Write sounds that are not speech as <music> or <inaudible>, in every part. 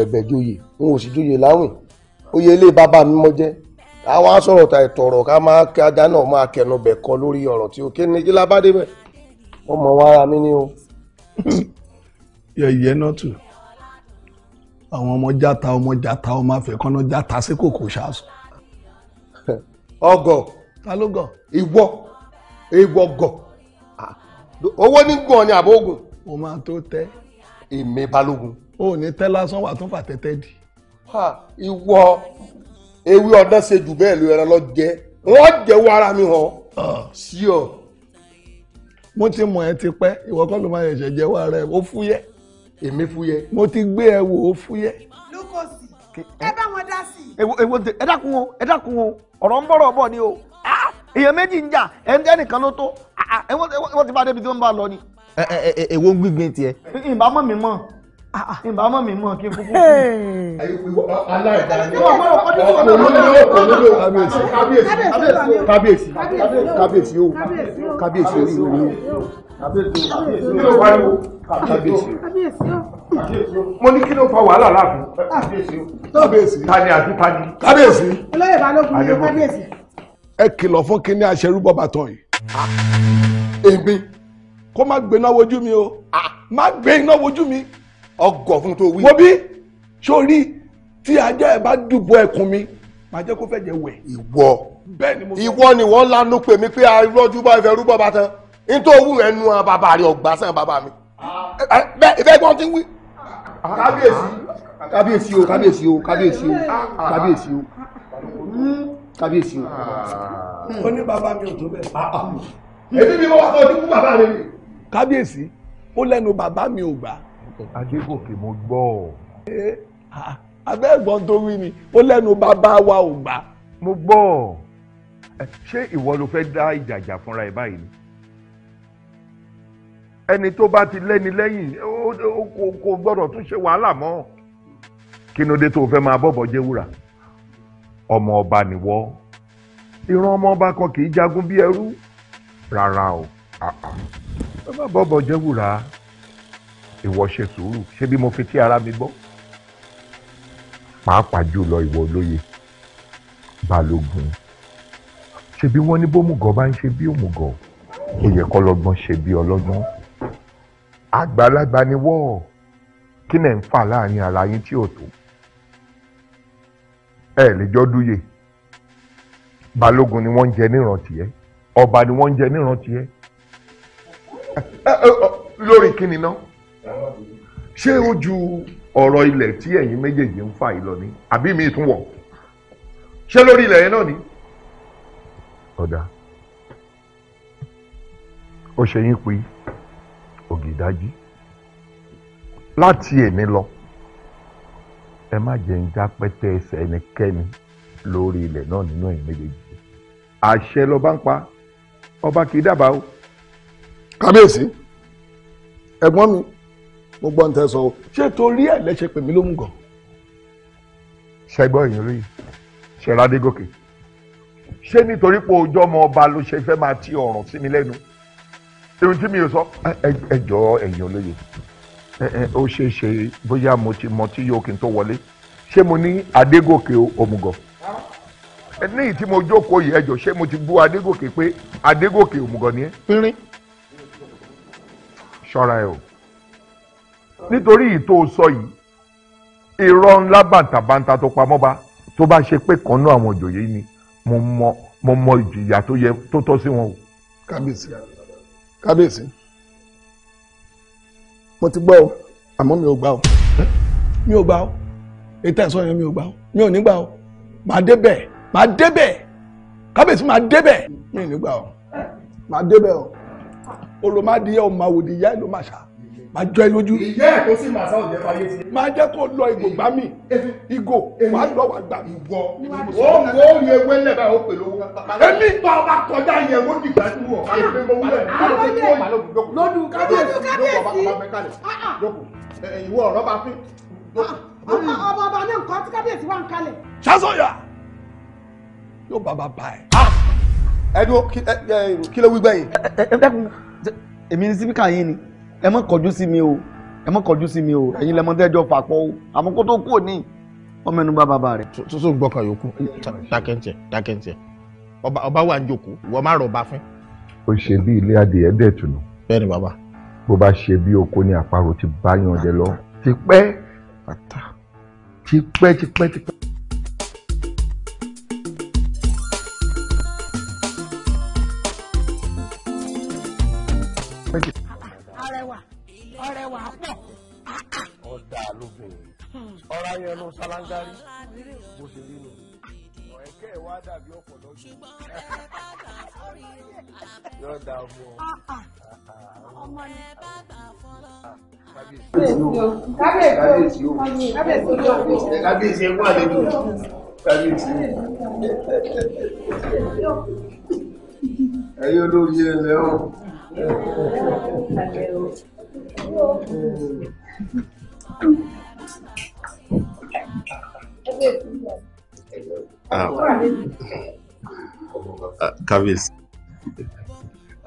ọ̀bẹ̀bẹ̀ joyè n ò sì joyè láwìn oyè ilé bàbá mi mọ jẹ́ àwa sọ̀rọ̀ ta ẹ̀tọ̀ ọ̀rọ̀ ká máa kí ajá náà máa kẹnu bẹ̀ kọ lórí ọ̀rọ̀ tí o kí ni kí lábàdé bẹ̀ ọmọ wa ara mi ni o. yẹ̀yẹ́ náà tù àwọn ọmọ játa ọmọ játa ọmọ àfẹ́kọ́nà játa sí kòkò ṣáàṣù. ọgọ talógọ ìwọ ìwọ gọ owó ní gàn ni àbógun. o máa tó tẹ. èmi o ní tẹ́ lásán wà tún fàtẹ́tẹ́ di. ìwọ ewé ọdán ṣe jù bẹ́ẹ̀ ló ẹran lọ jẹ wọ́n jẹ́wọ́ ara mi hàn sí ọ. mo ti mọ̀ ẹ́ ti pẹ́ ìwọ kọ́ ló máa ṣẹ̀ṣẹ̀ jẹ́wọ́ ara ẹ̀ ó fúyẹ́. èmi fúyẹ́. mo ti gbé ẹ wò ó fúyẹ́. lukosi ẹ bá wọn dá sí i. èwo ẹ dákun o ẹ dákun o ọ̀rọ̀ ń bọ̀rọ̀ bọ̀ ni o ah, èèyàn méjì ń jà ẹnìkan ló tó ah, ah, ẹ wọ́n ti bá débi tí wọ́n bá lọ ni. èwo ń gbígbin tiẹ̀. ìbámu mi mọ̀ ìbámọ̀ mi mọ̀ kí n kúkú aláìdáni ọkọ̀ olóyè ọkọ̀ olóyè kábíyèsí kábíyèsí kábíyèsí o kábíyèsí o ìwé o kí o kábíyèsí o mo ní kí ló fa wàhálà láàfin kábíyèsí o tani àti tani kábíyèsí olóyè balógun ni kábíyèsí. ẹ kìlọ̀ fún kínní aṣẹ́rúbọ̀bà tán yìí èmi kó má gbé náà wojú mi o má gbé náà wojú mi ọgọ fún tó wí. mo bí sórí tí ajá ẹ bá dùbọ ẹkùn mi màá jẹ kó fẹjẹ wẹ. ìwọ ìwọ ni wọn lanu pè mí pé arọjú bá ìfẹ rúbọ bá tán nítorí òwú rẹ nu bàbá rẹ ọgbà sàn bàbá mi. Ah. bẹ́ẹ̀ ìfẹ́ gbọ́n ti wí. Ah. kábíyèsí kábíyèsí o kábíyèsí o kábíyèsí o ah. kábíyèsí o hmm, kábíyèsí o. ó ní bàbá mi ò tó bẹ́ẹ̀. èmi ni mo wá sọ ojú fún bàbá mi. kábíyèsí ó lẹ́nu bàbá mi ò gbà adégòkè mo gbọ́ ọ. abẹ́gbọ́n tó wí ni ó lẹ́nu bàbá wa ò gbà. mo gbọ́ ọ ṣé ìwọ ló fẹ́ dá ìjàjà fúnra ẹ báyìí ni ẹni tó bá ti lẹ́ni lẹ́yìn kò gbọ́dọ̀ tún ṣe wàhálà mọ́ kí ló dé tó fẹ́ máa bọ́bọ̀ jẹ́ wúrà ọmọ ọba nìwọ ìran ọmọ ọba kan kì í jagun bí ẹrú rárá o bàbá bọ́bọ̀ jẹ́ wúrà ìwọ ṣe sùúrù ṣé bí mo fi tí ara mi gbọ́ pàápàá jùlọ ìwọ olóye balógun ṣe bí wọ́n ní bómùgọ̀ bá ń ṣe bí òmùgọ̀ ó yẹ kọ́lọ́gbọ́n ṣe bí ọlọ́gbọ́n àgbàlagbà ni wọ́ọ̀ kí nẹ̀ ń fà láàrin ara yín tí ò tó ẹ lè jọ dúye balógun ni wọ́n ń jẹ nírántí ẹ ọba ni wọ́n ń jẹ nírántí ẹ lórí kíni náà ṣé ó ju ọ̀rọ̀ ilẹ̀ tí ẹ̀yin méjèèjì ń fà yìí lọ ni àbí mi tún wọ̀ ṣé lórí ilẹ̀ yẹn náà ni. ọ̀dà ó ṣe yín pé ògìdájí láti èmi lọ ẹ má jẹ́ ń já pẹ́tẹ́ ẹsẹ̀ ẹnikẹ́ni lórí ilẹ̀ náà nínú ẹ̀yin méjèèjì àṣẹ lọ́ba ń pa ọba kì í dábàá o. kábíyèsí ẹ̀gbọ́n mi mo gbọ́ ń tẹ́ sọ o ṣé torí ẹ̀ lẹ́sẹ̀ pèmí ló mú gan. ṣẹgbọ́n èèyàn lóye ṣẹlá dégòkè ṣé nítorí pé ojú ọmọ ọba ló ṣe fẹ́ máa ti ọ̀rọ̀ sí mi lẹ́nu irun tí mi ò sọ ẹ jọ̀ọ́ èèyàn lóye ó ṣeé ṣe bóyá mo ti mọ tí yóò kí n tó wọlé ṣé mo ní adégòkè òmùgọ̀ ní ìtí mo jókòó yìí ẹjọ ṣé mo ti bú adégòkè pé adégòkè òmùgọ̀ ni ẹ. pínrín. ẹ o nítorí ìtò sọ yìí irọ́ ńlá bàǹtàbàǹtà tó pamọ́ bá tó bá ṣe pé kan náà àwọn ìjòyè ni mo mọ mo mọ ìjìyà tó yẹ tó tọ́ sí wọn o. kábíyèsí kábíyèsí mo ti gbọ́ o àmọ́ mi ò gbà o mi ò gbà o ètò ẹ̀sọ́ yẹn mi ò gbà o mi ò ní gbà o màá débẹ̀ màá débẹ̀ kábíyèsí màá débẹ̀ mi ò ní gbà o màá débẹ̀ o olùmọ̀dìyẹ ò máa wòdìyẹ ló máa ṣáà máa jọ ẹ lójú. ìyá ẹ̀ kó sì máa sáwọ̀ jẹ́ fàyè sí. máa jẹ́ kó lọ ìgò gbá mi ìgò wà á lọ wà gbà mí. ìwọ ó ń wo yẹ wẹ́lẹ̀ bá o pèlú. èmi bá ọ bá kọjá yẹ wọ́n ti gbà dùn ọ̀. lọ́dún kábíyèsí. ìwọ ọ̀rọ̀ bá fín. ọmọ ọba náà nǹkan tí kábíyèsí wà ń kalẹ̀. sásọyà yóò bá bá bá ẹ. ẹ dúró kí ló wí gbẹ̀yìn. èmi ni síbíkà yín ni ẹ má kọjú sí mi o ẹ má kọjú sí mi o ẹ̀yin lẹ́mọ́tẹ́jọ́ fàpọ̀ o àmọ́ kó tó kúrò ní ọmọ ẹnu bá bàbá rẹ̀. soso gbọ́kàn yòókù dákẹ́ntìẹ dákẹ́ntìẹ ọba wà ń jòkó ìwọ má rọ̀ ọba fún. ó ṣe bí ilé adìyẹ dẹ̀ tùnú. bẹ́ẹ̀ni bàbá. bó bá ṣe bí oko ni àparò ti bá yan ọdẹ lọ tipẹ́ tipẹ́ tipẹ́ tipẹ́. Thank you. ara yẹn ló ṣalángárì bó ṣe rí nù ọ̀ẹ́kẹ́ ẹ̀ wá dàbí ọ̀pọ̀ lọ́sùn. yóò dà fún ọ. Ah, ah. ọmọ ni kábíyèsí o kábíyèsí ẹgbọ́n àlejò kábíyèsí ẹ̀yin olórí ẹ̀lẹ́ o. Thank you. Ah, kábíyèsí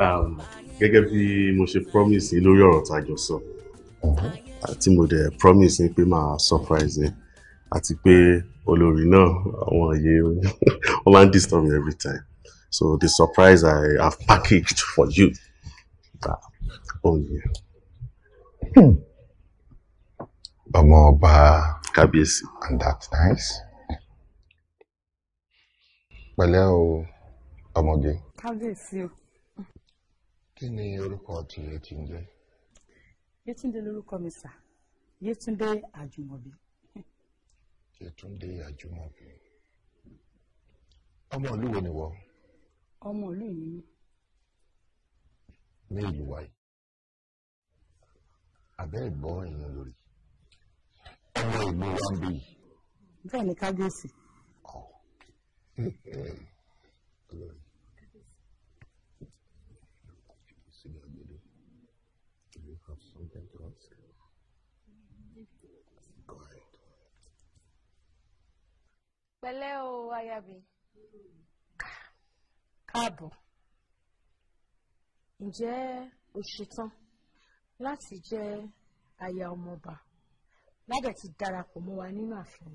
um, gẹ́gẹ́ bí mo ṣe promise yín lórí ọ̀rọ̀ tá a jọ sọ mm-hmm. àti mo dẹ̀ promise yín pé máa surprise yín àti pé olórí náà àwọn òye wọn máa ń disturb me every time so the surprise I have packaged for you òun ah, oh yẹn. Hmm. ọmọ ọba kábíyèsí. and that's nice. pẹ̀lẹ́ o ọmọge. kábíyèsí o. kí ni orúkọ ti Yétúndé. Yétúndé lórúkọ mi sà Yétúndé Àjùmọ̀bí. Yétúndé Àjùmọ̀bí. ọmọ ìlú wo ni wọ. ọmọ ìlú yìí ni mí. ní ìlú wa yìí abẹ́ ìgbọ́ èèyàn lórí ọmọ ìgbò wa ń bè yìí. bẹ́ẹ̀ ni kábíyèsí. pẹ̀lẹ́ o ayabi. káàbọ̀ ǹjẹ́ o ṣetán láti jẹ́ aya ọmọọba ládẹ̀ ti darapọ̀ mọ́ wa nínú ààfin.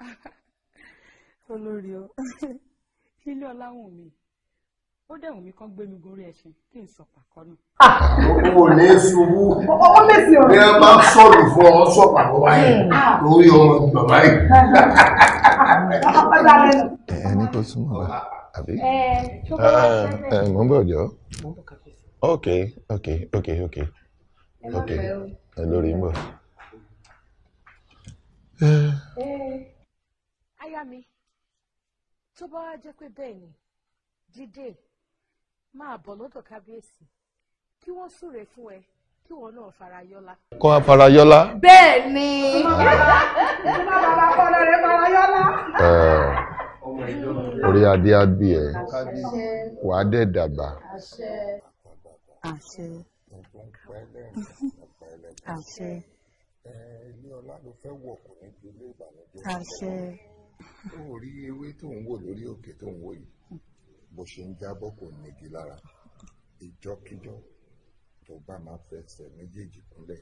<laughs> olórí o <laughs> ilé ọláhùn mi ó dẹ̀wọ̀n mi kán gbé mi gorí ẹṣin kí n sọ pàkọ́ nù. o lè ṣubú o lè ṣe ọ̀rọ̀. bí a bá sọ̀rọ̀ fún ọ sọ pàkọ́ wáyé hmm. ah. lórí ọmọ bàbá yìí. <laughs> ẹ ní kò súnmọ́ wa àbí. ẹ ẹ mọ̀ ń bọ̀ jọ. ok ok ok ok ok ẹ lórí mbọ. aya mi tó bá wá jẹ́ pé bẹ́ẹ̀ ni dídé máa bọ̀ lọ́dọ̀ kábíyèsí kí wọ́n súre fún ẹ kí wọn náà farayọlá. kọ́ wa farayọlá. bẹ́ẹ̀ ni. orí adé á bì ẹ́ wà á dẹ̀ dàgbà. àṣẹ àṣẹ. ilé ọlá ló fẹ́ wọ̀ kò ní ju ilé ìbànújẹ́. àṣẹ. ó rí ewé tó ń wò lórí òkè tó ń wò yìí bó ṣe ń jábọ́ kò nígi lára ìjọkíjọ tó bá máa fẹsẹ̀ méjèèjì kúnlẹ̀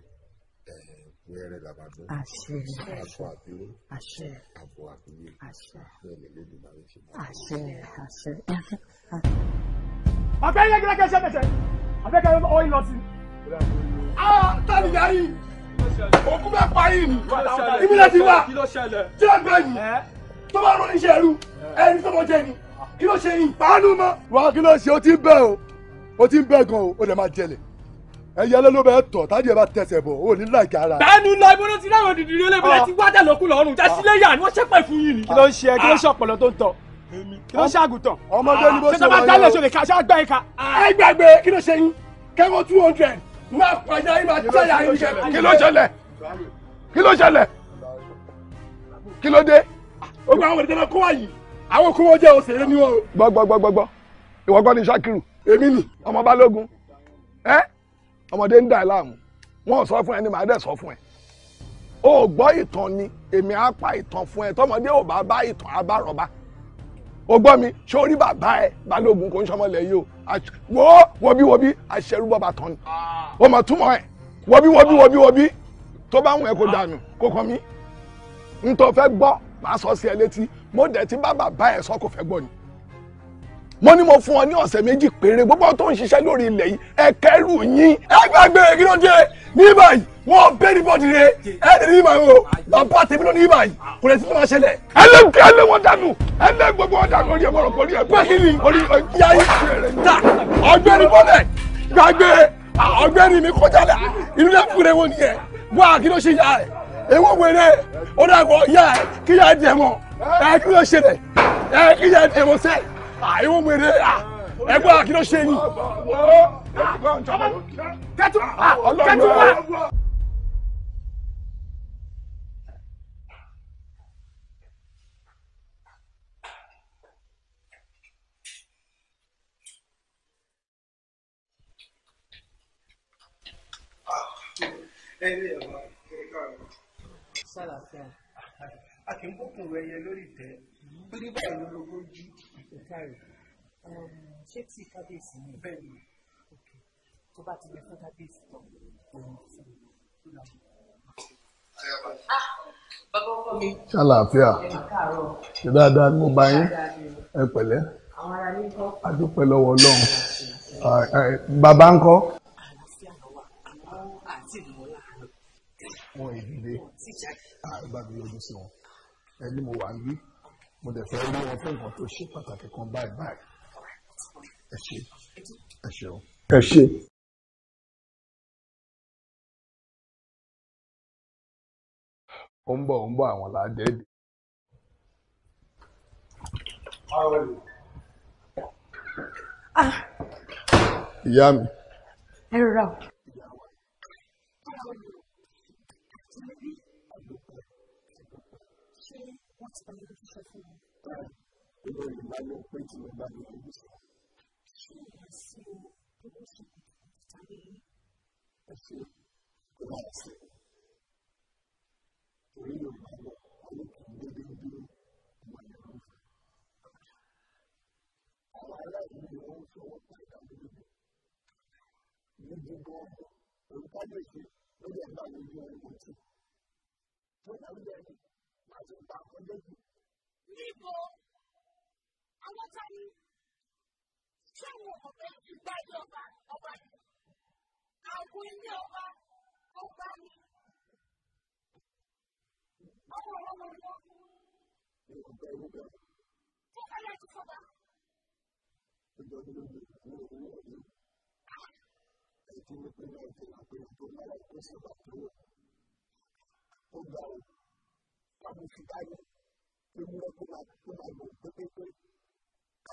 wẹ́rẹ́ làbàdún àbọ̀ àbúrò àbọ̀ àbúrò bẹ́ẹ̀ ni lódì máa ń ṣe máa. ọ̀gá ilé gíga ṣe mẹ́sẹ̀ àbẹ́kẹ́ ọ̀yìn lọ sí i ah tani yari òkú bẹ parí ni ibi náà ti wá tí ó gbẹ yìí tó bá rọrin iṣẹ́ ẹrú ẹni tó mọ jẹ ni kí ló ṣe yìí pàánù mọ. wà á kí ló ṣe o ti ń bẹ o o ti ń bẹ gan o o lè máa jẹlẹ ẹyẹ ló bẹ tọ tádìẹ bá tẹsẹ̀ bọ̀ o ní láìka ara. bẹ́ẹ̀ni lọ ibo ló ti láwọn òdìdí ní olóògbé láti ah. wá dà lókun lọ́rùn jásílẹ̀ yà ni wọ́n ṣẹ́pẹ̀ fún yìí ni. kí ló ń ṣe kí ló ń ṣe ah. ọpọlọ tó ń tọ kí ló ń ṣe àgùntàn. ọmọdé ni bó ah. ṣe wáyé o ṣé tó bá gbálẹ̀ ṣe lè ka ṣé yìí ka. ẹ gbàgbé kí ló ṣe yín kẹ́kọ̀ọ́ two hundred máa pàjá yín máa tẹ̀yà yín jẹ. kí ló ṣẹlẹ̀ kí ló ṣẹlẹ̀ kí ló dé. ó gba àwọn ìdáná kó wá yìí àwọn kó wọ́n jẹ́ òṣèré ni wọ́n. gbọ́gbọ́gbọ́gbọ́ ìwọ kọ́ ni Ṣakiru èmi ni ọmọ Balógun ẹ ọmọdé ń dà láàmú wọn ò sọ fún ẹ ni màá dẹ̀ sọ fún ẹ o gbọ́ ìtàn ni èmi á pa ìtàn fún ẹ tọmọdé ò bá bá ìtàn abárọ̀bá o gbọ́ mi sórí bàbá ẹ balógun kò ń sọmọlẹ̀ yìí o wo wọbí wọbí aṣẹrúbọ bàtàn ni ah. o mọ̀ túmọ̀ ẹ wọbí wọbí wọbí wọbí tó bá ń wọ̀ ẹ́ kó dànù kó kọ́ mi n tó fẹ́ gbọ́ màá sọ sí ẹ létí mo dẹ̀ ti bá bàbá ẹ sọ kò fẹ́ gbọ́ ni mo ní mo fún ọ ní ọ̀sẹ̀ méjì péré gbogbo tó ń ṣiṣẹ́ lórí ilẹ̀ yìí ẹ kẹ́rù yín ẹ kí ló dé ní báyìí wọn bẹ́ẹ̀ ni bọ́ọ̀dì rẹ ẹ ní ìmọ̀ o bàbá tèmi ló ní ìmọ̀ yìí kò lè ti máa ṣẹlẹ̀. ẹlẹ́gbẹ́ ẹlẹ́ wọn dànù ẹlẹ́ gbogbo wọn dànù orí ọmọ rọ̀pọ̀ orí ẹ̀ bẹ́ẹ̀ kìíní orí ìyá yìí rẹ̀ ta ọ̀gbẹ́ni bọ́lẹ̀ gbàgbé ọ̀gbẹ́ni mi kọjá lẹ̀ inú lẹ́ fúnra wọn nìyẹn bọ́ àkínó ṣe yá rẹ̀ èwo wẹ̀rẹ̀ ó dàgbọ́ yá ẹ̀ kí yá jẹ mọ́ ẹ̀ kí ló ṣe rẹ̀ ẹ̀ kí yá jẹ mọ́ sẹ́ àìwọ ẹni ẹ̀ wá sálàfíà a kì í kókò ẹyẹ lórí ìtẹ́ péré báyìí ló lọ́gbọ́n jú ìkárí ṣé tí kábíyèsí ni bẹ́ẹ̀ ni tó bá ti lè fún kábíyèsí tán òun fún un lọ. bàbá ọkọ mi. sálàfíà ṣe dáadáa ni mo bá yín ẹ pẹ̀lẹ́ a dúpẹ́ lọ́wọ́ Ọlọ́run bàbá ńkọ́. wọn ìdílé àgbà ah, mi yọjú sí wọn ẹni mo wà yí mo dẹ̀ fẹ́ rí wọn fún nǹkan tó ṣe pàtàkì kan báyìí báyìí ẹ ṣe ẹ ṣe o. ẹ ṣe. ó ń bọ̀ ó ń bọ̀ àwọn làádẹ́ẹ̀dẹ́. Ah. ìyá mi. ẹ rọra o. ilé ìgbà ló pé tí mo bá lè rí sí. ẹ ṣe ó bá ẹ ṣe torí yorùbá lọ wọn ní kí n dédé ń dúró ìmọ̀ àwọn aláìní ni wọ́n ń fọwọ́ pa ìdánilójú ní gbogbo ọmọ òǹkà lè ṣe lórí ẹ̀gbá lójú ọmọ tí tó dàrú bẹ́ẹ̀ ni màá ti pa ọkọ̀ lójú àwọn tani tí àwọn ọ̀pẹ ìgbàdí ọba ọba ni àwọn ilé ọba ọba ni àwọn ọmọ ọmọ ọmọ tí kálá ti fọba. Ẹ̀jú ní pé náà ti rà pé àtò náà kó sábà tó wọ̀. Ó gbà ó, pàbùsù báyìí, ó mú ọkọ̀ máa gbọ̀n pépépé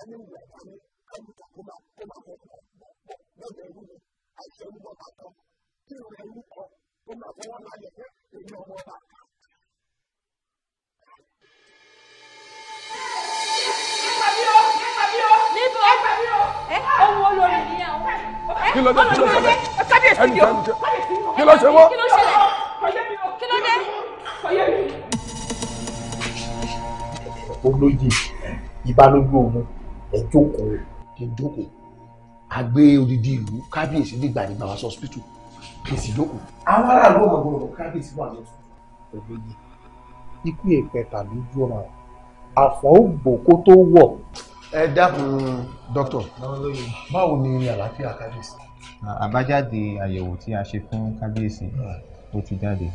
ɛne nnuane abuta koma koma kɔ kɔ bɔ bɛda ewu no ahyɛ mu bɔ kakɔ kiri na kɔ koma kɔ wɔn ayɛ kɛ ebi ɔmo ɔba. kí ló dé kí ló ṣẹlẹ̀ ẹnì kan olóyè ìbálòpọ̀ òun ẹ jókòó kí n jókòó a gbé odidi ìlú kábíyèsí nígbà ní bàbá sọ́spítù kí n sì jókòó. àwọn aráàlú ọmọ gbọ́dọ̀ kábíyèsí wà lọ́sùn. ògbégi ikú ìpẹ̀tà lójú ọ̀ràn àfọ̀ ògbò kó tó wọ̀. ẹ dákun dókítà báwo ni àlàáfíà kábíyèsí. àbájáde àyẹ̀wò tí a ṣe fún kábíyèsí ó ti jáde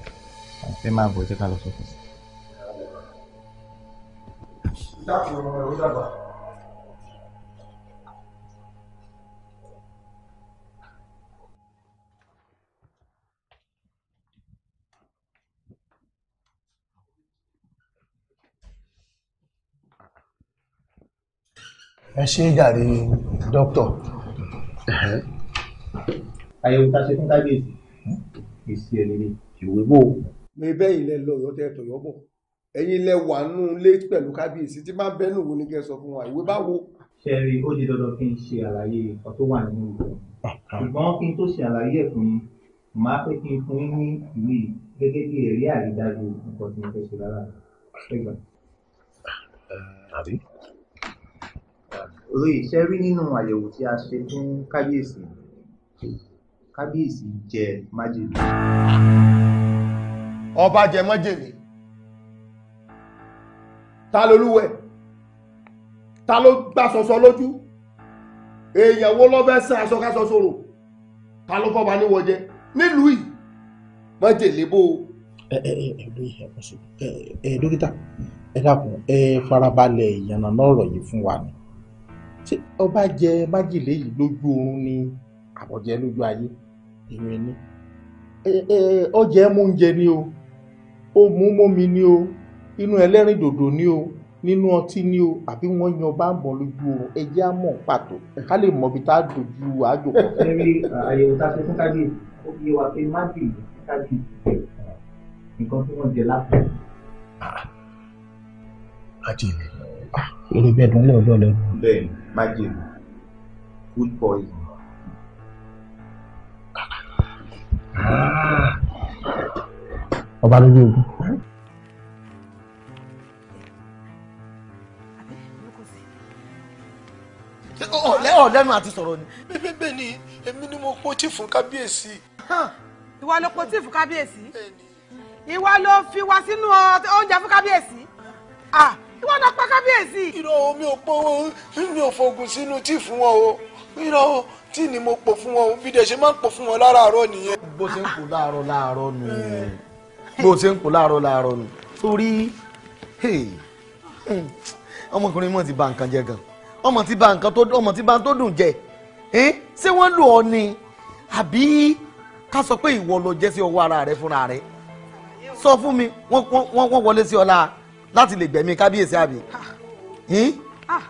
ẹ máa bọ̀ jẹ́ ká lọ sọ́kùn. dákun ọ̀rọ̀ ẹ̀ ó dàgbà. ẹ ṣe é jàre dókítà. àyẹ̀wò tá a ṣe fún kábíyèsí hmm? èsì ẹ̀ nílé ìwé bò. mi bẹ́yìn lẹ lọ ọ̀yọ́ tẹ tọ̀yọ́ bọ̀ ẹ̀yin lẹ wà nù lé pẹ̀lú kábíyèsí tí máa ń bẹ́nu wo ni kẹ́ sọ fún wa ìwé bá wo. ṣe rí ó di dandan kí n ṣe àlàyé nǹkan tó wà nínú ìwé ah, ah. ṣùgbọ́n kí n tó ṣe àlàyé ẹ̀ fún yín màá pé kí n fún yín ní ìwé gẹ́gẹ́ bí ẹ̀rí àrídájú nǹkan tí mo fẹ́ ṣe lára rẹ̀ òye iṣẹ́ rí nínú àyẹ̀wò tí a ṣe fún kábíyèsí kábíyèsí jẹ májèlé. ọba jẹ májèlé ta lolúwẹ̀ ta ló gbá sọsọ lójú èèyàn wo ló fẹ́ sẹ́ aṣọkáṣọ sòrò ta ló fọba níwọ jẹ nílùú yìí májèlé bó. ẹ ẹ ẹ lóye ẹ ẹ dókítà ẹ dákun ẹ farabalẹ̀ ìyànnà náà ọ̀rọ̀ yìí fún wa ni ṣé ọba jẹ májèlé yìí lójú oorun ni àbọ̀jẹ́ lójú ayé èmi ni ọjẹ́ mú oúnjẹ ni o ó mú mómi ni o inú ẹlẹ́rìn dòdò ni o nínú ọtí ni o àbí wọ́n yan ọba mọ̀ lójú oorun ẹjẹ́ á mọ̀ pàtó ká lè mọ̀ bí tá a dojú àjò kan. ẹ rí àyẹ̀wò tá a ṣe fún kábíyèsí ó fi wá pé májèlé kábíyèsí nǹkan tí wọ́n jẹ lápò àti ìlú. Irú bẹ́ẹ̀ dán lọ́ọ̀lọ́ọ̀lọ́. Bẹ́ẹ̀ni májèlú food poison. ọba lójú ogun. ọ̀lẹ́ ọ̀lẹ́nu àti sọ̀rọ̀ ni. bẹ́ẹ̀ bẹ́ẹ̀ ni èmi ni mo pọ́tì fún kábíyèsí. ìwà ló pọ́tì fún kábíyèsí ìwà ló fi wá sínú oúnjẹ fún kábíyèsí ìwọ náà pa kábíyèsí. irọ́ o mi ò pọ́wọ́ mi ò fògùn sínú tíì fún wọn o irọ́ o ni mo pò fún wọn o bí dẹ̀ ṣe máa ń pò fún wọn láràárọ̀ nìyẹn. bó ṣe ń pò láàárọ̀ láàárọ̀ nù bó ṣe ń pò láàárọ̀ láàárọ̀ nù torí ọmọkùnrin mọ̀ ti bà nǹkan jẹ́ gan ọmọ ti bà nǹkan tó ọmọ ti bà tó dùn jẹ́ ṣé wọ́n lù ọ ni àbí ká sọ pé ìwọ ló jẹ́ sí ọwọ́ ara rẹ fúnra rẹ sọ fún mi wọ́n wọlé sí ọ lára láti lè gbẹ̀mí kábíyèsí àbí. Ah. Ah,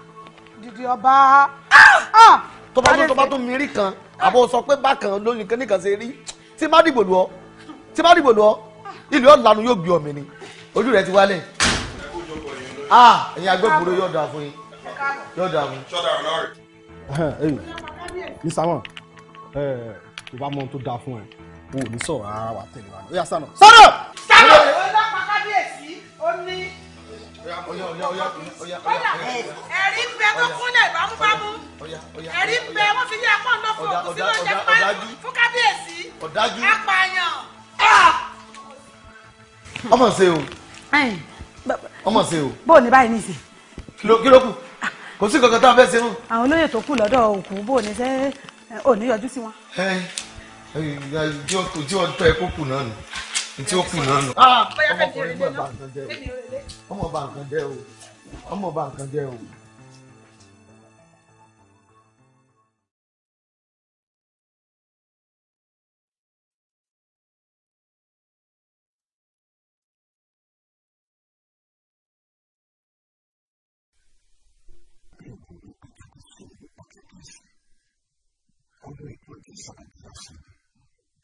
dìdì ọba. Ah! tó bá tó tó bá tó mi rí kan àbọ̀ sọ pé bákan ló nìkan nìkan ṣe rí tí má dìbò lù ọ́ tí má dìbò lù ọ́ ìlú ọ̀lànà yóò gbé ọ̀mì ni ojú rẹ̀ ti wálẹ̀ ẹ̀yin agbẹ́bùrú yóò dà fún yín yóò dà fún yín. <laughs> mr wọn kò eh, bá mọ ohun tó dáa fún ẹ o ò ní sọ̀rọ̀ rárá wa tẹ̀lé wa ní. ó yá sànà. sọ̀rọ̀ sọ̀rọ̀. ó lọ́pàá kábíyèsí ó ní kódà ẹ̀rí ń bẹ tó kúnlẹ̀ bámúbámú ẹ̀rí ń bẹ wọ́n fi ní akọ́ ńlọ fún òkú sí lóúnjẹ pálí ọmọ ṣe o ọmọ ṣe o. bó o ní báyìí nìsín. kí ló kù kò sí kankan tá a fẹ́ ṣe mọ́. àwọn olóyè tó kù lọ́dọ̀ òkú bó o ní sẹ́ ò ní yọjú sí wọn. ẹ ẹ ìjọ tó ẹ kó kù náà ni. ntí ó ah nù. ọmọkùnrin mọ̀ vamos nǹkan jẹ́ o ọmọ bá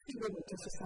Quando eu essa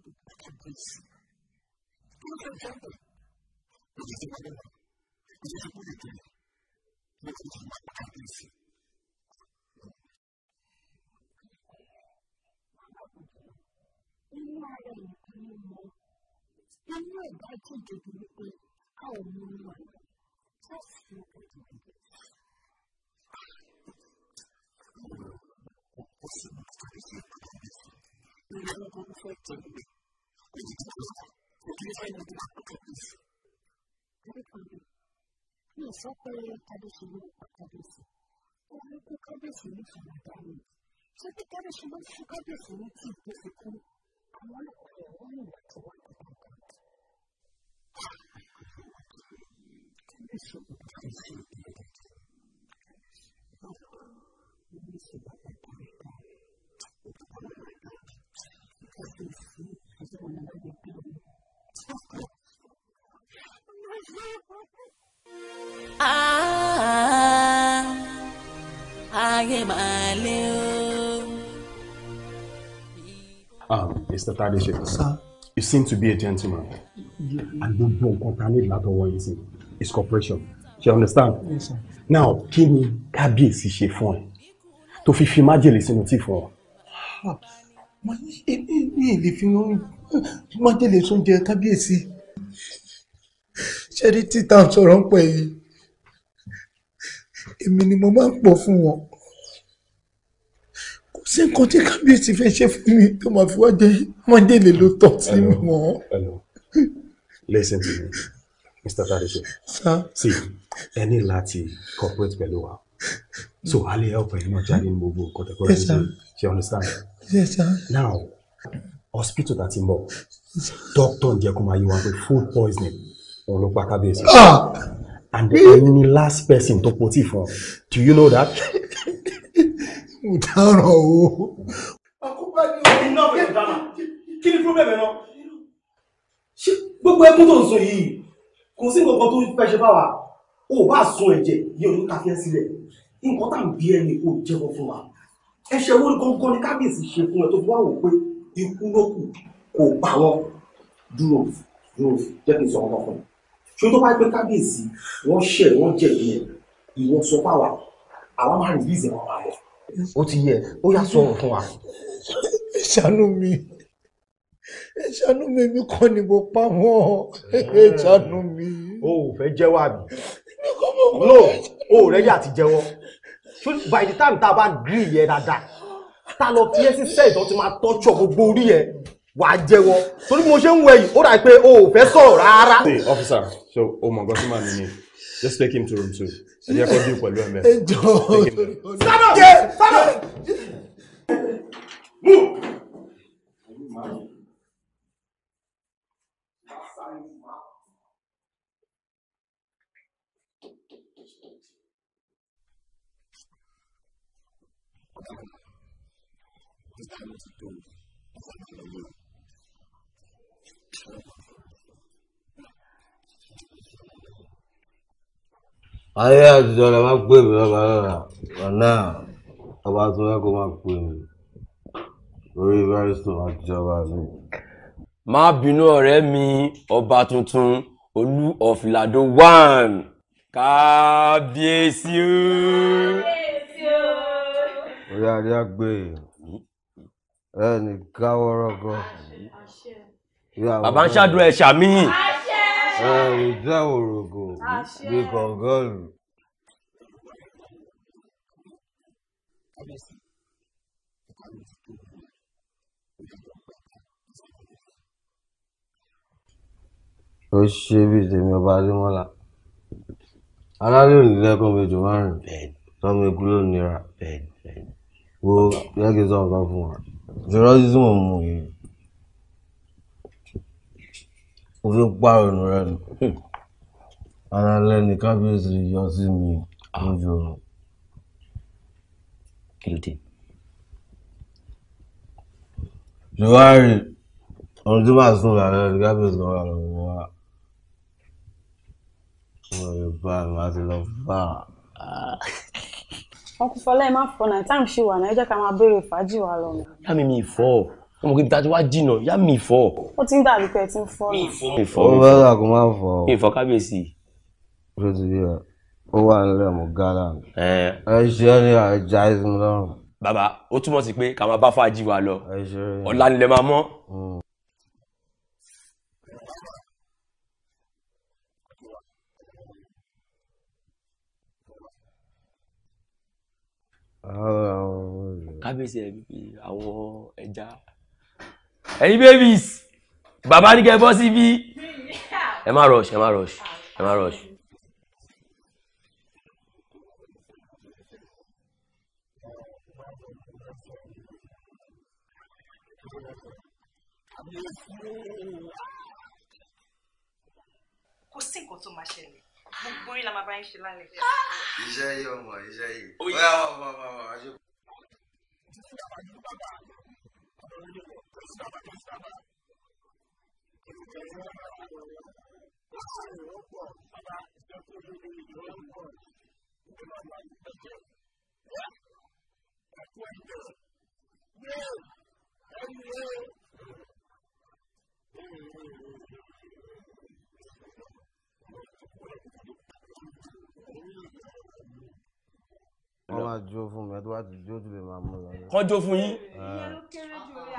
for peace. Quello che è accanto lo dice la vera. Lo dice pure te. Lo dice ma a peace. Nínú ara ìpinnu wọn, inú ẹ̀dá kéde bíi pé a ò mú un lọ, tó sì ń pèjì bíi. Ó sì ń pèjì bíi. Ìyá ọkọ̀ ń fẹ́ tẹ̀lé. Αυτή η γνώμη, να κύριος δεν θα το κανείς. Δεν θα το κανείς. Είναι σωπή καρδισιμό να κανείς. Ο δεν θα κανείς. Αυτό το καρδισιμό που κανείς, είναι αυτό που... αγόραχο και όμορφο είναι. Α, να το κανείς. 还是我们的原病。啊 ayé ah, máa ah, lé Um, Mr. Tadeshe, sir, you seem to be a gentleman. And don't nǹkan ta ní ìlàtọ̀wọ̀ yìí sí It's cooperation. Do you understand? Yes, sir. Now, Kimi, Kabi kábíyèsí she fún To Tó fi fi májèlé sínú tí fún mi ì lè fi májèlé sóúnjẹ kábíyèsí ṣẹ́rí títà sọ̀rọ̀ ń pẹ̀ yìí èmi ni mo máa ń pọ̀ fún wọn kò sí nǹkan tí kábíyèsí fẹ́ ṣe fún mi tó máa fi wá jẹ májèlé ló tọ̀ sí wọn. listen to mr tarisha see ẹ ní láti cooperate pẹ̀lú wa so a lè help ẹ̀yin náà jáde ní gbogbo nǹkan tẹ́kọ̀ọ́ ẹ̀ ṣe understand. Yes, sir. Now, hospital that a ti doctor ǹjẹ́ you máa yí wa pé food poisoning back ló pa kábíyèsí. Ah! And the only last person to put it for. Do you know that? Mo dáràn o. Àkókò ẹni o. Iná gbogbo ẹkún tó ń sọ yìí kò sí nǹkan tó fẹ́ ṣe báwa? O ò bá sun ẹ̀jẹ̀ yìí olùkàfẹ́ sílẹ̀. Nǹkan tá à ń bí ẹni kò jẹ́wọ́ fún wa ẹ̀ṣẹ̀ wo góńgó ni kábíyèsí ṣe fún ẹ tó wá wò pé ikú ló kù kò pa wọn dúró dúró jẹ́ kí n sọ ọmọ kan ṣé tó bá pé kábíyèsí wọ́n ṣẹ̀ wọ́n jẹ̀bi ẹ̀ ìwọ sọ fáwa àwa máa rìlíìsì wọn máa lọ. ó ti yẹ ó yà sọ̀rọ̀ fún wa. ẹ ṣàánú mi ẹ ṣàánú mi èmi kọ́ ni mo pa wọ́n ẹ ṣàánú mi. o ò fẹ́ jẹ́wọ́ àbí. no o ò rẹ́yà ti jẹ́wọ́ by the time tá a bá gírí yẹ dáadáa tá a lọ fi ẹ́ sí sẹ́ẹ̀ tó ti máa tọ́jọ́ gbogbo orí yẹ wà á jẹ́wọ́ torí mo ṣe ń wẹ̀ yìí ó dà pé o ò fẹ́ sọ̀rọ̀ rárá. ṣe ọfíìsà so o mọ̀ nǹkan tí màá just take him to room two ẹ jẹ́ kó dín pẹ̀lú ẹ̀ mẹ́. ẹ jọ sábà sábà move. cannot do as an animal. ayé àtijọ́ la máa pè mí lọ́ba lọ́la ọ̀nà ọba tó fẹ́ kó máa pè mí lórí barrister àtijọba mi. má bínú ọ̀rẹ́ mi ọba tuntun olú of lado one kábíyèsí o. ó yá adé àgbè ẹnì gáwọ́rọ́gọ́. bàbá ń ṣàdúrà ẹ̀ ṣàmíyìn. ẹnì dáwòrògò bí kọ̀ǹgọ́ọ̀lù. ó ṣe bíi tèmi ọba adémọlá alálẹ́ òní lẹ́kọ̀ọ́ méjì márùn-ún tọ́mọ ikú ló nira wo yẹ́n kí n sọ̀rọ̀ kan fún wa ìrọ́ tí mò ń mu yìí kò fi pààrọ̀ nù rẹ̀ nù hmm. ara lẹ́ni kábíyèsí yọ sí mi ah. lójú oorun. kí ló dé. ìwádìí ohun tí màá sùn lálẹ́ ni kábíyèsí kan wà lọ́wọ́ wa mo lè bá ti lọ bá a. <laughs> ọkùnfọlẹ́ ẹ má fọ náà táìmù ṣì wà náà ẹ jẹ́ ká máa béèrè fàájì wa lọ. yá mi mi fọ ọ mo kí n ta ti wá jìnnà yá mi fọ. ó ti ń dàbí pé ẹ ti ń fọ náà. mi fọ mi fọ mi fọ mi fọ kábíyèsí. ló ti rí ẹ ó wà nílẹ̀ mo gálà mi. ẹ ṣe é ní àjà ìsinmi lọ́rùn. bàbá ó túmọ̀ sí pé ká máa bá fàájì wa lọ ọ̀la nílẹ̀ máa mọ́. Mm. kábíyèsí ẹ̀ bí àwọn ẹja ẹ̀yin babies bàbá ní kẹ́ bọ́ síbí ẹ má rush ẹ má rush ẹ má rush. kò sí nǹkan tó máa ṣẹlẹ̀ gbogbo yìí la máa bá yín ṣe lálẹ́. iṣẹ́ yìí ọmọ iṣẹ́ yìí ó yà wọ́n Thank you wọ́n máa jó fún mi ẹ tó bá ti jó tó lè máa mú lọ. kọ́ jó fún yín.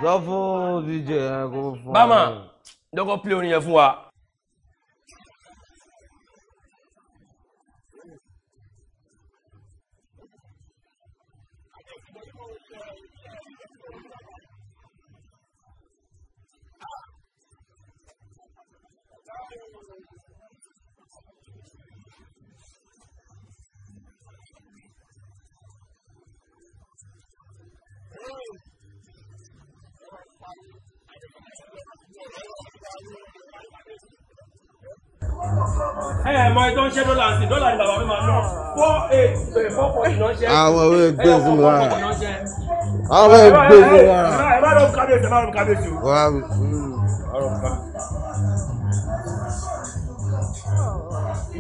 jó fún dj ẹ kó fún bámà dọ́kọ̀ pílẹ̀ orin yẹn fún wa. mọ ẹjọ ń ṣe dọ́là àti dọ́là ni bàbá mi máa four eight four four ni wọ́n ṣe. àwọn ẹ̀ gbé fún wa àwọn ẹ̀ gbé fún wa. ẹ má lọ kábíyèsí ẹ má lọ kábíyèsí o. wà á ọ̀rọ̀ ká.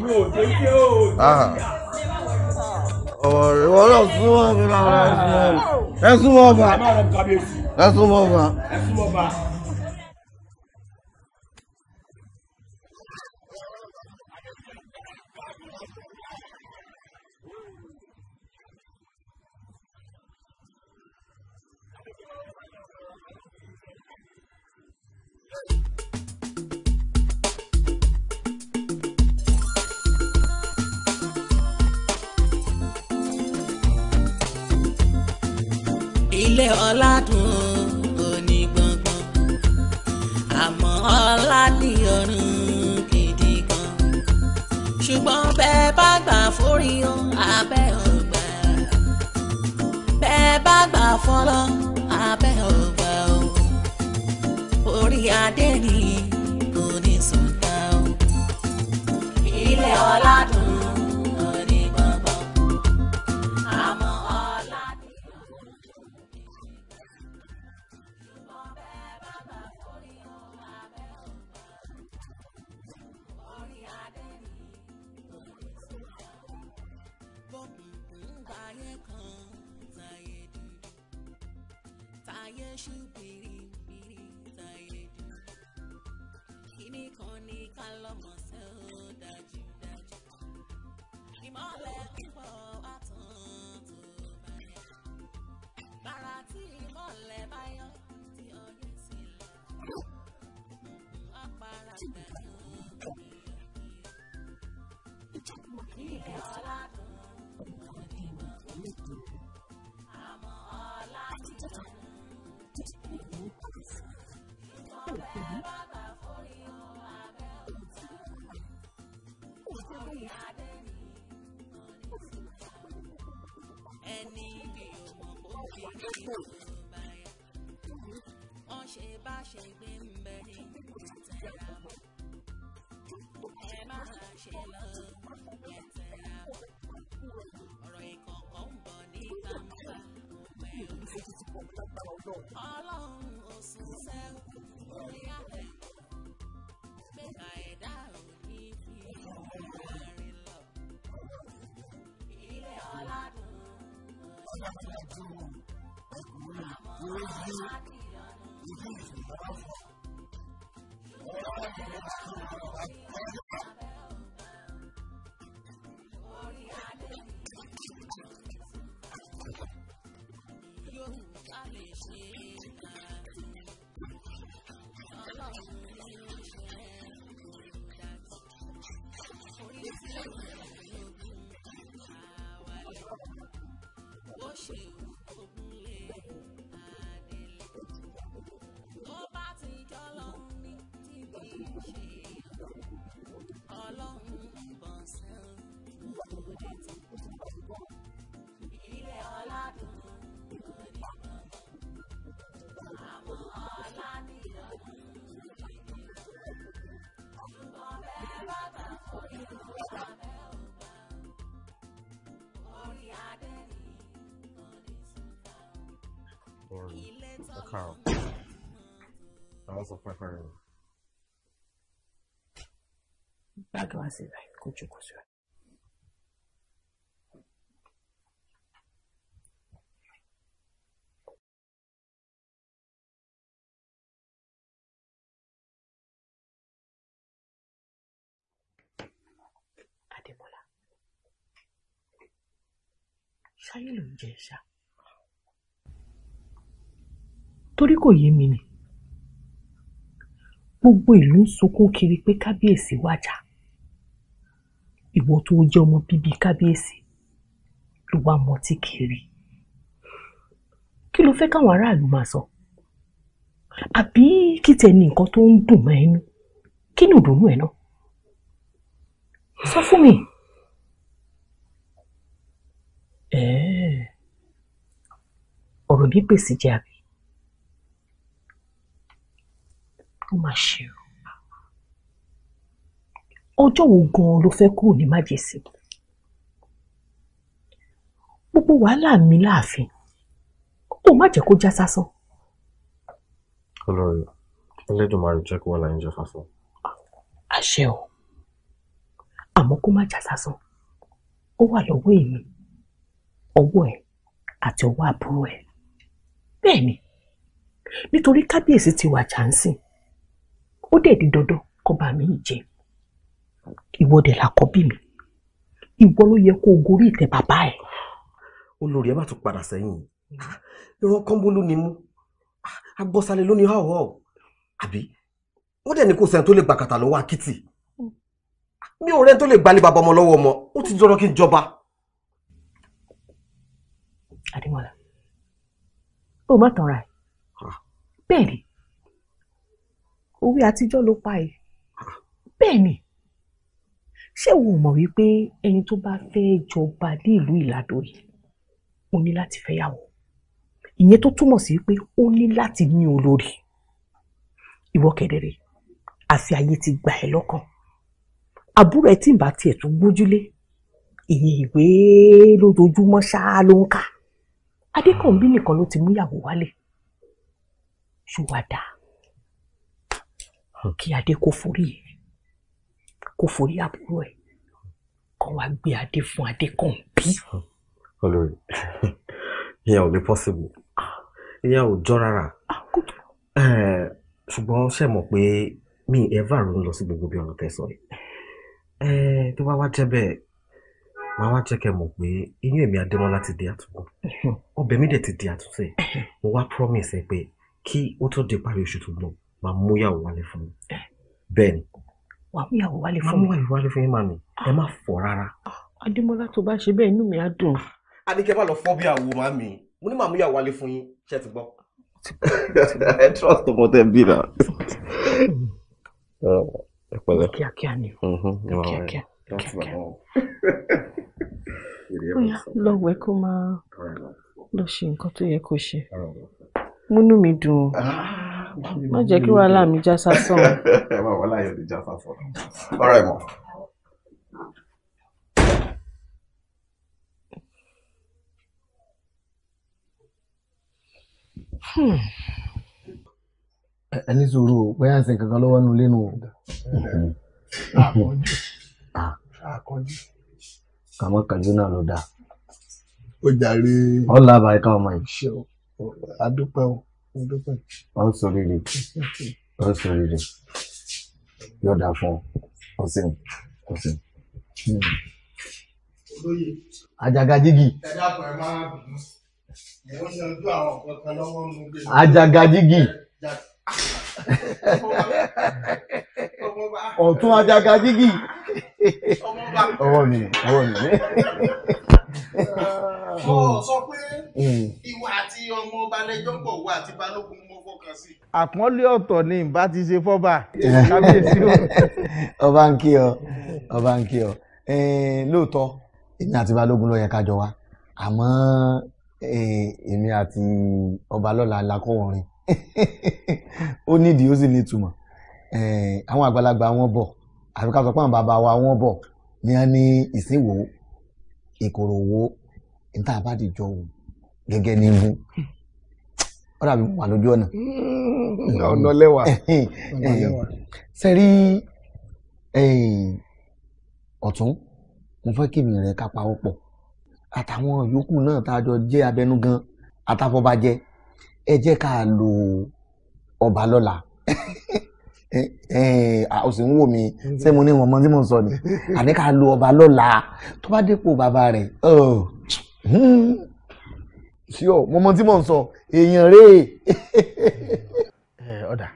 mi ò dé dé o ọ̀rọ̀ ọ̀rọ̀ súnmọ́ ọ̀bà ẹ súnmọ́ ọ̀bà ẹ súnmọ́ ọ̀bà. ilé ọ̀làdùn òní gbọ̀ngbọ̀n àmọ́ ọ̀làdì ọ̀run gidi gan ṣùgbọ́n bẹ́ẹ̀ bá gbà forí o abẹ́ ọgbà bẹ́ẹ̀ bá gbà fọlọ́ abẹ́ ọgbà o orí adé ni kò ní o ilé ọ̀làdùn. ṣe gbé ń bẹ ní ìtẹ̀ra mọ́. ẹ má ṣe lọ ìtẹ̀ra mọ́. ọ̀rọ̀ ìkọ̀kọ̀ ń bọ̀ ní kàmbá ọlọ́run ò sùn sẹ́wọ̀n lórí àlẹ́ pé àìdá ò ní fi àárín lọ. ilé ọládùn ò ṣe jù sọ fún ẹ̀fọ́ rẹ̀. báàgì ló ń jẹ ṣá torí kò yé mi ni gbogbo ìlú ń sunkún kiri pé kábíyèsí wájà ìwọ tó jẹ́ ọmọ bíbí kábíyèsí ló wá mọtí kiri kí ló fẹ́ káwọn aráàlú máa sọ àbí kí tẹ ní nǹkan tó ń dùn mọ́ ẹnu kí ni ìdùnnú ẹ náà sọ fún mi. ọ̀rọ̀ bí gbèsè jẹ́ àbí. ó mà ṣe o ọjọ́ wo gan-an ló fẹ́ kúrò ní májèsí gbogbo wàhálà mi láàfin ó má jẹ́ kó já sásán. olórí Elédùmarè jẹ́ kí wọ́n láyé jẹ́ fásán. àṣẹ o àmọ́ kó má já sásán ó wà lọ́wọ́ èmi ọwọ́ ẹ̀ àti ọwọ́ àbúrò ẹ̀ bẹ́ẹ̀ ni nítorí kábíyèsí ti wà jàǹsìn ó dẹ̀ di dandan kọba mi ń jẹ ìwọ dẹ̀ la kọ bí mi ìwọ ló yẹ kó o gorí ìtẹ́ bàbá ẹ̀. olórí ẹ má tún padà sẹ́yìn irọ́ kọ́ńbó ló ní mú agbọ́sálẹ̀ ló ní hàwọ́ àbí wọ́n dẹ̀ ní kò sẹ́ni tó lè gbàkàtà lọ́wọ́ akitì mi ò rẹ́ni tó lè gbalẹ̀ bàbá ọmọ lọ́wọ́ ọmọ ó ti dọ́rọ́ kí n jọba. adémọlá o má tanra ẹ bẹ́ẹ̀ ni òwe àtijọ́ ló pa ẹ̀ bẹ́ẹ̀ ni ṣé wo mọ̀ wípé ẹni tó bá fẹ́ jọba ní ìlú ìlàdọ̀yì ó ní láti fẹ́yàwó ìyẹn tó túmọ̀ sí pé ó ní láti ní olórí ìwọ kẹ̀dẹ̀rẹ̀ àfi ayé ti gbà ẹ́ lọ́kàn àbúrò ẹ tí ń bá tiẹ̀ tún gbójúlé ìyẹn ìwé lójoojúmọ́ ṣáá ló ń kà adékànbí nìkan ló ti múyàwó wálé ṣùwádàá kí adé kó forí ẹ̀ kó forí àbúrò ẹ̀ kàn wá gbé adé fún adé kàn bí. olórí ìyẹn ò lè possible ìyẹn ò jọ rárá ah, ṣùgbọ́n ṣe mọ̀ pé mi ever ló ń lọ sí gbogbo bí ọ̀rọ̀ tẹ́ sọ yìí tó bá wá jẹ́ bẹ́ẹ̀ màá wá jẹ́ kẹ́ mọ̀ pé iyún èmi adémọ́lá ti di àtúnkù <laughs> ọbẹ̀ mi dẹ̀ ti di àtúnṣe <laughs> mo wá promise ẹ pé kí ó tó di parí oṣù tó ń bọ̀ máa mú yàwó wálé fún yín bẹ́ẹ̀ ni. wàá mú yàwó wálé fún mi. máa mú yàwó wálé fún yín màmí ẹ má fọ rárá. adémọlá tó bá ṣe bẹ́ẹ̀ inú mi á dùn. adékẹ́ má lọ fọ́ bí àwo màmí mo ní màá mú yàwó wálé fún yín ṣe ti gbọ́. ẹ trust ọmọ tẹ bí na. ẹ pẹ̀lẹ́ kíákíá ni kíákíá kíákíá lọ wẹ kó máa lọ ṣe nǹkan tó yẹ kó ṣe múnú mi dùn. Ah má jẹ́ kí wàhálà mi já sásán. <laughs> ẹ má wàhálà yẹn ti já sásán ọ̀rọ̀ ẹ̀ mọ̀. ẹni sùúrù o bóyá ǹsẹ̀ kankan ló wọnú ilé nù o. kàmọ́ kàjú náà ló dáa. ó jàre. ọ̀la àbáyíká ọmọ yìí. adúpẹ́ o ọ̀n sọ̀rìrì ọ̀n sọ̀rìrì yóò dà fún ọ ọ̀sìn ọ̀sìn. àjàgàjìgì. ẹ dákun ẹ máa bínú mò ń yanjú àwọn nǹkan kan lọ́wọ́ nínú ilé. àjàgàjìgì. ọ̀tún àjàgàjìgì. ọwọ́ mi ọwọ́ mi ọ ah. sọ pé mm. ìwà àti ọmọ ọba lẹjọ pọ̀ wà àti balógun mọ́ fọkàn sí. àpọ́nlé ọ̀tọ̀ ni ìbá ti ṣe fọ́ba <laughs> kábíyèsí o. ọba ń kí ọ ọba ń kí ọ lóòótọ́ èmi àti balógun ló yẹ ká jọ wá àmọ́ èmi àti ọba lọ́la lakọ́wọ́rin <laughs> ó nídìí ó sì nítumọ̀ àwọn àgbàlagbà wọn bọ̀ àbíká sọ pé àwọn bàbá wa wọn bọ̀ ni a ní ìsìnwó ìkòrò wo níta bá di jọ wò gẹ́gẹ́ ní ibú ó dàbí wà lójú ọ̀nà. Hmm, ọ̀nà lẹ́wà. sẹ́rí ọ̀tún mo fẹ́ kí mi rẹ̀ ká pawọ́ pọ̀ àtàwọn yòókù náà tá a jọ jẹ́ abẹnugan àtàfọ́bàjẹ́ ẹ jẹ́ ká lo ọba lọ́la <laughs> ó sì ń wò mí mm-hmm. ṣé mo ní wọn mọ tí mo ń sọ ni àní ká lu ọba lọ́la tó bá dépò bàbá rẹ̀ hmm, sí ọ mo tí mo sọ èèyàn rèé. <laughs> ọ̀dà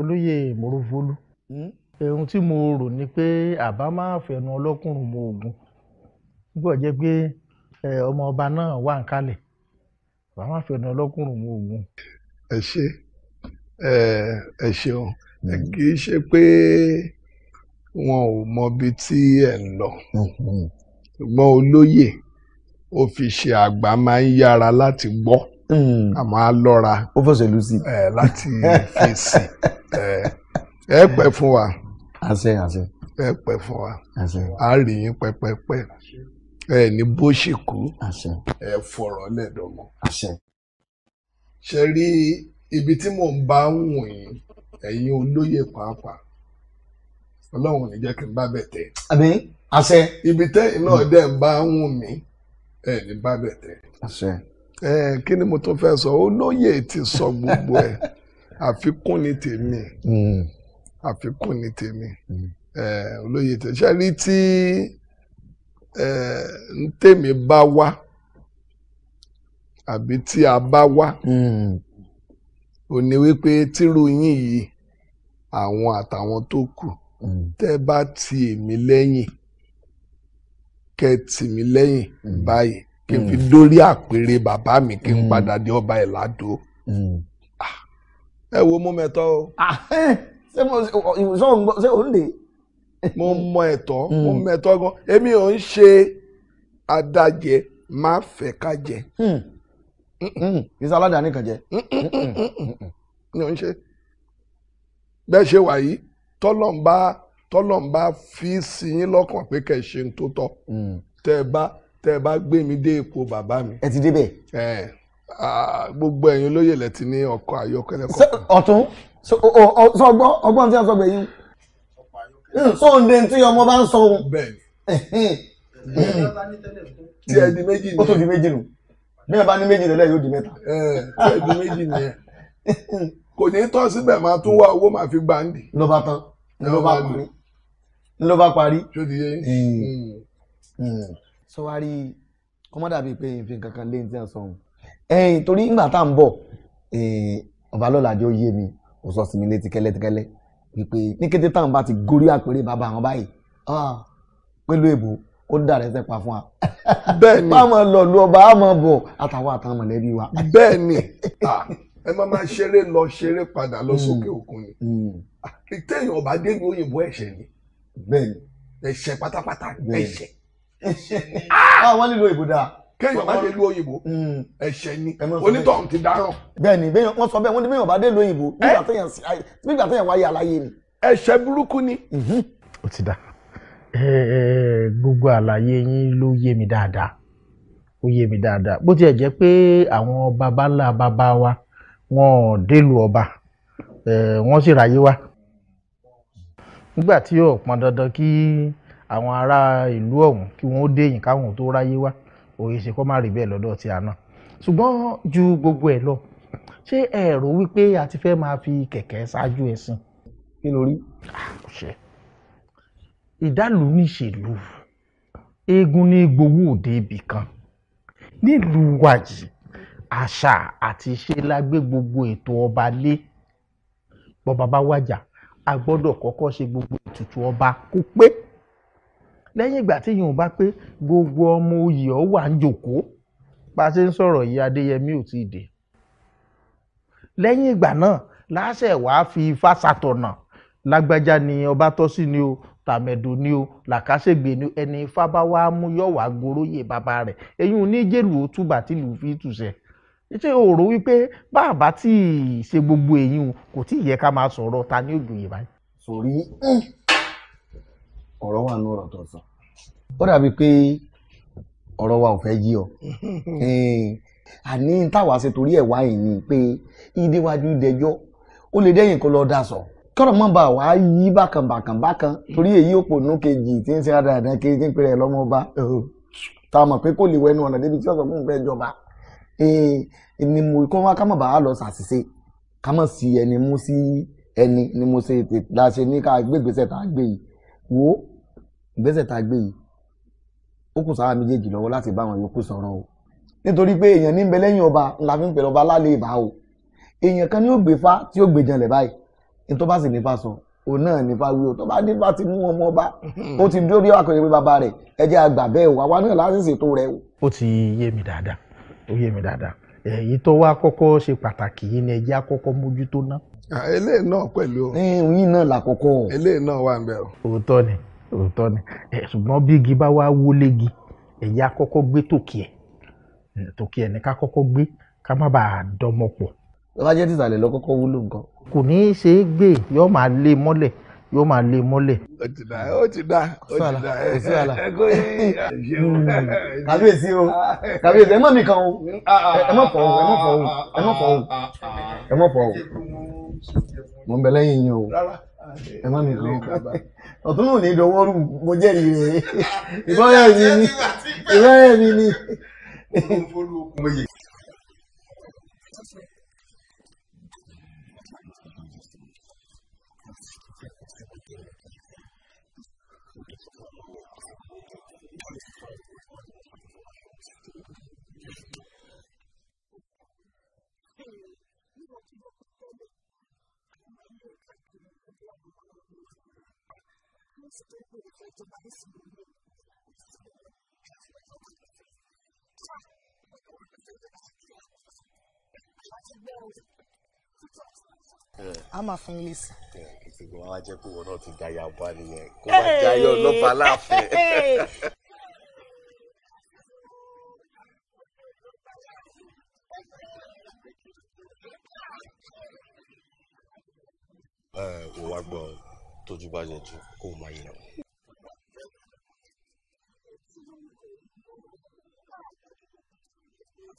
olóyè mòrúfólú hmm? ohun tí mo rò ni pé àbá máa fẹnu ọlọ́kùnrin mọ ogun gbọ́ jẹ́ pé ọmọ ọba náà wà ń kalẹ̀ àbá máa fẹnu ọlọ́kùnrin mọ ogun. ẹ ṣe ẹ ṣeun mm. kì í ṣe pé wọn ò mọbi tí ẹ ń lọ mm-hmm. ṣùgbọ́n olóyè ó fi ṣe àgbà máa ń yára láti gbọ́ àmọ́ mm. á lọ́ra ó fọ̀sẹ̀ lù sí i láti fèsì ẹ pẹ́ fún wa àṣẹ àṣẹ ẹ pẹ́ fún wa àṣẹ á yín pẹ́pẹ́pẹ́ ẹ ní bó ṣì kú ẹ fọ̀rọ̀ lẹ́dọ̀mọ́ ṣe rí ibi tí mò ń bá wùn yín ẹ̀yin olóyè pàápàá ọlọ́run ò ní jẹ́ kí n bá bẹ̀ tẹ́. àmín àṣẹ. ibi tẹ́yìn náà dẹ̀ ń bá wùn mí ẹ̀ ní bá bẹ̀ tẹ́. àṣẹ. ẹ kí ni mo tó fẹ́ sọ olóyè ti sọ gbogbo ẹ̀ àfikún ni tèmi hmm. àfikún ni tèmi hmm. olóyè tẹ ṣe rí tí ntèmi bá wá àbí tí a bá wá. Hmm ò ní wípé tírú yín yìí àwọn àtàwọn tó kù hmm. tẹ́ bá ti èmi lẹ́yìn kẹ́ tì mí lẹ́yìn hmm. báyìí kí n hmm. fi dórí àpèrè bàbá mi kí n padà dé ọba ìlàdó ah, ẹ wo mú mẹtọ o. Ah, ṣé mo ṣe òun ṣe òun lè. mo mọ ẹ̀tọ́ mo mẹtọ gan èmi ò ń ṣe adájẹ má fẹ́ ká jẹ. Hmm kì í sáládà nìkan jẹ ni ò ń ṣe bẹ́ẹ̀ ṣe wà yìí tọ́lọ́mbà tọ́lọ́mbà fi sí yín lọ́kàn pé kẹ́ ẹ ṣe ń tó tọ́ mm. tẹ́ ẹ bá tẹ́ ẹ bá gbé mi dé ipò bàbá mi. ẹ ti débẹ̀. ẹ gbogbo ẹ̀yin olóyè lẹ ti ní ọkọ̀ ayọ́kẹ́lẹ́ kan. ọ̀tún ọgbọ́n ọgbọ́n tí wọ́n sọ gbẹ̀yìn mm, sóńdé tí ọmọ bá ń sọ ohun. bẹ́ẹ̀ni tí ẹ di méjì nù bí ẹ bá ní méjì lọ́lẹ́ yóò di mẹ́ta. <laughs> ẹ ẹ di méjì nìyẹn kò ní tọ́ síbẹ̀ máa tún wá owó máa fi gbà ń dì. ló bá tán ló bá parí ló bá parí. tó ti yé hmm. hmm. sọ wá rí kọ́mọ́dà bíi pé nfin kankan lé ní tí wọ́n sọ ohun. torí ìgbà tá à ń bọ̀ eh, ọba lọ́la jọ yé mi kò sọ sí mi létí kẹ́lẹ́kẹ́lẹ́ wípé ní kété táwọn bá ti gorí àpèrè bàbá àwọn báyìí ah, pẹ̀lú èbó kó dàrẹ́ sẹ́ pa fún wa. bẹ́ẹ̀ni má mọ lọ lu ọba á mọ àtàwọn àtàwọn mọ̀lẹ́bí wa. bẹ́ẹ̀ni ẹ máa máa ṣeré lọ ṣeré padà lọ sókè òkun ni mm. mm. téèyàn ọba dé òyìnbó ẹ̀ṣẹ̀ ni ẹ̀ṣẹ̀ pátápátá ẹ̀ṣẹ̀. àwọn nílò ìbúdá kéèyàn má dé lu òyìnbó ẹ̀ṣẹ̀ ni ah, mm. onítọ̀hún ti dáràn. bẹ́ẹ̀ni wọ́n sọ bẹ́ẹ̀ wọ́n ní bẹ́ẹ̀ ọba dé lu òyìnbó nígbà téèyàn wáyé aláyé ni. ẹ̀ṣẹ̀ burúkú ni. Mm-hmm. ó ti dá. Eh, gbogbo àlàyé yín ló yé mi dáadáa ó yé mi dáadáa bó tiẹ̀ jẹ́ pé àwọn baba ńlá baba wa wọn ò délùú ọba eh, wọ́n sì ráyé wá nígbà tí ó pọn dandan kí àwọn ará ìlú ọ̀hún kí wọ́n ó déyìn káwọn tó ráyé wá òye ṣe kó má rí bẹ́ẹ̀ lọ́dọ̀ tí a náà ṣùgbọ́n ju gbogbo ẹ̀ lọ ṣé ẹ wípé a ti fẹ́ máa fi kẹ̀kẹ́ ṣáájú ẹ̀sìn kí lórí. Ah, ṣe ìdálùú níṣèlú eégún ní gbowó òde ibì kan nílùú wa yìí àṣà àti ìṣe la gbé gbogbo ètò ọba lé bọ́ba bá wájà a gbọ́dọ̀ kọ́kọ́ ṣe gbogbo ètùtù ọba kó pé lẹ́yìn ìgbà tí yìnyín bá pé gbogbo ọmọ oyè ọ wà ń jòkóó bá a ṣe ń sọ̀rọ̀ yìí adéyẹmí ò tí ì dé lẹ́yìn ìgbà náà láṣẹ wàá fi ifá ṣàtọ̀nà lágbájá ni ọba tọ́ ni o tàmẹ̀dò ni o làkàṣègbè ni ẹni ifá bá wá mú yọ̀ wá goróyè bàbá rẹ̀ eyín oníjèlú òtúbà tí lù fi tùṣẹ̀ ṣé o rò wípé bàbá tí ì ṣe gbogbo èyí o kò tí ì yẹ ká máa sọ̀rọ̀ ta ní òjòyè báyìí. sórí ọ̀rọ̀ wà ní ọ̀rọ̀ tó sọ ó dàbí pé ọ̀rọ̀ wa ò fẹ́ yí ọ <laughs> àní táwa ṣe torí ẹ̀ wá yìí ni pé ìdíwájú dẹjọ́ ó lè dẹ́yìn kó lọ́ọ́ dà sọ̀rọ̀ kọ́rọ̀ mọ́ bá wàá yí bákan bákan bákan mm. torí èyí òpò nù kejì tí ń ṣe àdàdà kejì tí ń pèrè lọ́mọ ọba tá a mọ̀ pé kò lè wẹnu ọ̀nà débi tí ọ̀sán fún ìgbẹ́ ìjọba ni mo kọ́ wá ká mọ̀ bá lọ sàṣìṣe ká mọ̀ sí ẹni mú sí ẹni ni mo ṣe ètè láṣẹ ní ká gbé ìgbésẹ̀ tá a gbé yìí wo ìgbésẹ̀ tá a gbé yìí ó kù sára méjèèjì lọ́wọ́ láti bá àwọn yòókù sọ̀rọ̀ o nítorí pé èèyàn ní ń bẹ lẹ́yìn ọba ńlá fi ń pè lọ́ba lálẹ́ ìbá o èèyàn kan ni ó gbé fá tí ó gbé janlẹ̀ báyìí ní tó bá sì nípa sọ òun náà nípa wí o tó bá nípa ti mú ọmọ ọba hmm. ó ti dúró bí akọ̀yẹ́ pé bàbá rẹ̀ ẹ jẹ́ àgbà bẹ́ẹ̀ wà wá náà láti ṣètò rẹ̀ o. ó ti yé mi dáadáa ó yé mi dáadáa èyí tó wá kọ́kọ́ ṣe pàtàkì yìí ni ẹ jẹ́ àkọ́kọ́ mójútó ná. eléyìí náà pẹ̀lú. yín náà làkọ́kọ́. eléyìí náà wà ń bẹ̀rù. òótọ́ ni òótọ́ ni ṣùgbọ́n bí igi bá wá wó légi ẹ̀yà àkọ́kọ́ gbé tòkì ẹ̀ tòkì ẹ̀ ní ká kọ́kọ́ gbé ká má bàa dọmọ pọ̀ tó bá jẹ́ tìsàlẹ̀ lọ kọ́kọ́ wúlò nǹkan. kò ní í ṣe é gbé yóò máa lé mọ́lẹ̀ yóò máa lé mọ́lẹ̀. ó ti dá o ti dá O ti dá ẹ ẹ kó yí. kábíyèsí o kábíyèsí ẹ mọ̀ nìkan o ẹ mọ̀ fọ̀ o ẹ mọ̀ fọ̀ o ẹ mọ̀ fọ̀ o ẹ mọ̀ fọ̀ o mo ń bẹ lẹ́yìn yín o ẹ má mi lọ ọtún náà ní ìdánwò rú mo jẹ́rìí rẹ̀ ìbáyà mi ni ìbáyà mi ni. to a máa fún ilé sí. ìṣègùn wa jẹ́ kó wọn náà ti da yàgbá nìyẹn kó wá jayọ̀ lọ́ba láàfin. <laughs> ẹ ò wá gbọ́ tójú bá yẹ jù kó o máa yẹ.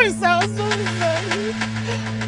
I'm so, so sorry.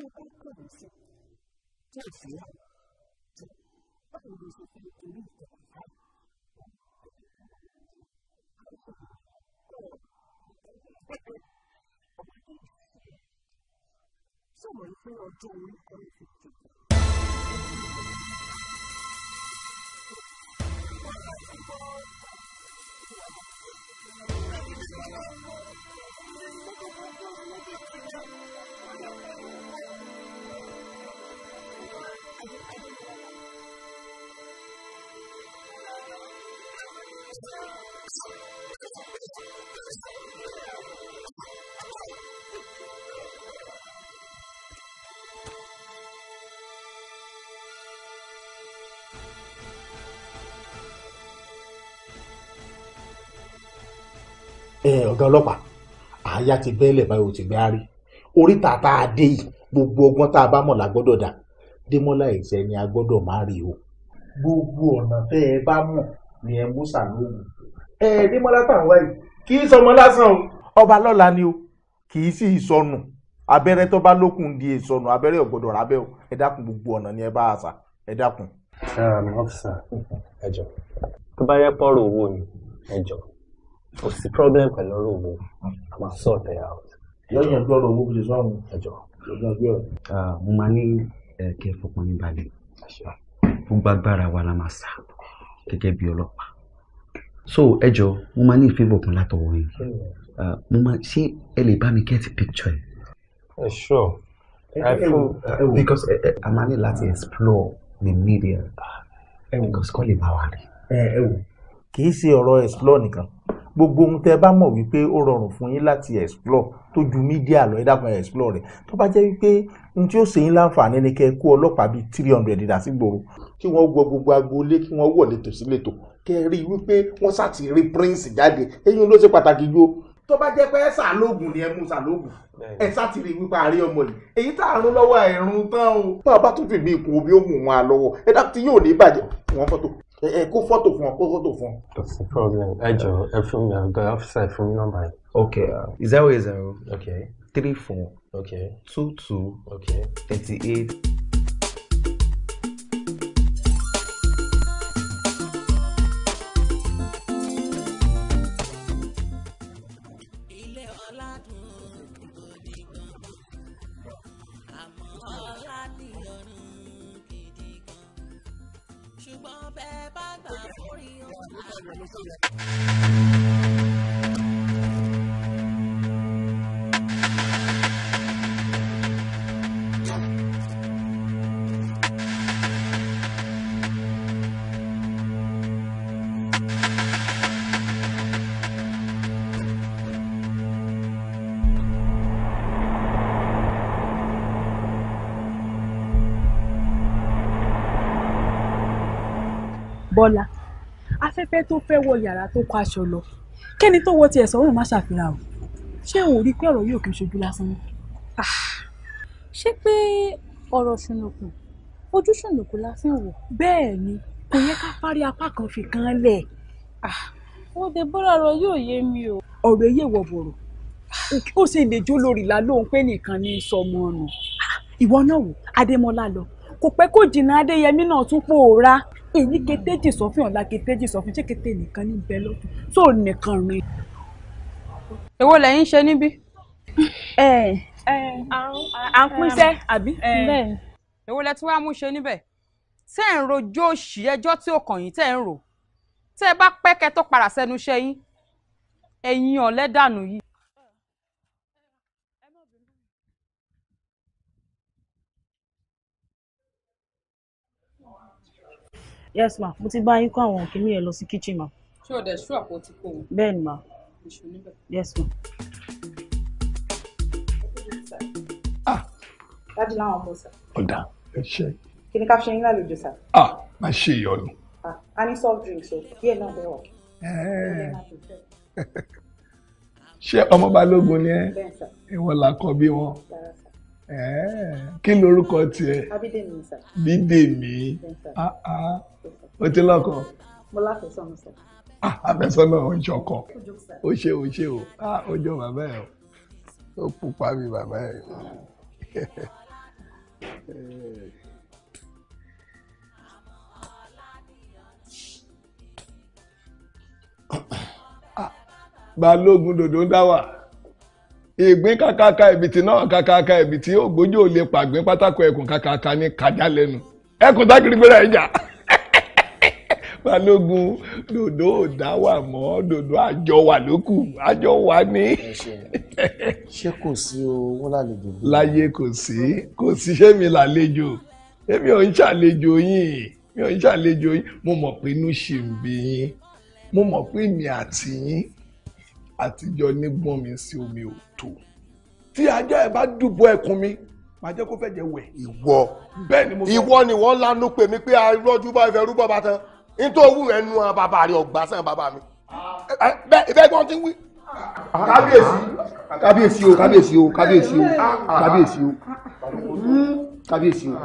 对方个人性，这个实验，这不能是对独立的反叛。这我们非要注意关系。Thank you. ọ̀gá ọlọ́pàá àáyá ti bẹ́ẹ̀lẹ̀ báyìí ò ti gbé àárí oríta tá a dé yìí gbogbo ọgbọ́n tá a bá mọ̀ la gbọ́dọ̀ dá Démọ́lá ẹ̀sẹ̀ ni a gbọ́dọ̀ má rí o. gbogbo ọ̀nà tẹ́ ẹ bá mọ̀ ni ẹ mú sàlóògùn. ẹ Démọ́lá tàn wáyé kì í sọmọ lásán o. ọba lọ́la ni o kì í sì sọnù abẹ́rẹ́ tó bá lókun di ìsọnù abẹ́rẹ́ ọ̀gbọ́dọ̀ rábẹ́ o ẹ dákun gbogbo ọ̀nà ni ẹ bá a sà ẹ dákun. ọ́fíìsà ẹ jọ tó bá yẹ pọ́ọ̀rọ̀ owó ni ẹ jọ kò sí problem pẹ̀lú ọ̀rọ̀ owó a máa sort it out. lọ́yìn ọ̀gbọ́n ọ̀rọ̀ owó kò lè sọ́run ẹ jọ ah, mo máa ní kí ẹ fọkàn balẹ̀ gbogbo agbára wa la máa sà gẹ́gẹ́ bí ọlọ́pàá so ẹ jọ mo máa ní ìfẹ́bọ̀ kan látọwọ́ yín mo máa ṣé ẹ lè bá mi get picture ẹ. sure I feel because a máa ní láti explore the media because kọ́lé bá wà rí. ẹ wò kì í ṣe ọ̀rọ̀ explore nìkan gbogbo ohun tẹ bá mọ̀ wípé ó rọrùn fún yín láti explore tó ju mídíà lọ ẹ dákun explore rẹ̀ tó bá jẹ́ wípé ohun tí ó ṣe yín láǹfààní ni kẹ́ kó ọlọ́pàá bíi three hundred dà sí gbòòrò kí wọ́n wọ gbogbo agboolé kí wọ́n wọ̀ létò sí létò kẹ́ rí i wípé wọ́n ṣàti rí prince jáde eyín ló ṣe pàtàkì ju tó bá jẹ́ pé ẹ̀sà lóògùn ni ẹ mú ṣàlóògùn ẹ̀sà ti rí wípé àárín ọmọ yìí èyí tá à ń rún lọ́wọ́ ẹ̀rùn tán o. bá a bá tún fìbí ikùn omi ó mú wọn lọ́wọ́ ẹ̀dá tí yóò ní bàjẹ́ wọn fọ́tò ẹ kó fọ́tò fún ọ kó fọ́tò fún ọ. that's the problem ẹ jọ ẹ fún mi àgbà ọfíìsà ẹ fún mi nọ́mbà yìí. okay uh, zero eight zero okay. three four okay. two two okay. thirty eight. tó fẹ́ wọ yàrá tó kọ aṣọ lọ kẹ́ni tó wọ tiẹ̀ sọ́rùn má ṣàfihàn o ṣé o rí pé ọ̀rọ̀ yóò kí n ṣojú lásán ni. Ah, ṣé pé ọ̀rọ̀ ṣùnùkùn ojú ṣùnùkùn la fi ń wò. bẹ́ẹ̀ ni kò yẹ ká fárí apá kan fi kan lẹ̀. ó de bọ́lá ọ̀rọ̀ yóò yé mi o. ọ̀rọ̀ eyé wọ bọ̀rọ̀ ó sì lè jó lórí la lóhun pé nìkan ní í sọmọ ọ̀nà ìwọ náà wò adémọlá lọ kò pẹ́ kó jìnnà adéyẹmí náà tún pòórá èyí keteji sọ fún ọ̀la keteji sọ fún ṣékété nìkan ní bẹ́ẹ̀ lọ́tún tó nìkan rìn. èwo lẹ́yìn ṣe níbí. ẹ ẹ à ń pínṣẹ́ àbí. bẹ́ẹ̀ èwo lẹ tí wàá mú ṣe níbẹ̀ tẹ́ ẹ̀ ń rojọ́ òṣì ẹjọ́ tí ò kàn yín tẹ́ ẹ̀ ń rò tẹ́ ẹ bá pẹ́kẹ́ tó padà sẹ́nu iṣẹ́ yín ẹ̀yin yìí. yes ma mo ti bá yín kó àwọn kìnìún yẹn lọ sí kitchen ma. ṣé o dẹ̀ ṣú àpò tí kò wọ́n. bẹ́ẹ̀ ma. yes ma. Ah! dájú láwọn ọmọ sà. ọ̀dà ẹ ṣe. kí ni ká ṣe yín lálejò sà. a ah! má ṣe ìyọnu. Ah, a ní soft drink so díẹ̀ náà bẹ̀ wọ̀. ṣé ọmọ balógun ni ẹ ìwọ la kọ bí wọn kí lorúkọ tiẹ̀ bídèmí ah, ah. o ti lọ́kọ. mo láfẹsọ̀nù sọ. Ah, àfẹsọ̀nù ìṣọkọ o ṣe o ṣe o ọjọ́ bàbá ẹ̀ o pupa mi bàbá ẹ̀. <laughs> Balógun dòdò ń dá wà ìgbín kàkàkà ẹ̀bìtì náà kàkàkà ẹ̀bìtì ògbójú ò lè pàgbín pátákó ẹkùn kàkàkà ní kàjá lẹ́nu ẹkùn tákìrì gbéra ẹ̀jà balógun dòdò òdá wà mọ́ dòdò àjọ wà lókù àjọ wà ní. ṣé kò sí owó lálejò. láyé kò sí kò sí ṣé mi lálejò èmi ò ń ṣàlejò yín mi ò ń ṣàlejò yín mo mọ̀ pé inú ṣì ń bí yín mo mọ̀ pé mi àti yín àtijọ́ nígbọ́n mi sí omi ò tó tí ajá ẹ bá dùbọ̀ ẹkùn mi màá jẹ́ kó fẹ́ jẹ wẹ̀. ìwọ bẹ́ẹ̀ ni mo sọ. ìwọ ni wọ́n lanu pè mí pé arọ́jú bá ìfẹ́ rúbọ bá tán nítorí òwú rẹ̀ nu bàbá rẹ̀ ọ̀gbà sàn bàbá mi. bẹ́ẹ̀ ìfẹ́ gbọ́n ti wí. kábíyèsí kábíyèsí o kábíyèsí o kábíyèsí o kábíyèsí o kábíyèsí o.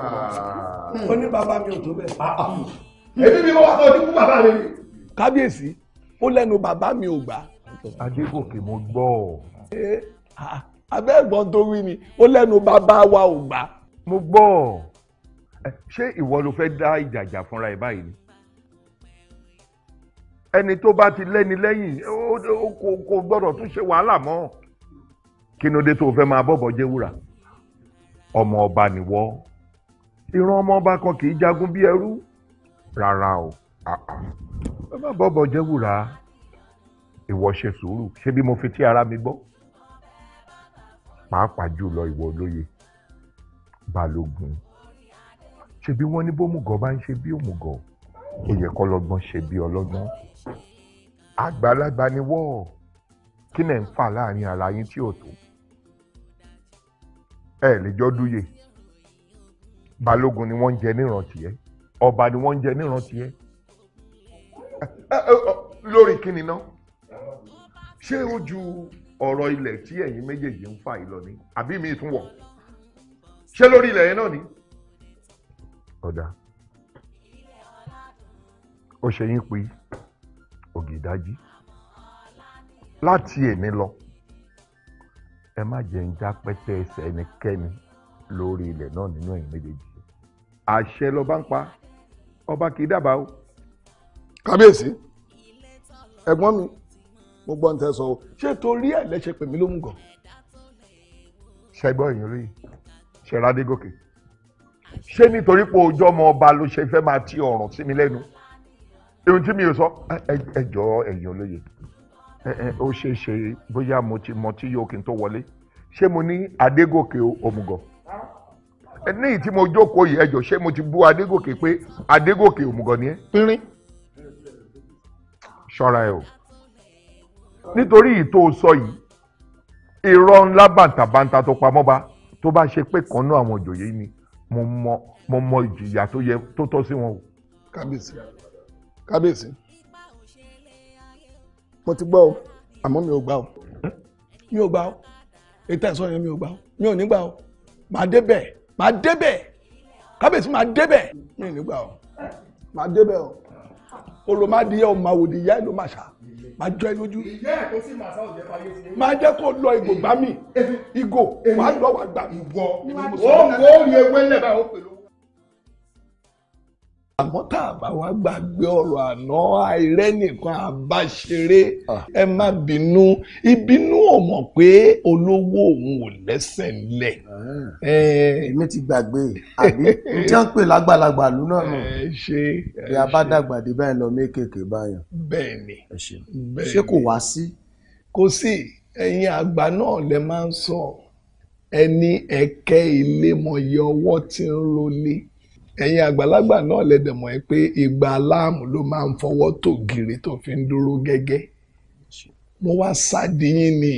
ó ní bàbá mi ò tó bẹ́ẹ̀. Ah, ah. èmi mi wọ́n sọ ojú fún bàbá mi. kábíyèsí ó lẹ́nu bàbá mi ò gbà adégòkè mo gbọ́ ọ. Ah, abẹ́gbọ́n tó wí ni ó lẹ́nu bàbá wa ò gbà. mo gbọ́ ọ ṣé ìwọ ló fẹ́ dá ìjàjà fúnra ẹ̀ báyìí ni ẹni tó bá ti lẹ́ni lẹ́yìn kò gbọ́dọ̀ tún ṣe wàhálà mọ́ kí ni ó dé tó fẹ́ máa bọ́bọ̀ jẹ́ wúrà ọmọ ọba nìwọ ìran ọmọ ọba kan kì í jagun bí ẹrú rárá o ẹ má bọ́bọ̀ jẹ́ wúrà ìwọ ṣe sùúrù ṣé bí mo fi tí ara mi gbọ́ pàápàá jùlọ ìwọ olóye balógun ṣe bí wọ́n ní bómùgọ̀ bá ń ṣe bí òmùgọ̀ ó yẹ kọ́lọ́gbọ́n ṣe bí ọlọ́gbọ́n àgbàlagbà ni wọ́ọ̀ kí lẹ̀ ń fà láàrin ara yín tí ò tó ẹ lè jọ dúye balógun ni wọ́n ń jẹ nírántí ẹ ọba ni wọ́n ń jẹ nírántí ẹ lórí kí ni náà ṣé ó ju ọ̀rọ̀ ilẹ̀ tí ẹ̀yin méjèèjì ń fà yìí lọ ni àbí mi tún wọ̀ ṣé lórí ilẹ̀ yẹn náà ni. ọ̀dà ó ṣe yín pé ògìdájí láti èmi lọ ẹ má jẹ́ ń já pẹ́tẹ́ ẹsẹ̀ ẹnikẹ́ni lórí ilẹ̀ náà nínú ẹ̀yin méjèèjì àṣẹ lọ́ba ń pa ọba kì í dábàá o. kábíyèsí ẹ̀gbọ́n mi mo gbọ́ ń tẹ́ sọ o ṣé torí ẹ̀ lẹ́sẹ̀ pè mí ló mú gan. ṣẹgbọ́n èèyàn rí ṣẹlá adégòkè ṣé nítorí pé ojú ọmọ ọba ló ṣe fẹ́ máa ti ọ̀ràn sí mi lẹ́nu ohun tí mi ò sọ ẹ jọ̀ọ́ èèyàn olóye ó ṣe é ṣe bóyá mo ti mọ tí yóò kí n tó wọlé ṣé mo ní adégòkè òmùgọ̀ ní ìtí mo jókòó yìí ẹ jọ̀ọ́ ṣé mo ti bú adégòkè pé adégòkè òmùgọ̀ ni ẹ. pínrín. ṣọ́ra ẹ o nítorí ìtò sọ yìí irọ́ ńlá bàǹtàbàǹtà tó pamọ́ bá tó bá ṣe pé kan náà àwọn ìjòyè ni mo mọ mo mọ ìjìyà tó yẹ tó tọ́ sí wọn o. kábíyèsí kábíyèsí mo ti gbọ́ o àmọ́ mi ò gbà o mi ò gbà o ètò ẹ̀sọ́ yẹn mi ò gbà o mi ò ní gbà o màá débẹ̀ màá débẹ̀ kábíyèsí màá débẹ̀ mi ò ní gbà o màá débẹ̀ o olùmọ̀dìyẹ ò máa wò di ìyá ẹ̀ ló máa ṣáà máa jọ ẹ lójú. ìyá ẹ̀ kó sì máa sá òjẹ́ fayé fún mi. máa jẹ́ kó lọ ìgò gbá mi ìgò wàá lọ wàá gbà mí. ìwọ ó wọ ó rí ewé lẹ̀ báyìí ó pẹ̀lú àmọ́ tá a bá wá gbàgbé ọ̀rọ̀ àná àìrẹ́ nìkan àbáṣeré ah. ẹ má bínú ìbínú ò mọ̀ pé olówó òun ò lẹ́sẹ̀ ńlẹ̀. Ah. èmi ti gbàgbé àbí njẹ́ ń pè lágbàlagbà lù náà nù ṣe bí a bá dàgbà dé báyìí lọ mékèèké báyọ̀. bẹ́ẹ̀ni bẹ́ẹ̀ni ṣé kò wá sí. kò sí ẹ̀yin àgbà náà lẹ máa ń sọ ẹni ẹ̀kẹ́ ilé mọ̀yẹ ọwọ́ tí ń rolé ẹ̀yin àgbàlagbà náà lẹ́dẹ̀ mọ̀ ẹ́ pé ìgbà aláàmù ló máa ń fọwọ́ tó gìrì tó fi ń dúró gẹ́gẹ́ mo wá sádìyín ni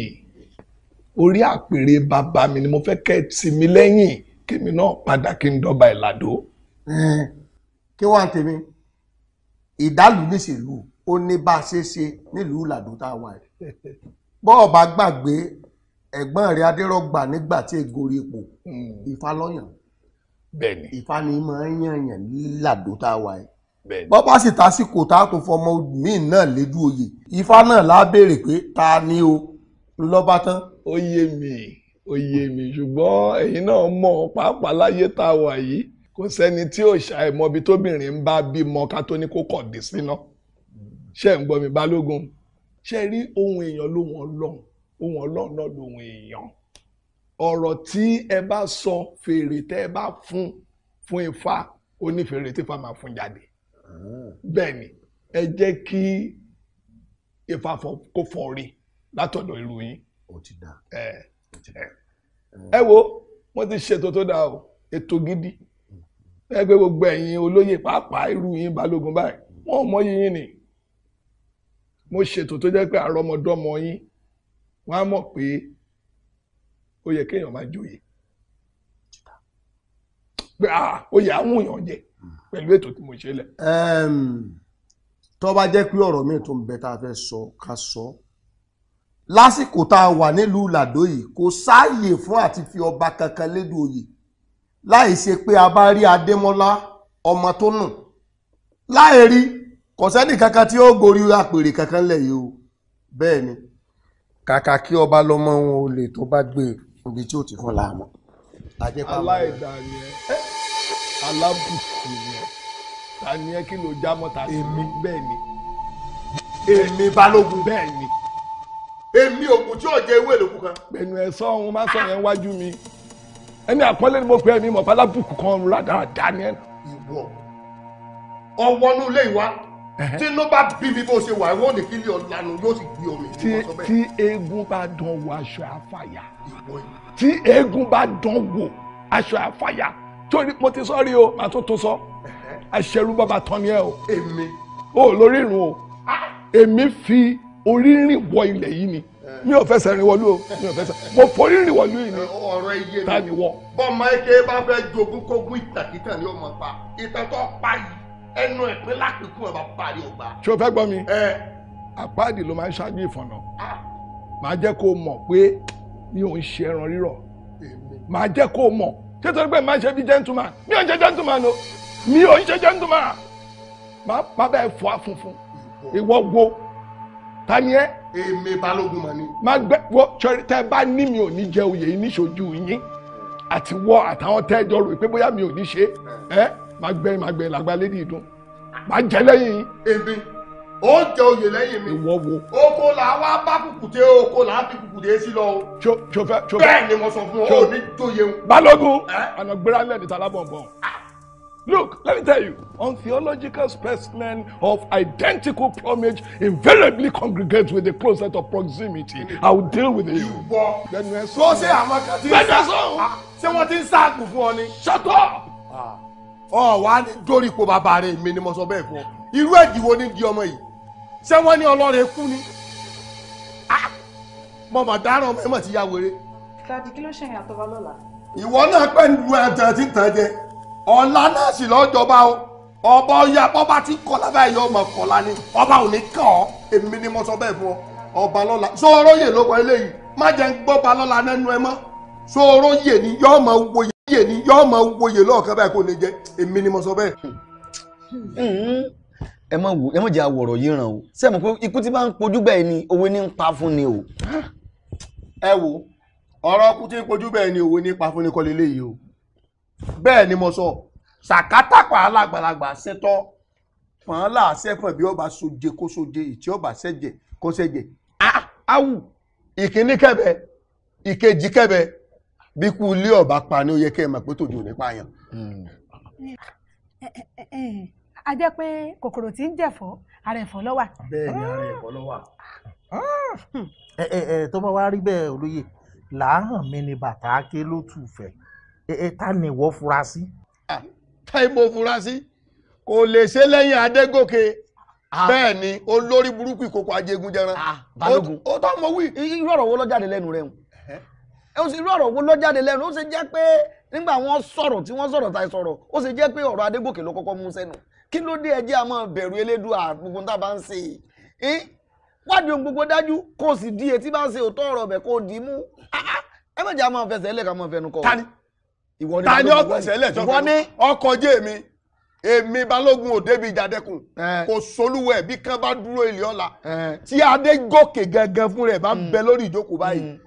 orí àpèrè bàbá mi ni mo fẹ́ kẹ́ ẹ tì mí lẹ́yìn kémi náà padà kí n dọ́ba ìlàdó. kí wàá tèmi ìdálù níṣèlú ó ní bá a ṣe ṣe nílùú ìlàdó tá a wà yìí bọ́ọ̀ gbàgbé ẹ̀gbọ́n rẹ̀ adérọ́gbà nígbà tí ègorí hmm. ipò ìfàlọ́yàn bẹ́ẹ̀ni Ifá ni máa ń yànyàn ládò tá a wà yìí bẹ́ẹ̀ni bọ́ bá sì tásìkò tá a tó fọmọ míì náà lédú oyè Ifá náà lá béèrè pé ta ni o lọ́ba tán. ó yé mi ó yé mi ṣùgbọ́n ẹ̀yin náà mọ̀ pàápàá láyé tá a wà yìí kò sẹ́ni tí ò ṣàìmọ̀ ibi tóbìnrin ń bá bímọ ká tó ní kó kọ̀dé síná ṣé ń gbọ́ mi balógun ṣe rí ohun èèyàn lóhun ọlọ́run ohun ọlọ́run náà lóhun èèyàn ọ̀rọ̀ tí ẹ bá sọ fèrè tẹ́ ẹ bá fún fún ifá onífèrè tí ifá máa fún jáde bẹ́ẹ̀ ni ẹ jẹ́ kí ifá kó fọ rí látọ̀dọ̀ irú yín. ó ti dà ẹ wo wọ́n ti ṣètò tó dáa o ètò gidi ẹ gbé gbogbo ẹ̀yin olóyè pàápàá irú yín balógun báyìí wọ́n mọ yín ni mo ṣètò tó jẹ́ pé àrọ́mọdọ́mọ yín wọ́n á mọ̀ pé ó yẹ kéèyàn máa joyè pé ah, ó yẹ àwọn èèyàn jẹ pẹ̀lú ètò tí mo ṣe lẹ̀. tó bá jẹ́ pé ọ̀rọ̀ míì tó ń bẹ tá a fẹ́ sọ ká sọ lásìkò tá a wà nílùú làdó yìí kò sáàyè fún àti fi ọba kankan lédu oyè láì ṣe pé a bá rí adémọ́lá ọmọ tó nù láì rí kò kankan tí ó gorí àpèrè kankan lẹ̀ yìí o bẹ́ẹ̀ ni kàkà kí ọba lọ́mọ wọn ò lè tó bá gbé e ibi tí ó ti fọ́ làámọ. aláìdáni ẹ alábùkù ni ẹ tani ẹ kí ló já mọ́ ta èmi bẹ́ẹ̀ ni èmi balógun bẹ́ẹ̀ ni èmi òkú tí ò jẹ ewé lòkú kan. pẹ̀lú ẹ sọ ohun sọ yẹn wájú mi ẹni àpọ́nlé ni mo pè é mọ̀ fún kan ọ̀run ládàá dání ẹ̀. ìwọ ọwọ́ nulẹ̀ ìwà tínú bá bí mi bó ṣe wà wọn ní kílí ọ̀lànà yóò sì gbé omi. tí eégún bá dán wo aṣọ àfàyà tí eégún bá dán wo aṣọ àfàyà torí mo ti sọ rí o màá tó tó sọ aṣẹrú bàbá tán ni ẹ o. èmi. o lórí irun o ah! èmi fi orí rìn wọ ilẹ̀ yìí ni eh. mi ò fẹsẹ̀ rìn wọlú o mi ò fẹsẹ̀ mo forí rìn wọlú yìí ni eh, ọ̀rọ̀ iye mi tani wọ. bọ́ọ̀ máa ń ké bá fẹ́ jogún kógún ìtàkìtà ni ó mọ̀ pa ìtàn pa yìí ẹnu ẹ̀ pé lápẹ̀kún ẹ̀ bá parí ọgbà. ṣé o fẹ́ gbọ́ mi. àpáàdì ló máa ń ṣáájú ìfọ̀nà ah. màá jẹ́ kó o mọ̀ pé mi ò ń ṣe ẹran rírọ̀ màá jẹ́ kó o mọ̀ ṣé torí pé màá ṣe bí gentleman mi ò ń ṣe gentleman o mi ò ń ṣe gentleman màá bẹ́ẹ̀ fọ́ afunfun ìwọ wo ta ni ẹ. èmi balógun mọ ni. má gbẹ wọ sọrí tẹ bá ní mi ò ní jẹ oyè yìí níṣojú yín àti wọ àtàwọn tẹjọ rò pé bóyá mi ò ní ṣe ẹ máa gbẹ máa gbẹ làgbà lédi ìdún máa jẹ lẹ́yìn. èmi ó jẹ oyè lẹ́yìn mi. ìwọ wo. oko la wá bá kùkùté oko la fi kùkùté sí lọ. tso tso fẹ tso fẹ. bẹ́ẹ̀ ni mo sọ fún ọ ní joyè o. balógun ọ̀nà gbéra lẹ́ni tala bọ̀nbọ̀n. Look, let me tell you, untheological specimen of identical plumage invariably congregates with the closet of proximity. I will deal with you. Ìwọ lẹnu ẹ sọ. Tó ṣe àwọn Shut up! Ah ọ wá dórí ipò bàbá rẹ mi ni mo sọ bẹ́ẹ̀ fún ọ irú ẹdìwọ ní di ọmọ yìí ṣé wọn ní ọlọrẹ kú ni ah! mo mà dáràn ọmọ ẹ mà ti ya wèrè. dadi kí ló ṣe ìyàtọ̀ wa lọ́la. ìwọ náà pẹ́ ń lu ẹ̀jẹ̀ tí ń tàn jẹ ọ̀la náà sì lọ́jọba o ọba ọya ọba tí kọ́ lábẹ́ ẹ̀yọ́ ọmọ kọ́lá ni ọba ò ní kàn ọ́ èmi ni mo sọ bẹ́ẹ̀ fún ọba lọ́la sọ oróyè ló wọ eléyìí má jẹ́ gbọ́ba lọ́la nẹ́nu ẹ mọ́ sọ oróyè ni yọ́ ọmọ wòye yè ni yọ́ máa wòye lọ́ọ̀kan báyìí kò ní jẹ́ èmi ni mo sọ bẹ́ẹ̀. ẹ má wò ẹ má jẹ́ àwọ̀rọ̀ yìí ràn o sẹ́mi pé ikú tí bá ń pojú bẹ́ẹ̀ ni òwe ní ń pa fún ni o. ẹ wo ọ̀rọ̀ ọkùn tí ń pojú bẹ́ẹ̀ ni òwe ní pa fún ni kọ́ leléyìí o bẹ́ẹ̀ ni mo sọ sàkátàpá alágbàlagbà ṣẹtọ́ pàǹlà sẹ́fọ̀n bí ọba soje kó soje ìtí ọba sẹ́jẹ̀ kó sẹ́jẹ̀ ah, áwù ìkíní kẹ́bẹ̀ ìkejì kẹ́bẹ̀ bí kú ilé ọba pa ni ó yẹ kẹ́ ẹ mọ̀ pé tòjò nípa yàn. a jẹ́ pé kòkòrò tí ń jẹ̀fọ́ ara ẹ̀fọ́ ló wà. bẹ́ẹ̀ ni ara ẹ̀fọ́ ló wà. ẹ ẹ ẹ tó bá wá rí bẹ́ẹ̀ olóye làáhàn mi ni bàtà ké ló tù fẹ́ ẹ ẹ ta ni ìwọ fura sí. táì mo fura sí kò lè ṣe lẹ́yìn adégòkè bẹ́ẹ̀ ni olórí burúkú ìkókó ajégúnjẹran ó tó mọ̀ wí. irú ọ̀rọ̀ wo ló jáde lẹ́nu rẹ̀ hùn ẹ ń sọ irú ọ̀rọ̀ wo ló jáde lẹ́nu ó ṣe jẹ́ pé nígbà wọ́n sọ̀rọ̀ tí wọ́n sọ̀rọ̀ táì sọ̀rọ̀ ó ṣe jẹ́ pé ọ̀rọ̀ Adégòkè ló kọ́kọ́ mú sẹ́nu kí ló dé ẹjẹ́ a máa bẹ̀rù Elédùà gbogbo tá a bá ń ṣe é wádìí ohun gbogbo dájú kó o sì di etí bá ń ṣe òótọ́ ọ̀rọ̀ ọ̀bẹ̀ kó o dì í mú ah, ah, ẹ má jẹ́ a máa fẹsẹ̀ ẹlẹ́ka máa fẹnu kọ. tani tani ọ̀fẹsẹ̀ ẹlẹ́tọ́ ọkọ̀ jẹ́ mi èmi balógun ò débi ìjàdẹkùn kò solúwọ ẹbí kan bá dúró ilé ọlá tí Adégòkè gangan fún rẹ bá ń mm. bẹ lórí ìjókòó báyìí mm.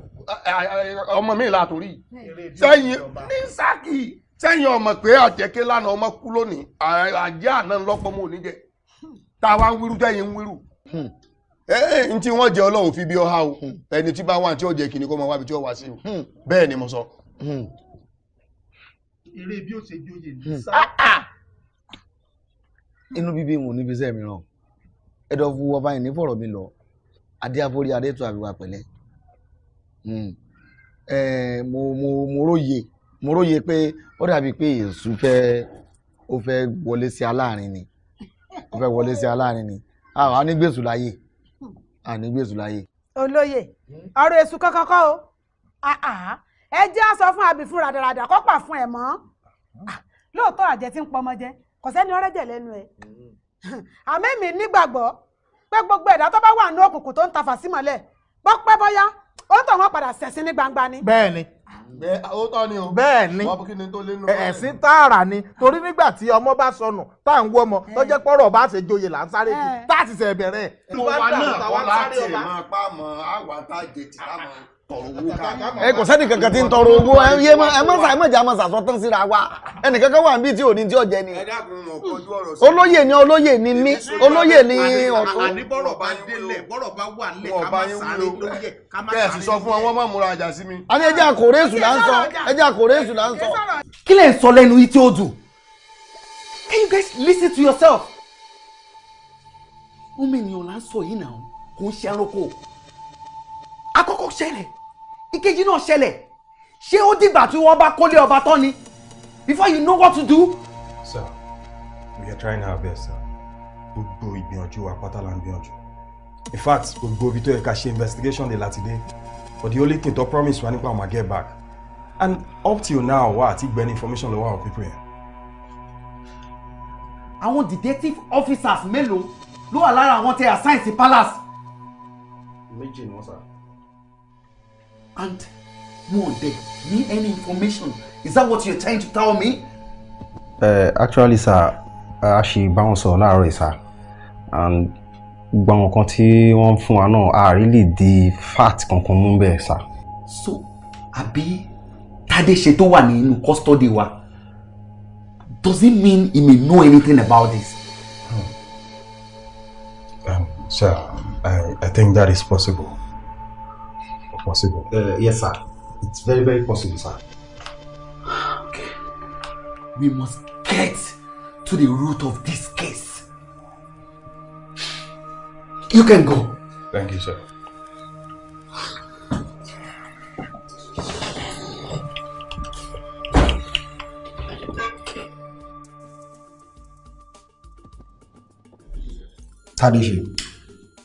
ọmọ mi la torí sẹ́yìn ní sákì sẹ́yìn ọmọ pé àjẹkẹ́ lánàá ọmọ kú lónìí àjẹ́ àná lọ́pọ̀ oníjẹ táwa ń wíru tẹ́yìn ń wíru hmm. eh, n tí wọ́n jẹ ọlọ́run fi bí o hmm. ẹni tí bá wà tí ó jẹ ọmọ wa tí wá sí o hmm. bẹ́ẹ̀ ni mo sọ. eré bí ṣe ní sá ah, ah! inú bíbí níbi mìíràn ẹ̀dọ̀ fún Hmm. Eh, mo mo mo róye mo róye pé ó dàbíi pé èṣù fẹ́ ó fẹ́ wọlé sí aláàárín ni ó fẹ́ wọlé sí aláàárín ni àwọn anígbèsù láyè anígbèsù láyè. olóyè ọ̀rọ̀ èṣù kankan kọ́ o ẹ jẹ́ á sọ fún abìfún ràdàràdà kó pà fún ẹ̀ mọ́ ah, lóòótọ́ àjẹ́ tí ń pọmọ jẹ kò sẹ́ni ọ̀rẹ́jẹ̀ lẹ́nu ẹ̀ àmẹ́mì nígbàgbọ́ pé gbogbo ẹ̀dá tó bá wà ní òkùnkùn tó ń ta fàsímọ́lẹ̀ bọ́ pẹ́ bọ́yá ó tọ̀ wọ́n padà ṣẹ̀sín ní gbangba ni. bẹ́ẹ̀ ni ó tọ́ ni o. bẹ́ẹ̀ ni ẹ̀sìn tààrà ni torí nígbà tí ọmọ bá sọnù tá à ń wọ́ eh. tó jẹ́ pọ́rọ̀ bá ṣe joyè là ń sáré kí eh. tá à ti ṣẹ̀ bẹ̀rẹ̀. mo wà náà kọ́ láti máa pa mọ́ àwọn àtàjẹ tì ẹ kò kankan tí ń tọrọ owó ẹ má ẹ má jà má síra wa ẹnì kankan wà níbi tí ò ní tí ò jẹ ni. olóyè ni olóyè ni mí olóyè ni ọ̀tún. àní bọ́rọ̀ bá délẹ̀ bọ́rọ̀ bá wà lẹ̀ ká má sáré lóye ká má sáré. kẹ́ẹ̀sì sọ fún wọn má múra àjà sí mi. a ní ẹja kò réṣù là ń sọ ẹja kò réṣù là ń sọ. kí lè sọ lẹ́nu yìí tí dùn can you guys listen to yourself. ó mẹ́niyàn là ń sọ yìí náà kò ń ṣe ẹranko àkọ́kọ́ ṣẹlẹ̀ ìkejì náà ṣẹlẹ̀ ṣé ó dìgbà tí wọ́n bá kólé ọba tán ni before you know what to do. sir we are trying our best sir gbogbo ìgbìyànjú wa pátá la ń gbìyànjú in fact gbogbo ibi tó yẹ ká ṣe investigation dey láti dé but the only thing to promise wa nípa ọmọ get back and up till now wa àti gbẹ information lọ́wọ́ àwọn people yẹn. àwọn detective officers mélòó ló wà lára àwọn tẹ assign sí palace. méjì ni wọ́n sá. And no, they need any information. Is that what you're trying to tell me? Uh, actually, sir, a she bá on sọ̀rọ̀ láàárọ̀ sir. And gbogbo àwọn kan tí wọ́n fún wa náà really the fat kankan sir. So, Abi, Tade ṣe tó wà nínú custody wa? Does it mean he may know anything about this? Hmm. Um, sir, I, I think that is possible. Possible. Uh, yes, sir. It's very, very possible, sir. Okay. We must get to the root of this case. You can go. Thank you, sir. Tadeshi.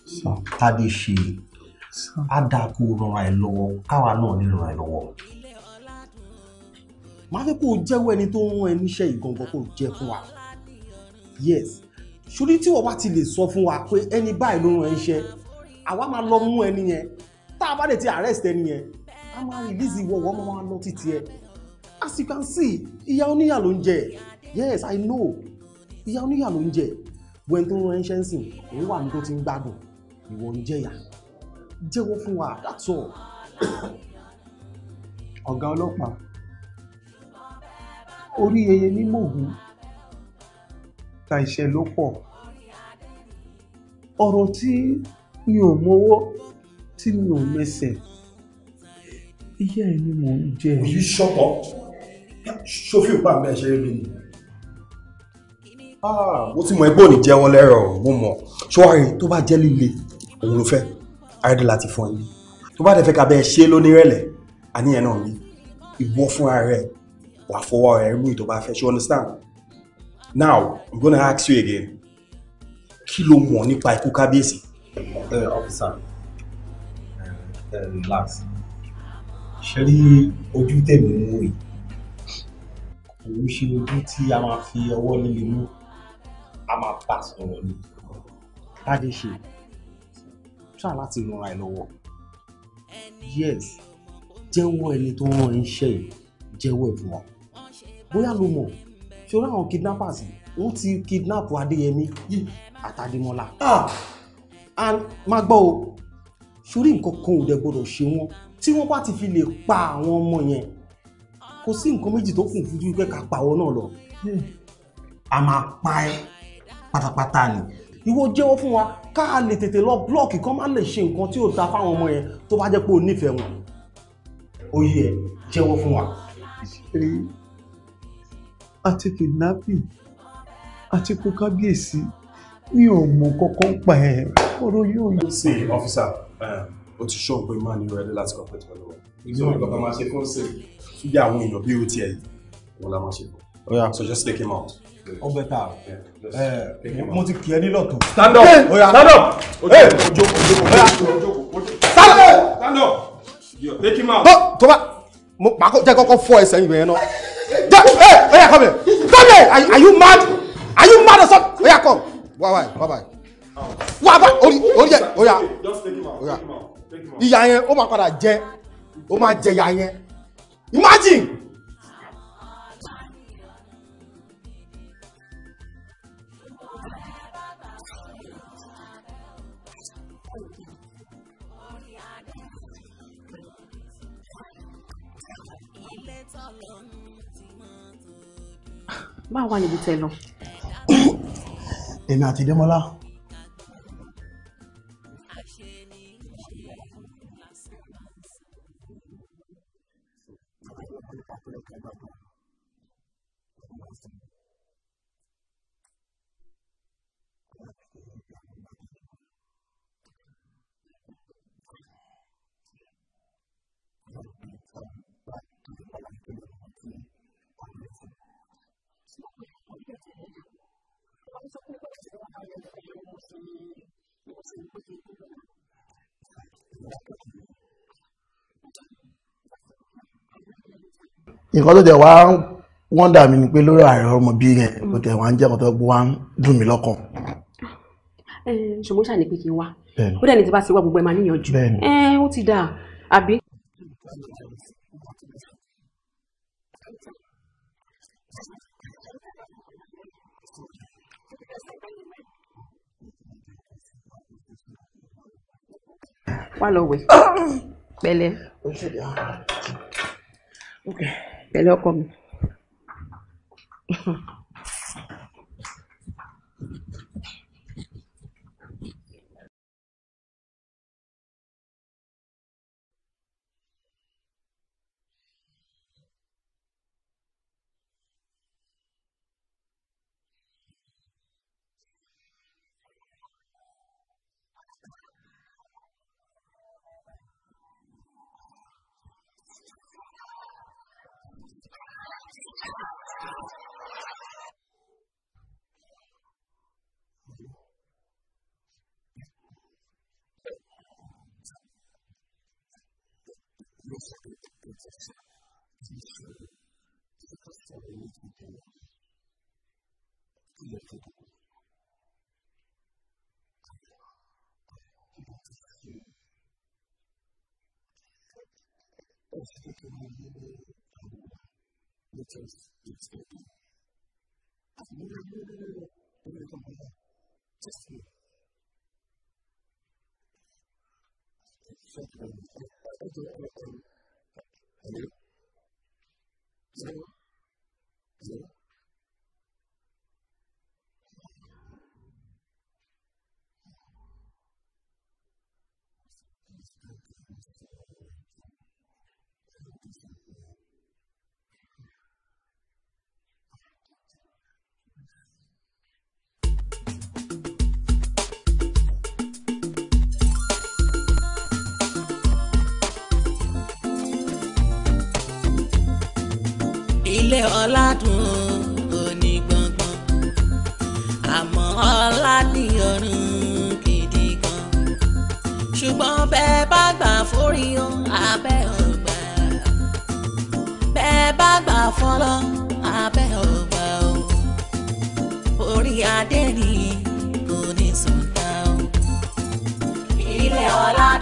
Sir. Tadeshi á dáa kó rọra ẹ lọ́wọ́ káwa náà ní rọra ẹ lọ́wọ́. màá fẹ́ kó o jẹ́wọ́ ẹni tó ń rán ẹ níṣẹ́ ìgangan kó o jẹ́ fún wa yes ṣùrí tí wọ́n bá ti lè sọ fún wa pé ẹni báyìí ló rán ẹ iṣẹ́ àwa máa lọ mú ẹni yẹn tá a bá lè ti arrest ẹni yẹn a máa release ìwọ wọ́n máa lọ títí ẹ as you can see ìyá oníyà ló ń jẹ yes i know ìyá oníyà ló ń jẹ wẹ́n tó ń rán iṣẹ́ ń sìn òun wà ní tó ti ń gbádùn ìwọ ń jẹ̀yà jẹ́wọ́ fún wa that's <coughs> all. ọ̀gá ọlọ́pàá orí yeye ní mògùn ta iṣẹ́ ló pọ̀ ọ̀rọ̀ tí mi ò mọwọ́ tí mi ò mẹsẹ̀ iye ẹ̀ ni mò ń jẹ. òyì ṣọ̀pọ̀ ṣòfin pa mi ẹ̀ṣẹ̀ mi ni mo ti mọ ẹgbẹ́ òní jẹ́ wọn lẹ́rọ̀ mo mọ̀ ṣọ́wárì tó bá jẹ́ líle òun ló fẹ́ àrídì láti fún yín tó bá dẹ̀ fẹ́ ká bẹ́ẹ̀ ṣe lónírẹ̀lẹ̀ àníyàn náà ni ìwọ fúnra rẹ̀ wà fọwọ́ rẹ̀ mú ìtọ́ bá fẹ́ ṣe understand now i'm gonna ask you again kí ló mọ̀ nípa ikú kábíyèsí. Eh, officer eh, eh, relax ṣe rí ojú tèmi mú yìí kò ń ṣe ojú tí a máa fi ọwọ́ líle mú a máa bá sọ̀rọ̀ ni. Tádé ṣe try láti ran ẹ lọ́wọ́ yes jẹ́wọ́ ẹni tó rán ẹ ń ṣe yìí jẹ́wọ́ ẹ̀ fún wọn bóyá ló mọ̀ ṣọlá àwọn kidnappers wọ́n ti kidnap adéyẹmí àtàdémọ́lá ah! and má gbọ́ o ṣorí nǹkan kan ò dẹ̀ gbọ́dọ̀ ṣe wọ́n tí wọ́n bá ti fi lè pa àwọn ọmọ yẹn kò sí nǹkan méjì tó kù fojú pé ká pawọ́ náà lọ a máa pa ẹ́ pátápátá ni ìwọ jẹ́wọ́ fún wa ká lè tètè lọ blọọkì kán má lè ṣe nǹkan tí ò ta fáwọn ọmọ yẹn tó bá jẹ́ pé o nífẹ̀ẹ́ wọn oyè ẹ jẹ́wọ́ fún wa. ṣeré àti kidnapping àti kó kábíyèsí mi ò mọ pa ẹ̀ ọ̀rọ̀ yóò yọ. ṣe ọfíìsà um, o ti ṣọ́ pé máa nílò ẹni láti ọ̀pẹ tó lọ́wọ́ ìjọba ìjọba máa ṣe fún ṣe fúgbà àwọn èèyàn bí ó tiẹ̀ wọ́n la máa ṣe fún. oya so just take him out ọbẹ̀ eh, ta mo ti kì ẹ́ nílọ̀ tó. stand up stand up ojo ojo ojo stand up take him out. Oh, tó bá mo pàkó jẹ́ kọ́kọ́ fọ ẹsẹ̀ yìí bẹ̀rẹ̀ náà jẹ́ ẹ ẹ yà come here come here are you mad are you mad or something ẹ yà come wá wá wá wá wá wá orí orí yẹ oya oya ìyá yẹn ó máa padà jẹ ó máa jẹ ìyá yẹn imagine. máa wà níbi tẹ lọ. èmi àti Démọ́lá nǹkan tó tẹ̀ wá wọ́n dà mí ni pé lórí ààrẹ ọmọ bí yẹn kò tẹ̀ wá ń jẹ́ kọ́tọ́ gbọ́ wá ń dùn mí lọ́kàn. ṣùgbọ́n ṣàní pé kí n wá ó dẹ̀ ní bá ti wá gbogbo ẹ̀ máa níyànjú ó ti dáa àbí. wá lọ wẹ̀ <coughs> pẹ̀lẹ́. Okay tẹ̀lé ọkọ <laughs> I've never heard Thank you. زيرو زيرو ilé ọ̀làdùn òní gbọ̀ngbọ̀n àmọ́ ọ̀là ní ọ̀run gidi gan ṣùgbọ́n bẹ́ẹ̀ bá gbà forí o abẹ́ ọgbà bẹ́ẹ̀ bá gbà fọlọ́ abẹ́ ọgbà o orí adé ni kò ní sùn tán o ilé ọ̀làdùn.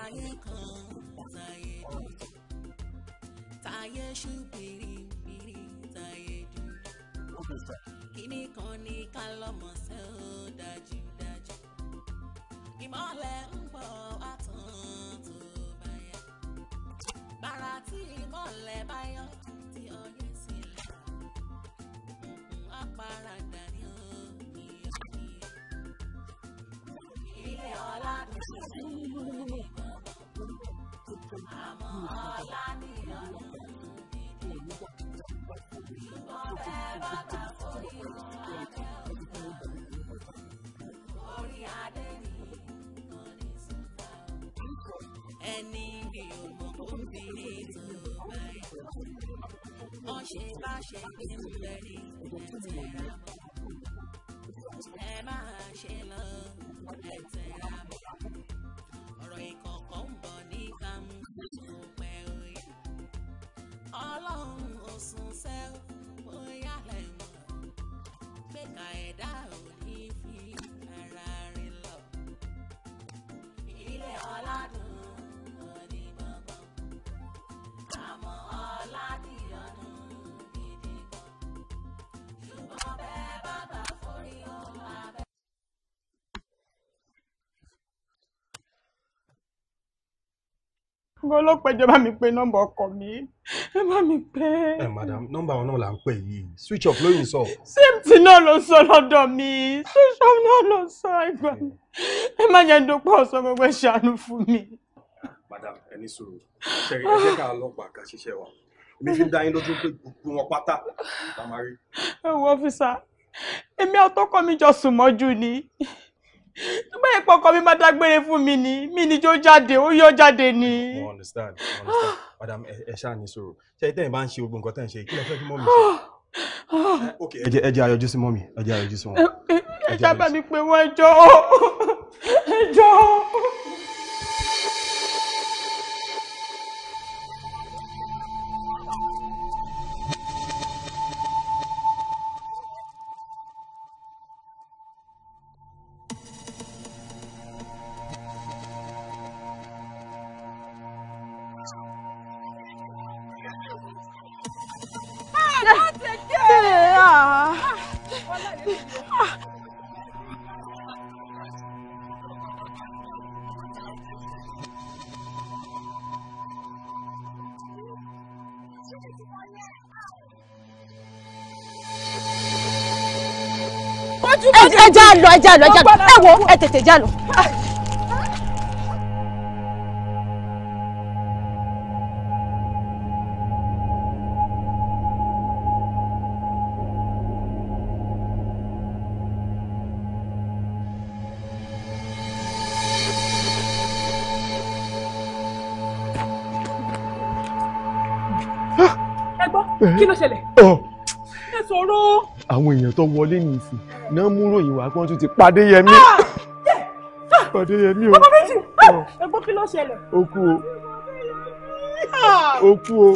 táyé kan táyé dúdú táyé ṣùgbìrì bìrì táyé dúdú kíní kan ní ká lọ́mọ ṣe ó dájúdájú ìmọ̀lẹ̀ ń bọ̀ àtàn tó bá yá bàrà tí ìmọ̀lẹ̀ bá yọ tí ọyẹ́ sílẹ̀ àparadà ni ó ní ìyá ilé ọlá tuntun àmọ́ ọ̀la ni ọdún dídì ìbọn bẹ́ẹ̀ bá bá forí wọn adé ọ̀tún orí adé ni kò ní ẹni bí obìnrin tó bá ìtọ́ ṣe bá ṣe gbé ńlẹ̀ ní ẹ̀tẹ̀ àmọ́ ẹ máa ṣe lọ ẹ̀tẹ̀ àmọ́ ọ̀rọ̀ ikọ̀. ọlọ́run ò sùn sẹ́ bóyá lẹ́mọ̀ pé ká ẹ̀dá ò ní fi ara rìn lọ. ilé ọ̀làdùn òní gbọ̀ngàn àmọ́ ọ̀làdìyànnú gidi gan ṣùgbọ́n bẹ́ẹ̀ bá bá forí o abẹ́. gbọ́dọ̀ ló mi pé nọ́mbà ọkọ mi ẹ má mi pẹ́. ẹ madam nọ́mbà wọn náà là ń pè yìí switch off lóyún sọ. same thing náà ló sọ lọ́dọ̀ mi switch off náà ló sọ ẹgbà mi hmm. ẹ má yẹn dọ́pọ̀ ọ̀sán gbogbo ẹ̀ ṣàánú fún mi. madam ẹ ní sùúrù ṣe ẹ jẹ́ ká ọlọ́pàá ká ṣiṣẹ́ wa èmi fi ń dá yín lójú pé gbogbo wọn pátá la máa rí. ẹ wo ọ́fíìsà èmi àtọkọ mi jọ sùn mọ́jú ni nígbà yẹn pọkọ mi má dágbére fún mi ni mi ni jó jáde ó yọ jáde ni. mo understand mo understand madam ẹ ṣáà ní sọ̀rọ̀ ṣe tẹ́ ẹ̀ bá ń ṣe gbogbo nǹkan tẹ́ ẹ̀ ń ṣe kí lẹ fẹ́ kí mọ́mì ṣe. <gasps> ok ẹ jẹ́ ẹ jẹ́ ayọjú sí mọ́mì ẹ jẹ́ ayọjú sí wọn. ẹ dábàá mi pé wọ́n ẹjọ́ <laughs> ẹjọ́. Jalo, lọ ẹ já lọ ẹ wo ẹ tètè já lọ. kí ló ṣẹlẹ̀. Oh èèyàn tó wọlé ní ìsìn náà mú ròyìn wá pọ́n tún ti pàdé yẹmí. Ah! pàdé yẹmí o. ọmọ méjì ẹgbọ́n kí ló ṣẹlẹ̀. ó kú o ah! ó kú o.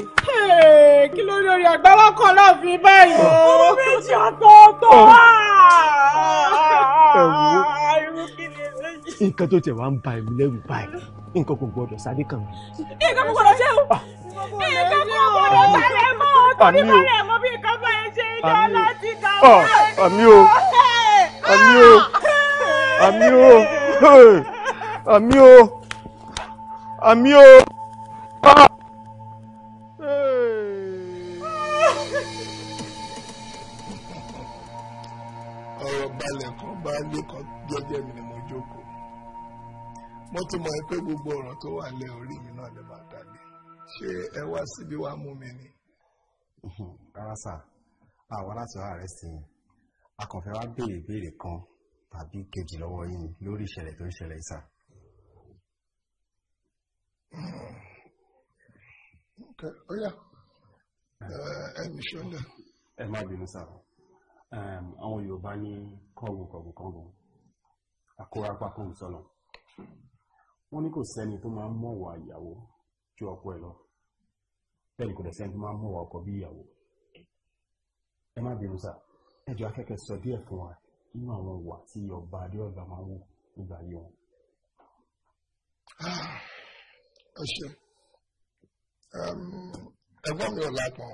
kí ló lórí àgbáwá kan náà fi báyìí o. ọmọ méjì ọ̀tọ̀ọ̀tọ̀ ah! wá. nǹkan tó tẹ̀ wá ń ba ìlú lẹ́rù báyìí nǹkan kò gbọdọ̀ sáré kàn mí. nǹkan kò gbọdọ̀ ṣe o. nǹkan kò gbọdọ̀ sáré mọ́ o torí bá rẹ̀ mọ́ bí nǹkan bá ẹ ṣe ìjọ ọlọ́dún àmì ah, o àmì o àmì o àmì o àmì o. Ah. ọ̀rọ̀ balẹ̀ kan bá lé kan jẹ́jẹ́ mi ni mo jókòó mo ti mọ̀ pé gbogbo ọ̀rọ̀ tó wà lẹ́ orí mi náà lè máa dálé ṣé ẹ wá síbi wá mú mi ni. rárá sáà àwa láti wá rẹ̀ sí i a kàn fẹ́ wá béèrè ìbéèrè kan tàbí kejì lọ́wọ́ yín lórí ìṣẹ̀lẹ̀ tó ń ṣẹlẹ̀ sà. Eh, ẹni ṣọlẹ. ẹ má bínú sá àwọn Yorùbá ní kọ́ngùn kọ́ngùn kọ́ngùn àkórapá kọ́ngùn sọ́nà wọ́n ní kò sẹ́ni tó máa ń mọ̀wọ̀ ìyàwó ju ọkọ ẹ̀ lọ bẹ́ẹ̀ ni kò dẹ̀ sẹ́ni tó máa ń mọ̀wọ̀ ọkọ bí ìyàwó ẹ má bínú sá ẹjọ́ akẹ́kẹ́ sọ díẹ̀ fún wa nínú àwọn ìwà tí ọba adéọba máa ń wò nígbà yìí wọn. Ah, ẹ ṣe ẹ̀gbọ́n mi ò lápọn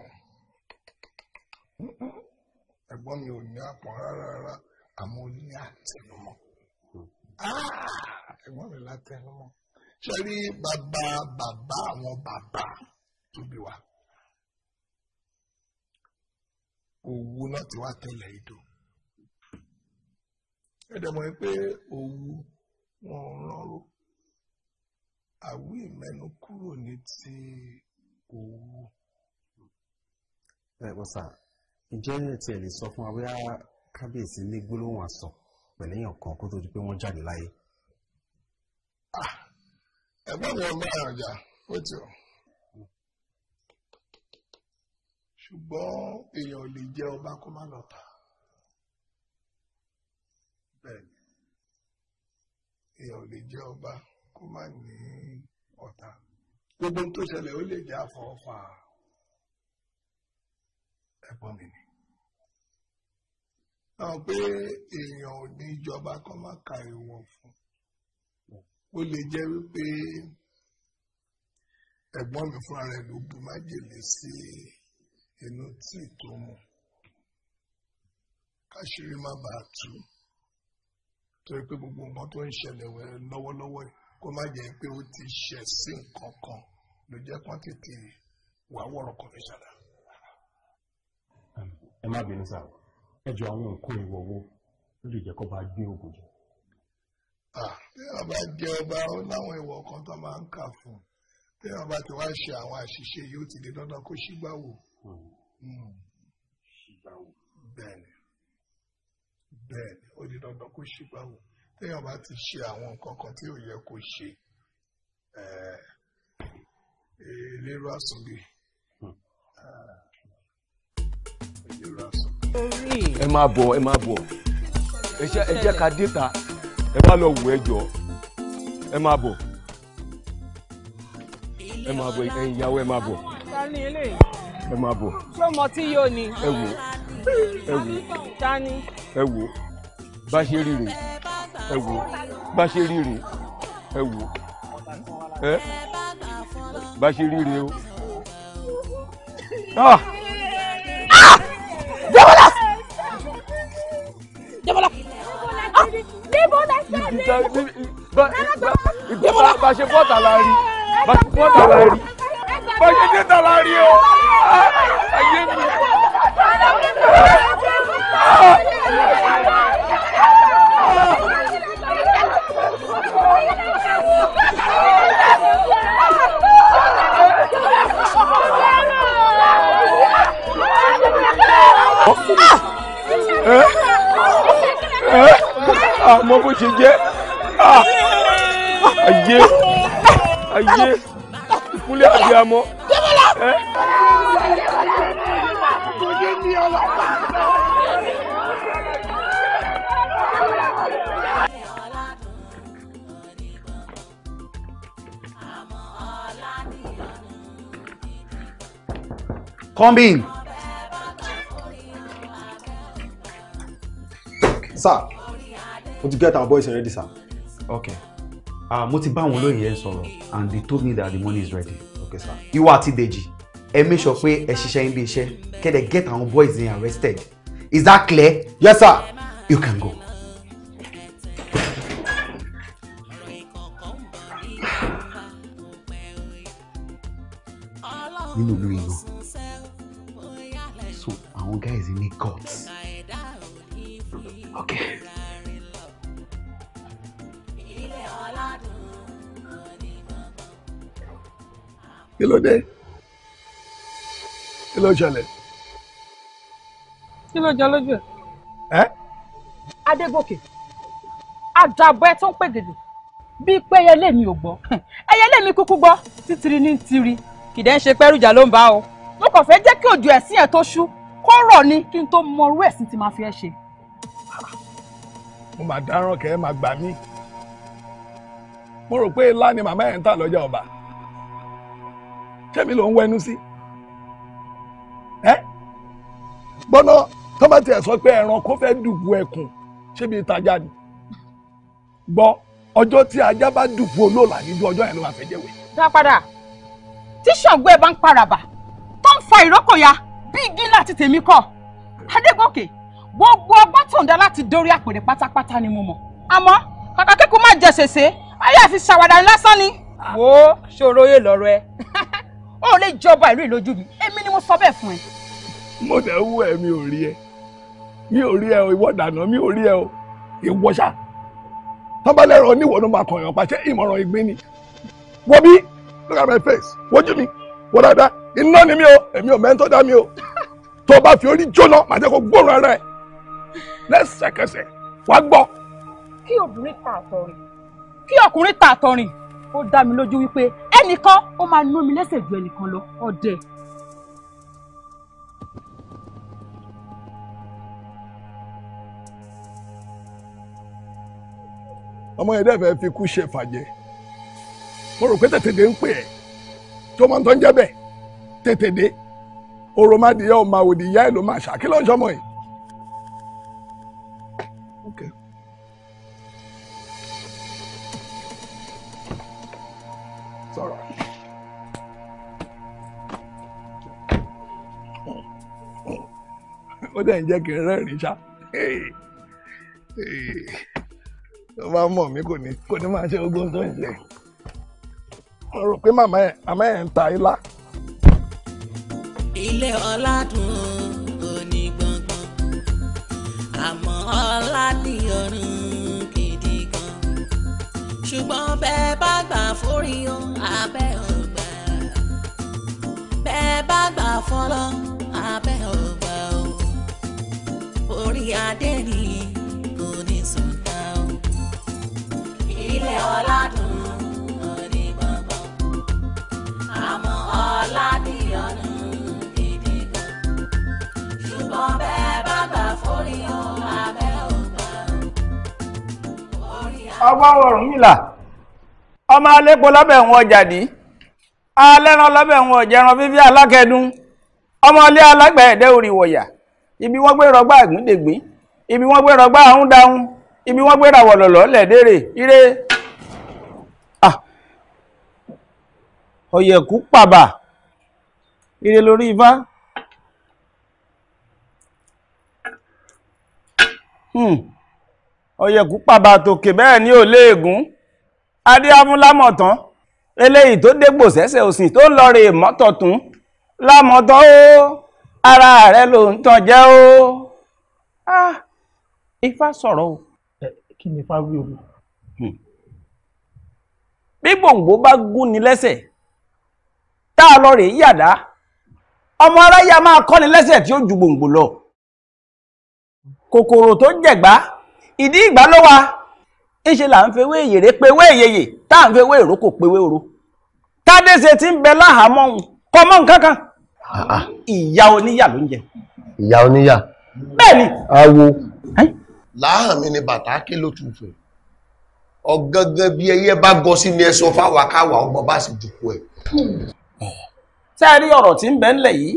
ẹ̀gbọ́n mi ò ní àpọn rárá rárá àmọ́ ní àtẹnumọ́ hmm. ah, ẹ̀gbọ́n mi látẹnumọ́ ṣe rí bàbá bàbá àwọn bàbá tó wa. òwú náà ti wá tẹ̀lé ìdò ẹ̀dẹ̀ mọ̀ pé òwú wọn rán àwí ìmẹ́nu kúrò ní ti òwú. ẹ bọ́ sà ǹjẹ́ tiẹ̀ lè sọ fún wa bóyá kábíyèsí ní gbólóhùn àsọ pẹ̀lú èèyàn kan kó tó di pé wọ́n jáde láyé. Ah! ẹ̀gbọ́n mi ò máa jà ó ti hàn. ṣùgbọ́n èèyàn ò lè jẹ ọba kó má lọ tà bẹ́ẹ̀ni èèyàn lè jẹ ọba kó má ní ọ̀tá gbogbo tó ṣẹlẹ̀ ó lè jẹ́ àfọwọ́fà ẹ̀gbọ́n mi ni. náà pé èèyàn ò ní ìjọba kan má ka ìwọ̀n fún. Ó lè jẹ́ wípé ẹ̀gbọ́n mi fúnra rẹ̀ ló bu májèlé sí i. inú tí tó mú káṣírí má bàa tú torí pé gbogbo nǹkan tó ń ṣẹlẹ̀ wẹ̀ lọ́wọ́lọ́wọ́ kó má jẹ́ pé ó ti ṣẹ̀ sí nǹkan kan ló jẹ́ kán tètè wà wọ̀rọ̀ kọ̀míṣánná. ẹ má bínú sáà ẹ jọ àwọn nǹkan ìwọ̀wọ́ ló lè jẹ́ kó bá gbé ògùn jù. bí wọ́n bá jẹ ọba ó láwọn ìwọ̀ kan tó máa ń kà fún un bí wọ́n bá ti wá ṣe àwọn àṣìṣe yóò ti di dandan kó ṣígbà wò ṣìgbà wò. bẹ́ẹ̀ni bẹ́ẹ̀ni ó di dandan kó ṣìgbà wò téèyàn bá ti ṣe àwọn nǹkan kan tí ò yẹ kó ṣe elérò àsùnbí. Hmm. ẹ máa bọ̀ ẹ máa bọ̀ ẹ jẹ́ ká dé ẹ bá lọ wò ẹ jọ ẹ máa bọ̀ ẹ máa bọ̀ ẹ̀yin ìyàwó ẹ máa bọ̀ ẹ máa bọ̀. ṣé o mọ tí yóò ni. ẹ wò ẹ wò dání. ẹ wò bá ṣe rí rè ẹ wò bá ṣe rí rè ẹ wò ẹ bá ṣe rí rè o. Dẹ́bọ̀lá! Dẹ́bọ̀lá! Dẹ́bọ̀lá Bá ṣe bọ́tà la Bá ṣe bọ́tà la Bá ṣe dé tà la o àmọ́ ah, bó ṣe jẹ́ ah, ayé ayé ìkúnlẹ̀ àbí àmọ́. ẹ. Come Sir, would you get our boys ready, sir? Okay. Uh, mo ti bá àwọn olóyìn yẹn sọ̀rọ̀ and they told me that the money is ready. Okay, sir. Ìwọ àti Dèjì, ẹ make sure pé ẹ ṣiṣẹ́ ilé iṣẹ́ kẹ́dẹ̀ get our boys yẹn arrested. Is that clear? Yes, sir. You can go. <sighs> nínú ìlú ìlú àwọn guys ní guts ok. kí ló dé kí ló ṣẹlẹ̀. kí ló jẹ lójú ẹ. adégòkè àjàbọ ẹ tó ń pè gèdè bíi pé ẹyẹlé mi ò gbọ́ ẹyẹlé mi kúkú gbọ́ títiri ní tiri kìdẹ́ ń ṣe pẹ́rùjà ló ń bá o mo kàn fẹ́ jẹ́ kí òjò ẹ̀sìn ẹ̀ tó ṣú kọ́rọ̀ ni kí n tó mọ orú ẹ̀sìn tí màá fi ẹ ṣe. mo mà dáràn kẹ́ ẹ máa gbà mí mo rò pé ilá ni màmá ẹ̀ ń tà lọ́jà ọba ṣẹ́mi ló ń wẹnu sí ẹ́ gbọ́nà tọ́mátì ẹ̀ sọ pé ẹran kó fẹ́ dùbù ẹkùn ṣébi ìtajà ni gbọ́ ọjọ́ tí ajá bá dùbù olóòlà níjú ọjọ́ yẹn ló máa fẹ́ jẹ́wé. dá padà tí ṣàǹgbọ́ bá ń paraba tó ń fa ìrókò ya bígí láti tèmi kọ́ adégòkè gbogbo ọgbọ́n tó ń da láti dórí àpèrè pátápátá ni mo mọ̀ àmọ́ kàkà kíkú má jẹ ṣèṣe ayé àfi ṣàwàdà lásán ni. wo ṣòro yé lọ́rọ̀ ẹ ó <laughs> lè jọba ìlú ìlójú mi èmi ni mo sọ bẹ́ẹ̀ fún ẹ. mo tẹ wú ẹ mi ò rí ẹ mi ò rí ẹ ìwọ dànù mi ò rí ẹ o ìwọ ṣá tọ́balẹ̀ rọ níwọ̀ ló máa kọ̀yàn pàṣẹ ìmọ̀ràn ìgbín ni wọ́n bí look at my face wojú mi wọ́n dáadáa iná ni mí o èmi ò mẹ́ńtọ́ dá mi o tó o bá fi orí jóná màá jẹ́ kó gbóòórùn ara ẹ̀ lẹ́sẹ̀kẹsẹ̀ wá gbọ́. kí obìnrin ta àtọ̀rìn kí ọkùnrin ta àtọ̀rìn ó dá mi lójú wípé ẹnìkan ó máa ná mi lẹ́sẹ̀ ju ẹnìkan lọ ọ̀dẹ̀. ọmọ yẹn dẹ́fẹ̀ẹ́ fi kú ṣe fàjẹ́ mo rò pé tètè dé ń pè ẹ́ tí ó máa ń tọ́ ń jẹ́ bẹ́ẹ̀ tètè dé oró má di ìyá ọmọ àwòdì ìyá ẹ ló máa ṣá kí ló ń ṣọmọ yìí. ó dẹ̀ ń jẹ́ kí n rẹ́rìn ṣá tó bá mọ̀ mí kò ní kò ní máa ṣe ogún tó ń ṣe mo rò pé màmá ẹ̀ ń ta ilá ilé ọ̀làdùn òní gbọ̀ngbọ̀n àmọ́ ọ̀la ní ọ̀run gidi gan ṣùgbọ́n bẹ́ẹ̀ bá gbà fórí o àbẹ́. ọgbọ́n Ọ̀rúnmìlà ọmọ alẹ́po lábẹ́ wọn ọjàdí alẹ́ran lábẹ́ wọn ọ̀jẹran fífí alákẹ́dún ọmọ ilé alágbẹ̀ẹ́dẹ́ orí wọ̀yà ibi wọ́n gbé rọgbà àgbúndègbín ibi wọ́n gbé rọgbà ahún dáhùn ibi wọ́n gbé ràwọ̀lọ̀lọ̀ lẹ́ẹ̀dẹ́rẹ̀ ire ah. ọ̀yẹ̀kú pàbà ire lórí ifá hmm. ọ̀yẹ̀kú pàbà tòkè bẹ́ẹ̀ ní òléègún adéámúlámọ̀tán eléyìí tó dégbò sẹ́sẹ̀ òsì tó ń lọrẹ mọ́tọ̀tún lámọ̀tán ó ara rẹ ló ń tàn jẹ́ ó ah, ifá sọ̀rọ̀ o. kí ni ifá wí o. Hmm. bí gbòǹgbò bá gún ni lẹ́sẹ̀ tá a lọ rè é yàdá ọmọ aráyà máa kọ́ ni lẹ́sẹ̀ tí ó ju gbòǹgbò lọ kòkòrò tó jẹ̀gbá ìdí ìgbà ló wa ńṣe là ń fewé èyèrè pewé èyèyè tá à ń fewé ìrókò pewé oro tádéṣe ti ń bẹ láhàámọ́ òun kọ́ mọ́ nǹkan kan ìyá oníyà ló ń jẹ. ìyá oníyà. bẹ́ẹ̀ni. awo. láhàn mi ni bàtà ké ló tún fẹ́ ọ̀gángan bí ẹyẹ bá gọ sí ni ẹ sọ fáwa káwa ọmọ bá sì jùkú ẹ. tẹ́ ẹ rí ọ̀rọ̀ tí ń bẹ ńlẹ̀ yìí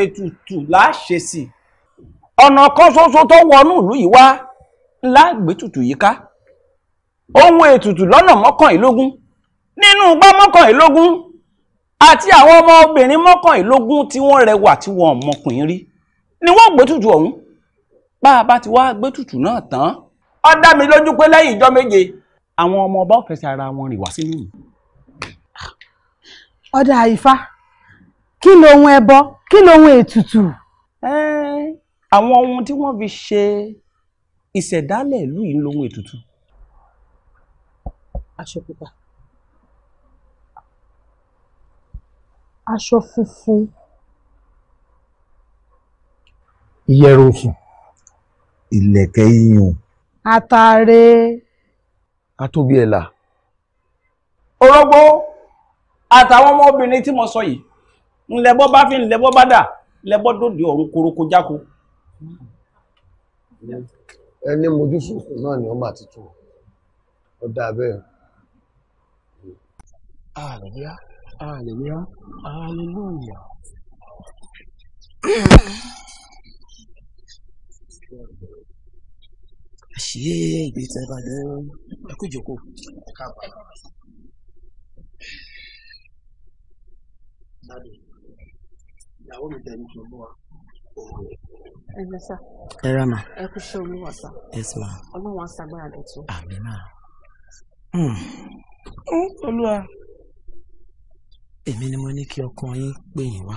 ètùtù là á ṣe sí ọ̀nà kan ṣoṣo tó wọnú ìlú yìí wá lágbètùtù yìí ká ohun ètùtù lọ́nà mọ́kànlélógún nínú gbá mọ́kànlélógún àti àwọn ọmọ obìnrin mọ́kànlélógún tí wọ́n rẹwà tí wọ́n mọkùnrin rí ni wọ́n gbẹ́tùtù ọ̀hún bá a bá ti wá gbẹ́tùtù náà tán ó dá mi lójú pé lẹ́yìn ìjọ méje àwọn ọmọ ọba ọ̀fẹ́sẹ̀ ara wọn rìn wá sínú ìlú. ọ̀dà Ifá kí lohun ẹbọ kí lohun ètùtù. àwọn ohun tí wọ́n fi ṣe ìṣẹ̀dálẹ̀ ìlú yìí ń lohun ètùtù. aṣọ pupa aṣọ funfun ìyẹ̀rù òfun ìlẹ̀kẹ̀ iyùn àtàrẹ atóbi ẹ̀là orógbó àtàwọn ọmọbìnrin tí mo sọ yìí ńlẹ̀bọ́ bá fi ńlẹ̀bọ́ bá dà lẹ́bọ́ dòde ọ̀run koroko ẹni mojúsùsù náà ni ọmọ àtìtù ó dáa bẹ́ẹ̀. hallelujah hallelujah hallelujah. àṣìyé ìgbésẹ̀ ìbàdàn ẹkú ìjòkó ìyàwó mi dẹnu tó mú wa ẹ lọ sá. ẹ rà mà. ẹ kú iṣẹ́ olúwa sá. ẹ sì mà. ọlọ́run aṣàgbára dọ̀tún. àmín mà. Hmm. Oh, olúwa èmi ni mo ní kí ọkàn yín pè yín wá.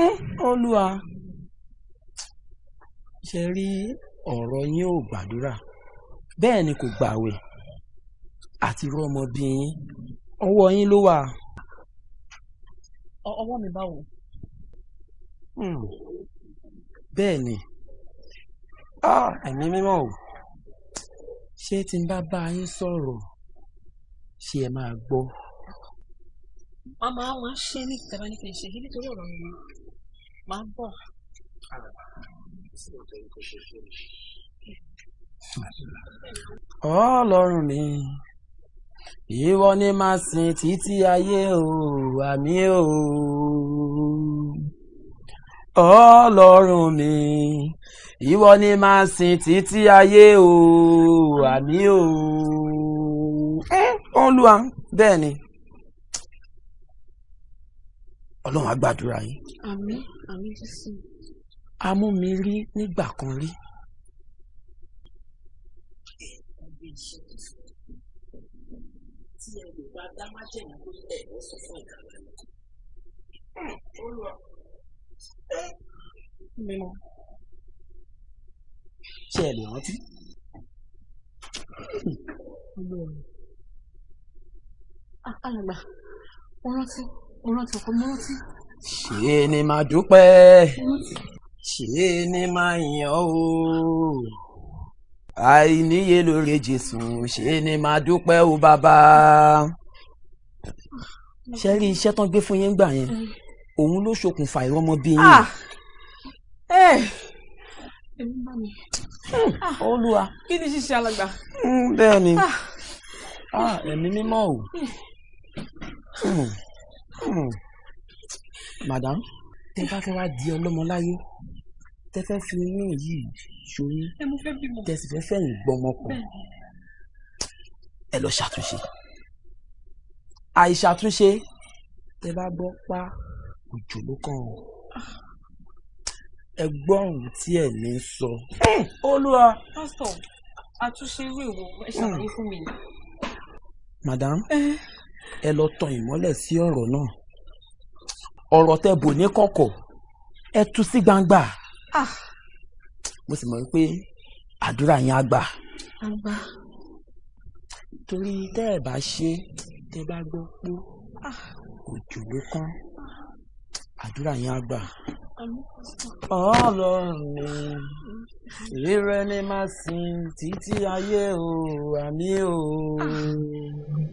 Oh, hmm, olúwa ṣe rí ọ̀rọ̀ yín ò gbàdúrà bẹ́ẹ̀ ni kò gbàwẹ̀ àti irú ọmọ bí yín ọwọ́ yín ló wà. ọwọ́ mi báwo. Hmm. bẹ́ẹ̀ ni ẹ̀mí ah. mímọ́ o ṣé tí n bá bá yín sọ̀rọ̀ ṣé ẹ máa gbọ́. màmá wa ṣe ní ìtàbá ní kìí ṣe kí nítorí ọ̀rọ̀ mi máa bọ̀. ọlọ́run mi ìwọ ni màá sìn títí ayé o àmì o ọlọ́run mi ìwọ ni màá sìn títí ayé o àmì o. ẹ ó ń lu à bẹ́ẹ̀ ni ọlọ́run á gbàdúrà yín. àmín àmín jésù. a mi rí nígbà kan rí. tí ẹ lè bá dá májèlé lórí ẹ̀ lọ́sọ̀fún ìkàlẹ̀ mímọ́ ni màá dúpẹ́ ṣé ni màá yàn ó àìníye lóore jésù ṣé ni màá dúpẹ́ ó bàbá ah, ṣe rí iṣẹ́ tán gbé fún yín gbà yẹn. Mm òun ló ṣokùnfà ìrọmọbí yín. Ah! Eh! Hmm, olúwa. kí ni ṣíṣe alàgbà. Hmm, bẹ́ẹ̀ ni ah! Ah, ẹ̀mí mímọ́ o. Hmm. madam tẹ bá fẹ́ wá di ọlọ́mọ láyé tẹ fẹ́ fi inú yìí ṣoyún tẹ sì fẹ́ fẹ̀yìn gbọmọkọ ẹ lọ ṣàtúnṣe àìṣàtúnṣe tẹ bá gbọ́ pa òjò ló kàn ó ẹ gbọ́ ohun tí ẹ̀mí ń sọ. olúwa pásítọ̀ àtúnṣe irú èwo ẹ ṣàlàyé fún mi. madam ẹ lọ tan ìmọ́lẹ̀ sí ọ̀rọ̀ náà ọ̀rọ̀ tẹ́ bò ní kọ̀kọ̀ ẹ tú sí gbangba ah. mo sì mọ̀ pé àdúrà yẹn á gbà. torí tẹ́ ẹ bá ṣe tẹ́ bá gbọ́ pé ah. òjò ló kàn àdúrà yẹn á gbà. ọlọ́run mi rírẹ ni máa sin títí ayé o àmì o. Mm.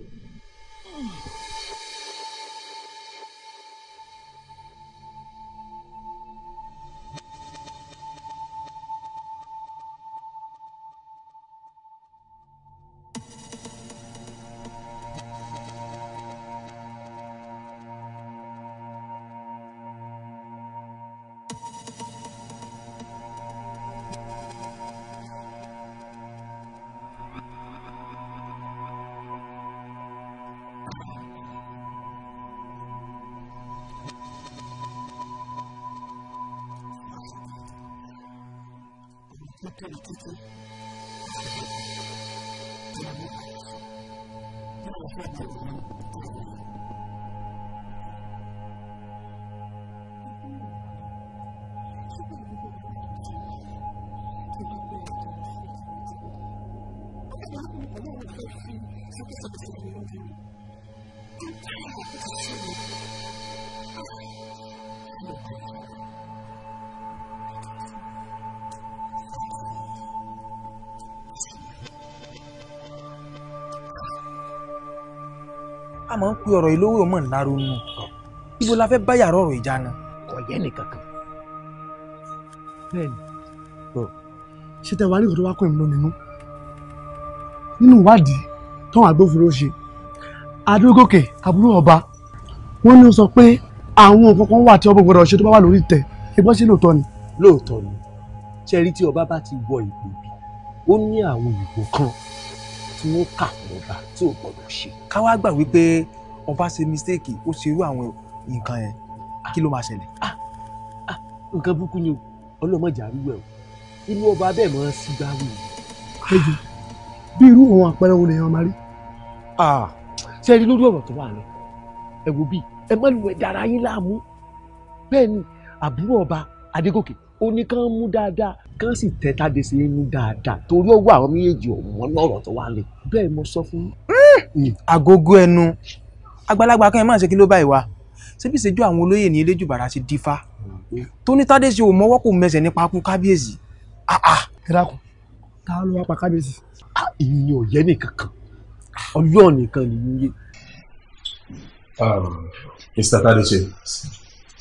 máa ń pe ọ̀rọ̀ yìí lówó mọ̀ náró nù ibo la fẹ́ bá yàrá ọ̀rọ̀ ìjà náà. ọ̀yẹ́ nìkan kan bẹ́ẹ̀ni bọ̀ ṣe tẹ wàá rí ìkọ́tọ́ wá kọ́ ìmúlò nínú nínú ìwádìí táwọn agbófinró ṣe adúrógòkè àbúrò ọba wọn ní ó sọ pé àwọn nǹkan kan wà tí ọba gbọ́dọ̀ ṣe tó bá wà lórí ìtẹ́ ìbọn ṣe lóòótọ́ ni. lóòótọ́ ni ṣe rí tí ọba bá ti wọ ìgbòbi ó ní àwọn ìgbò kan tí wọ́n kà fún ọba tí ò gbọ́dọ̀ ṣe. ká wá gbà wípé ọba ṣe mistake ó ṣe irú àwọn nǹkan yẹn kí ló máa ṣẹlẹ̀. Ah, ah, nǹkan burúkú ni o ọlọ́mọjà rí o inú ọba bẹ́ẹ̀ mọ́ sí gbáwé o. ẹjọ bí irú àwọn àpẹẹrẹ wo lèèyàn máa rí. Ah. ṣe rí lórí ọ̀rọ̀ tó wà lọ ẹ wo bíi ẹ má lu ẹ̀dára yín láàmú bẹ́ẹ̀ ni àbúrò ọba adégòkè ó ní kán mú dáadáa kán sì tẹ táde sí inú dáadáa torí ọwọ́ àwọn méjèèjì ọ̀wọ́n lọ́rọ̀ tó wá lé bẹ́ẹ̀ mo sọ fún yín. Eh, agogo ẹnu àgbàlagbà kan ẹ máa ṣe kí ló bá ìwà ṣébí ìṣèjú àwọn olóyè ní eléjù bàrà ti dífá tóní tádé ṣe ò mọ́wọ́ kò mẹsẹ̀ nípa kú kábíyèsí. Ah, ah. ẹ dákun ta ló wá pa kábíyèsí. Ah, ìyìn ọ̀yẹ́ nìkan kan ọlọ́ọ̀ nìkan nìyí yé. mr um, tádé ṣe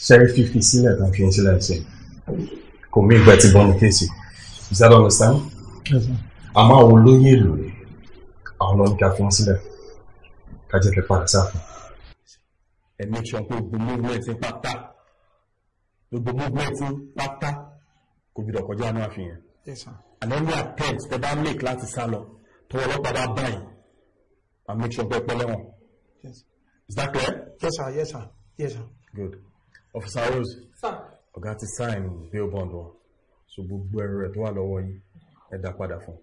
ṣẹ́rí fífi sílẹ̀ tán fi ń sílẹ̀ ṣe kò mí ìgbà tí bọ́ọ̀nù kéèsì is that understand? àmọ́ àwọn olóyè ìlú rẹ̀ àwọn lọ́ọ́ ga fún sílẹ̀ kájẹ́ kẹ́ padà sáfún. ẹ make sure pé gbogbo movement ní pátá gbogbo movement ní pátá kò gbọdọ̀ kọjá àánú àfihàn. and any attempt tẹ bá make láti sá lọ tọwọ́ ọlọ́pàá bá báyìí i make sure pé ẹ pẹ́ lẹ́wọ̀n. is that clear? yes sir yes sir yes sir. good officer rose. sir ọ̀gá ti sign bail bond wọn so gbogbo ẹrù rẹ̀ tó wà lọ́wọ́ yín ẹ dá padà fún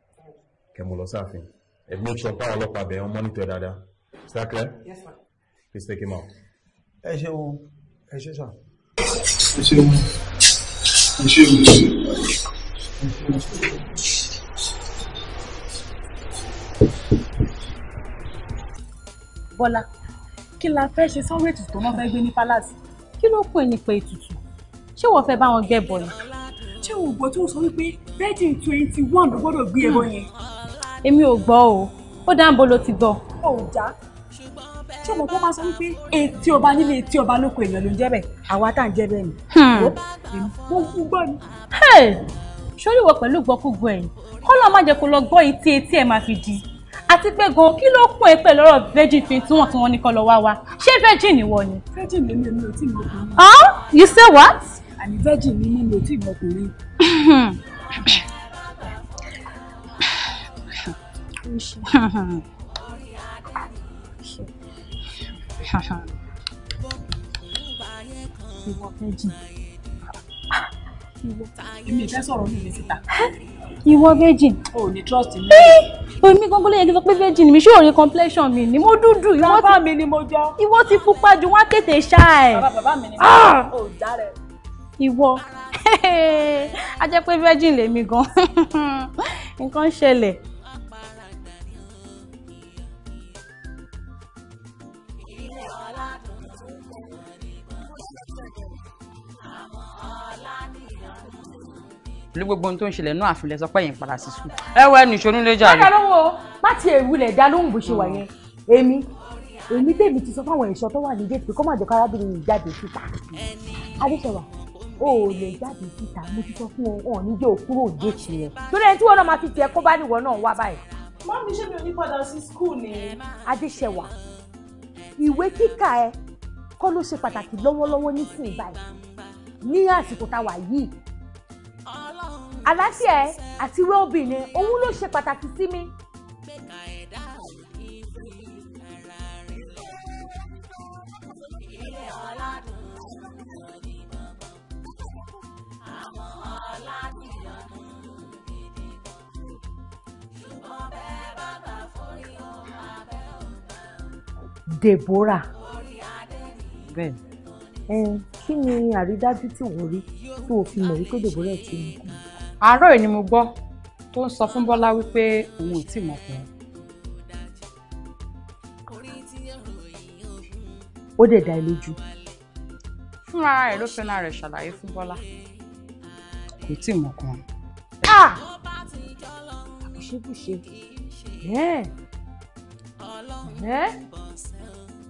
kẹ́ mú lọ sáàfin ẹ make sure báwọn ọlọ́pàá bẹ̀ ọ́n mọ́nítọ̀ ẹ̀ dáadáa is that clear? yes sir. please take him out. ẹ ṣe o ẹ ṣe sà. ẹ ṣe o ẹ ṣe o ẹ ṣe o. Bọ́lá kí la fẹ́ ṣe sanwó ètùtù tó náà fẹ́ gbé ní palace kí ló pè ní pé ètùtù ṣé wọ́n fẹ́ bá wọn gbẹ́bọ ni. ṣé o gbọ́ tí wọ́n sọ wípé virgin twenty one ló gbọ́dọ̀ gbé ẹbọ yẹn. Hmm. èmi ò gbọ́ o ó dáńbo ló ti gbọ́. ó dá ṣé mo kọ́ máa sọ wípé etí ọba nílé etí ọba lóko èèyàn ló ń jẹ́ bẹ̀ àwa tá à ń jẹ́ bẹ́ẹ̀ ni. Hmm. mo kú gbọ́ ni. sórí ìwọ pẹ̀lú gbọ́kúgbọ́ ẹ̀yìn kọ́lọ́ má jẹ́ kó lọ gbọ́ etí etí ẹ̀ máa fi di àti pé gan kí ló kún ẹ pẹ lọ́rọ̀ virgin fi tí wọn tí wọn ní kọ lọ wá wa ṣé virgin ìwọ ni. virgin lèmi èmi ò tí ì mọ ọkùnrin. ah you say what àní virgin ni mí mi ò tí ì mọkùnrin. ìwọ virgin ìwọ èmi ìfẹ́ sọ̀rọ̀ mi síta. ìwọ virgin. o ò ní trust mi. èmi gan gbọ́dọ̀ yẹ kí n sọ pé virgin mi ṣòro complexion mi ni mo dúdú. bàbá mi ni mo jọ. ìwọ ti pupa jù wá tètè ṣá ẹ. bàbá bàbá mi ni mo jọ. ó dára ìwọ <laughs> a jẹ́ pé virgin lèmi gan <laughs> nǹkan ń ṣẹlẹ̀. pẹ̀lú gbogbo ohun tó ń ṣẹlẹ̀ náà àfilẹ̀ sọ pé yẹn padà sí sùn. ẹ wọ ẹnu ìṣòro ló jà rẹ. bákan lọ́wọ́ má ti èrú lẹ̀ dá lóhùn bó ṣe wà yẹn èmi èmi tèmi ti sọ fáwọn ẹ̀ṣọ́ tó wà ní géètì pé kó má jẹ́ kárábìnrin yìí jáde síta adéṣẹ́wà o ò lè jáde síta mo ti sọ fún ọ ní jẹ́ òkúrò déètì yẹn torí ẹni tí wọn náà máa fi tiẹ̀ kó bá níwọ náà wá báyìí. mọ́mí ṣé mi ò ní padà sí skul ni. adéṣẹwà ìwé kíkà ẹ kọ́ ló ṣe pàtàkì lọ́wọ́lọ́wọ́ nísìnyí báyìí ní àsìkò tá a wà yìí àlàáfíà ẹ àti wẹ́ọ̀bì ni òun ló ṣe pàtàkì sí mi Deborah bẹ́ẹ̀ ni. kí ni àrídájú tí wọ́n rí tó o fi mọ̀ wípé Deborah ti mú kún. àárọ̀ yìí ni mo gbọ́ tó ń sọ fún Bọ́lá wípé òun ò tí ì mọ̀ fún un. ó dẹ̀ dá ẹ lójú. fúnra rẹ̀ ló fẹ́ràn rẹ̀ ṣàlàyé fún Bọ́lá kò tí ì mọ̀ kan. àbùṣebùṣe bẹ́ẹ̀ bẹ́ẹ̀.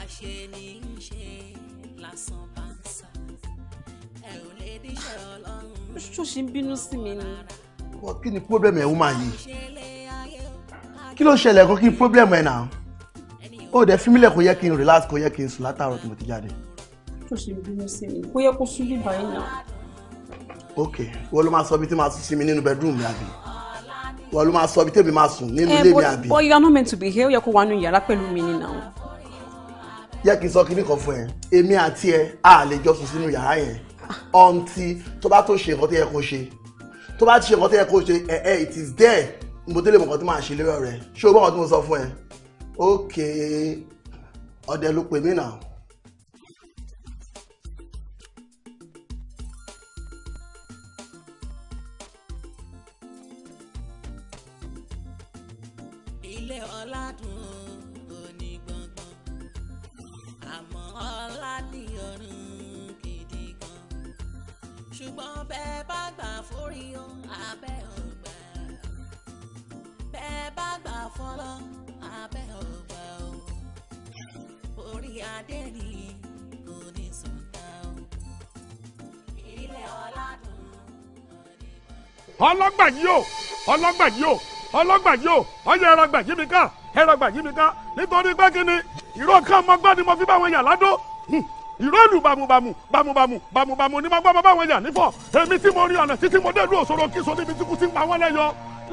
àṣe ní í ṣe lásán pàǹsà ẹ ò lè díṣẹ́ ọlọ́run. ṣó ṣe ń bínú sí mi ni. kí ni pọ́blẹ́mù ẹ̀ woman yìí kí ló ṣẹlẹ̀ kan kí ni pọ́blẹ́mù ẹ̀ náà ó dẹ̀ fi mílẹ̀ kó yẹ kí n relax kó yẹ kí n sùn látàárọ̀ tí mo ti jáde. ṣó ṣe ń bínú sí mi kó yẹ kó sún bí báyìí náà. ok wọ́n ló máa bedroom mi àbí wọ́n ló máa sọ bí tèmi máa sùn nínú ilé mi eh, àbí. ẹ bọ́ you are not meant to be here ó yẹ kó wà nínú yàrá pẹ̀lú mi nínú àwọn jẹ́ kí n sọ kíní kan fún ẹ èmi àti ẹ a lè jọ sùn sínú yàrá yẹn ọ̀ǹtì tó bá tó ṣe nǹkan tó yẹ kó ṣe tó bá ti ṣe nǹkan tó yẹ kó ṣe ẹ eh, ẹ eh, it is there mo tó lè mọ̀ nǹkan tó máa ṣe lérò rẹ ṣé o gbọ́ nǹkan tó mo sọ fún ẹ ok ọdẹ ló pè mí náà. lórí o abẹ́ ọgbà bẹ́ẹ̀ bá gbà fọlọ́ abẹ́ ọgbà o orí adé ni kò ní sùtà o ilé ọ̀làdùn. ọlọ́gbà yìí o ọlọ́gbà yìí o ọlọ́gbà yìí o ọyọ ẹ̀rọ gbà yí mi ká ẹ̀rọ gbà yí mi ká nítorí pé kí ni ìró kan mọ́gbọ́n ni mo fi bá àwọn èèyàn ládó ìrọ́lù bàmùbàmù bàmùbàmù bàmùbàmù ni màgbọ́ bàbá wọn yà nífọ̀ èmi tí mo rí ọ̀nà títí mo dé lu òṣòro kí so níbi tí kú ti ń pa wọ́n lẹ́yọ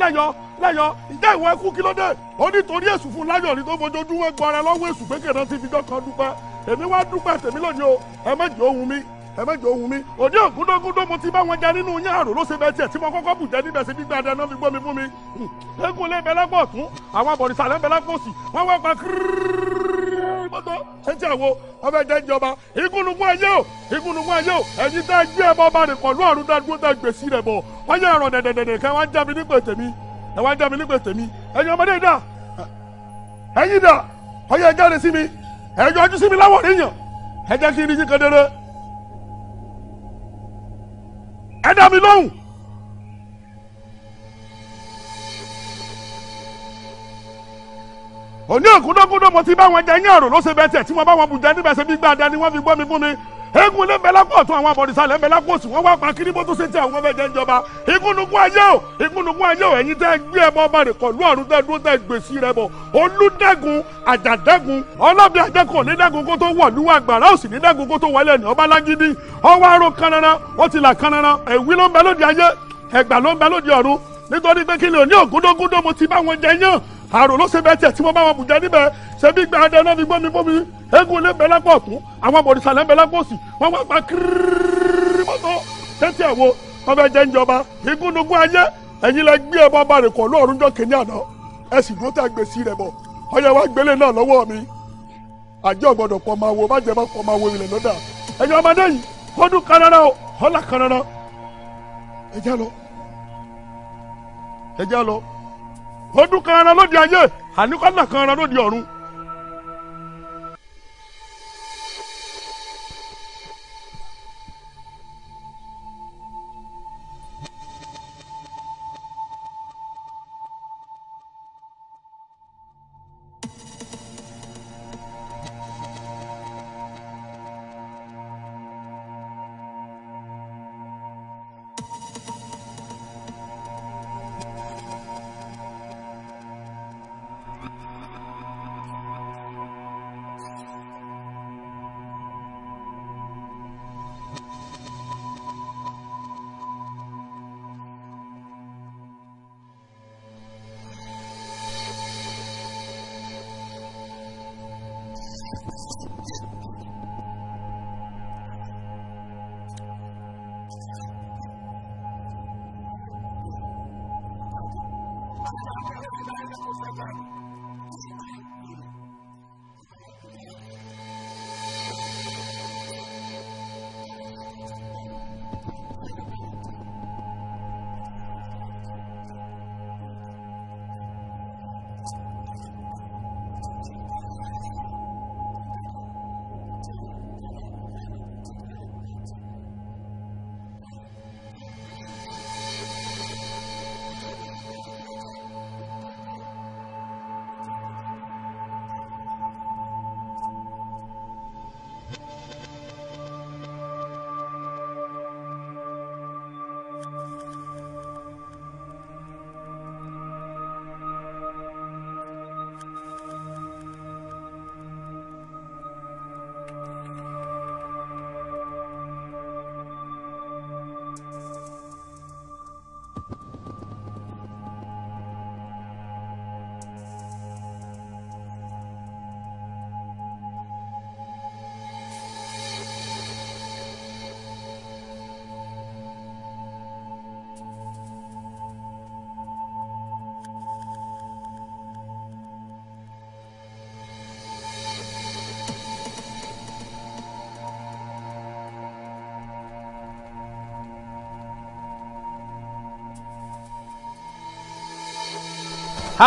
lẹ́yọ lẹ́yọ ìjà ìwọ ẹkú kí ló dé ó nítorí èṣù fún láyọ̀ ní tó fojoojúmọ́ gbọ́ra lọ́wọ́ èṣù pé kẹ̀dọ́ ti fi dọ́kan dúpẹ́ èmi wá dúpẹ́ tèmi lónìí o ẹ má jẹ́ ohun mi ẹ má jẹ́ ohun mi òní ògúndógúndó mo ti bá wọn jẹ nínú yín àrò ló ṣe bẹ tiẹ̀ tí mo kọ́kọ́ bù jẹ níbẹ̀ sí gbígbà dáná fi gbómi fún mi eégún lé bẹlẹ́gbọ̀ọ̀tún àwọn abọ̀rìṣà lẹ́bẹ̀lẹ́gbọ̀ọ̀sì mọ́tò ẹjẹ́ àwo ọbẹ̀ jẹ́ ìjọba ìgúnnugún ayé o ìgúnnugún ayé o ẹ̀yin tẹ́ gbé ẹbọ bá rìn pọ̀lú ọ̀run dáadúró tẹ́ gbèsè rẹ̀ bọ̀ wọ́n ẹ̀rọ dẹ̀dẹ̀dẹ̀dẹ̀ kẹ́ wọ́n já mi nígbè tèmi ẹ̀ wọ́n já mi nígbè tèmi ẹ̀yin ọmọdé dà ẹ̀yin dà ọyẹ jáde sí mi ẹ̀jọ̀ ojú sí mi láwọ̀ níyàn ẹ òní òkúndókúndó mo ti bá wọn jẹ yín àrò ló ṣe bẹ́ẹ̀ tẹ̀ tí mo bá wọn bùjẹ́ níbẹ̀ ṣe bí gbàdá ni wọ́n fi gbọ́ mi fún mi eégún lé bẹ́lá pọ̀ tún àwọn àbọ̀dìsá lẹ́ bẹ́lá pọ̀ sùn wọ́n wá pa kiri bó tó ṣe tí àwọn ọmọ ẹ̀jẹ̀ ń jọba ìgúnnugún ayé o ìgúnnugún ayé o ẹ̀yin tẹ́ gbé ẹbọ ọba rẹ̀ kọ̀lú ọ̀run tẹ́ dúró tẹ́ gbèsè rẹ̀ bọ̀ olùdẹ́gun àjàdẹ́gun ọlọ́bì àjẹkọ̀ ní dẹ́gun kó tó wọ̀ níwọ̀ àgbàrá òsì ní kó tó wọlé ní ọba lágídí ọwọ́ aró kanara ó ti là kanara èwí ló ń bẹ lóde ayé ẹ̀gbà ló ń bẹ lóde ọ̀run nítorí pé kí ni òní ògúndógúndó mo ti bá wọn jẹ yán àrò ló ṣe bẹ́tẹ̀ tí wọ́n bá wọn bùjẹ́ níbẹ̀ ṣe bí gbàdé náà fi gbọ́ mi bómi eégún ilé bẹ́lá pọ̀ tún àwọn bòrìṣàlẹ̀ bẹ́lá pọ̀ sí wọ́n wá pa kírírírí mọ́tò tẹ́tí ẹ̀ wo wọ́n fẹ́ jẹ́ ìjọba ìgúnnugún ayé ẹ̀yin lẹ gbé ẹbọ bá rè kọ́ lóòrùn jọ kínní àná ẹ sì ló tà gbèsè rẹ̀ bọ̀ ọyẹ wa gbélé náà lọ́wọ́ mi àjẹ́ ọ̀gbọ́dọ̀ pọ̀ máa wo bàjẹ́ bá pọ̀ máa wo ilẹ̀ lọ́dà ẹ̀yin ọmọdé yìí ọdún kan o ọ̀là kan rárá ẹ̀jẹ̀ lọ ẹ̀jẹ̀ lọ ọdún kan ara lóde ayé àníkọ́nà kan ara lóde ọ̀run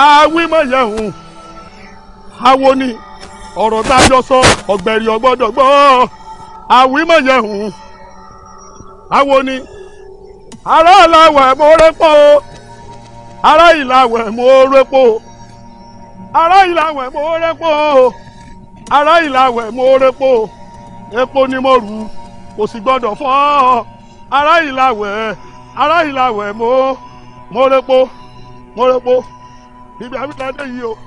àwìn mọ̀ yẹ̀ hùn àwo ni ọ̀rọ̀ tá a jọ sọ ọ̀gbẹ̀rì ọ̀gbọ́dọ̀ gbọ́ àwìn mọ̀ yẹ̀ hùn àwo ni ará ìlàwẹ̀ mo rẹ́pọ̀ o ará ìlàwẹ̀ mo rẹ́pọ̀ o ará ìlàwẹ̀ mo rẹ́pọ̀ o ará ìlàwẹ̀ mo rẹ́pọ̀ o epo ni mo rù kò sì gbọ́dọ̀ fọ́ ará ìlàwẹ̀ ará ìlàwẹ̀ mo mo rẹ́pọ̀ mo rẹ́pọ̀ ibi àbíta dé yìí o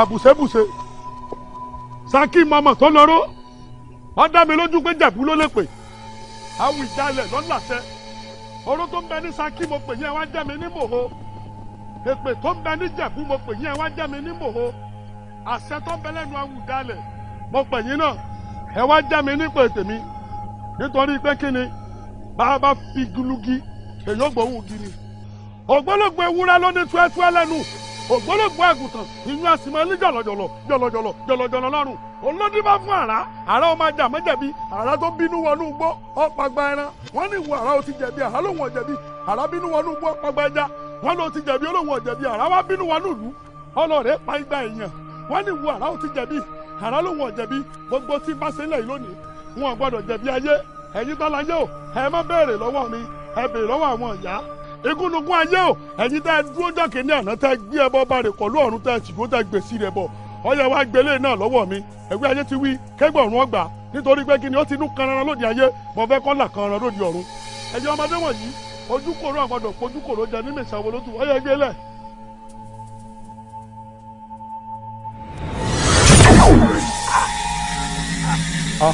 àbùsẹ́bùsẹ́ saki mọ̀mọ̀ tó lọ́rọ́ wọ́n dá mi lójú pé jẹ̀bú ló lè pè àwọn ìjàlẹ̀ lọ́làṣẹ oró tó ń bẹ ní saki mo pè yẹn wá jẹ́ mi ní mòho èpè tó ń bẹ ní jẹ̀bú mo pè yẹn wá jẹ́ mi ní mòho àṣẹ tó ń bẹ lẹ́nu àwọn ìjàlẹ̀ mo pè yín náà ẹ wá jẹ́ mi nípa ètè mi nítorí pé kí ni bá fi gulugi èyí ó gbóhùn gini ògbólógbò ewúrẹ́ ló ní tuẹ́tuẹ́ lẹ́nu ògbólógbò àgùntàn ìyún àsìmọ́ ní jọ̀lọ̀jọ̀lọ̀ jọ̀lọ̀jọ̀lọ̀ jọ̀lọ̀jọ̀lọ̀ lọ́rùn olódìbá fún àrá àrá ọmọ ajá mọ́jẹ̀bi àrá tó bínú wọnú gbó ọ̀pàgbà ẹran wọ́n ní ìwọ àrá o ti jẹ̀bi àrá lòun ọ̀jẹ̀bi àrá bínú wọnú gbó ọ̀pàgbà ẹja wọ́n ló ti jẹ̀bi olóhùn ọ̀jẹ̀bi àrá wá bínú wọnú ìlú ọlọ́ọ̀rẹ́ pa igba èèyàn wọ́n ní ìwọ àrá o ti jẹ̀bi àrá lòun ọ̀jẹ̀bi gbogbo tí bá sílẹ̀ yìí lónìí wọn gbọ́dọ̀ jẹ̀bi ayé ẹ̀yin tọ́lá yóò ẹ má béèrè lọ́wọ́ mi ẹ béèrè lọ́wọ́ àwọn ìyá egúnnugún ayé o ẹ̀yin tẹ́ ẹ dúró jákè ní àná gbé ẹbọ bá rè kọ̀ lóòrùn tẹ́ gbèsè rẹ bọ̀ wa gbélé náà lọwọ mi ẹgbẹ́ ayé ti wí kẹ́gbẹ́ ọ̀run ọgbà nítorí pé kí ni ó ti nú kanran lóde ayé mo fẹ́ kọ́ là kanran lóde ọmọdé ojúkòrò jẹ ní lótú ah.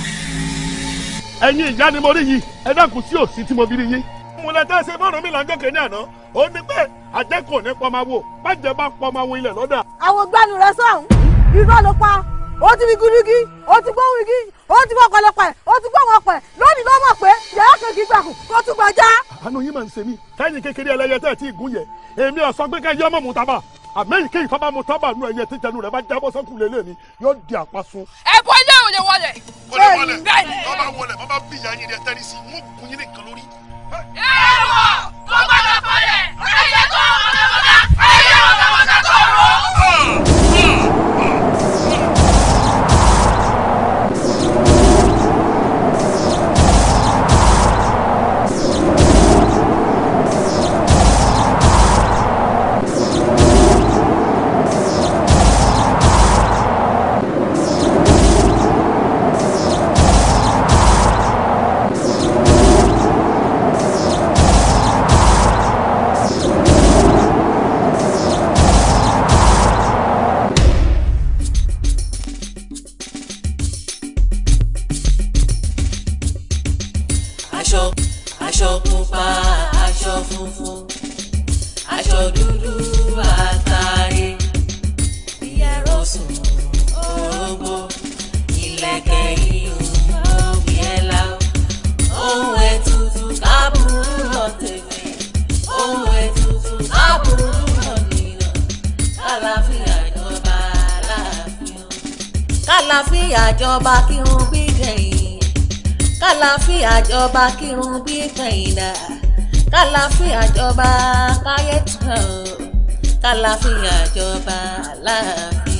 yìí ìmúlẹ̀ tá a ṣe fọ́ọ̀rùn mi là ń gòkè ní àná ó ní pé àjẹkù ní pọmawo bàjẹ́ bá pọmawo ilẹ̀ lọ́dà. àwọn gbanu rẹ sọ̀hún irọ́ ló pa ó ti fi gúdúgí ó ti gbóhùn igi ó ti gbọ́ ọ̀pọ̀lọpọ̀ ó ti gbóhùn ọ̀pọ̀ lónìí ló mọ̀ pé yàrá kejì gbà kù kó tún gbàjá. àánú yín máa ń ṣe mí káyìn kékeré ẹlẹ́yẹ tẹ́ ẹ̀ tí ì gún yẹ èmi ọ̀sán pé káyọ̀ mọ̀ mú tábà àmẹ́yìn kéyìn tó tábà nù ẹ̀yẹ tí jẹnu rẹ̀ bá jábọ́ sọ́kùn lélẹ̀ ni yóò di àpasun. ẹ bọ ilé òye wọlé. wọlé wọlé bọ́ọ̀ bá wọlé bọ́ọ̀ bá bí ìyá yín rẹ̀ tẹ́lẹ̀ sí mú kun yín nìkan lórí èrò tó gbọ́dọ̀ fọlẹ̀ ẹ̀yẹ tó ọmọ lọ́mọdá ẹ̀yẹ ọ̀dọ́mọdá tó rọ̀. kàlàfíà jọba kírun bí kẹ̀yìn kàlàfíà jọba kírun bí kẹ̀yìn dà kàlàfíà jọba káyé tán kàlàfíà jọba láàfin.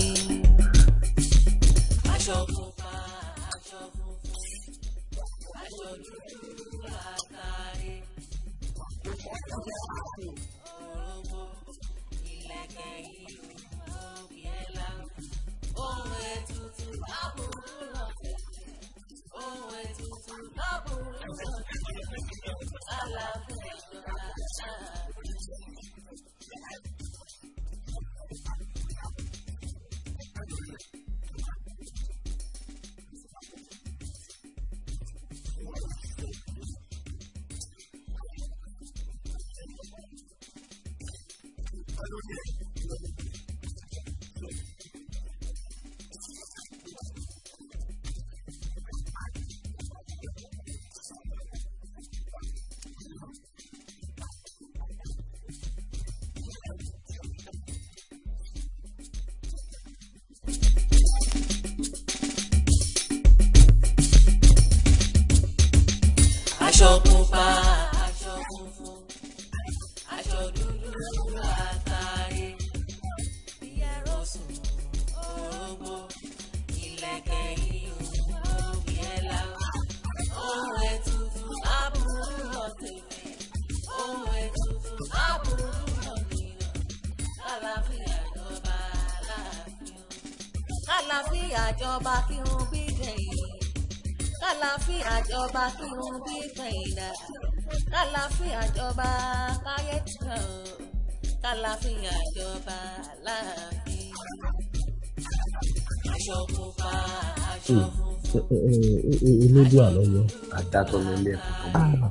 dákọ lọlé ẹkọ kan. Ah.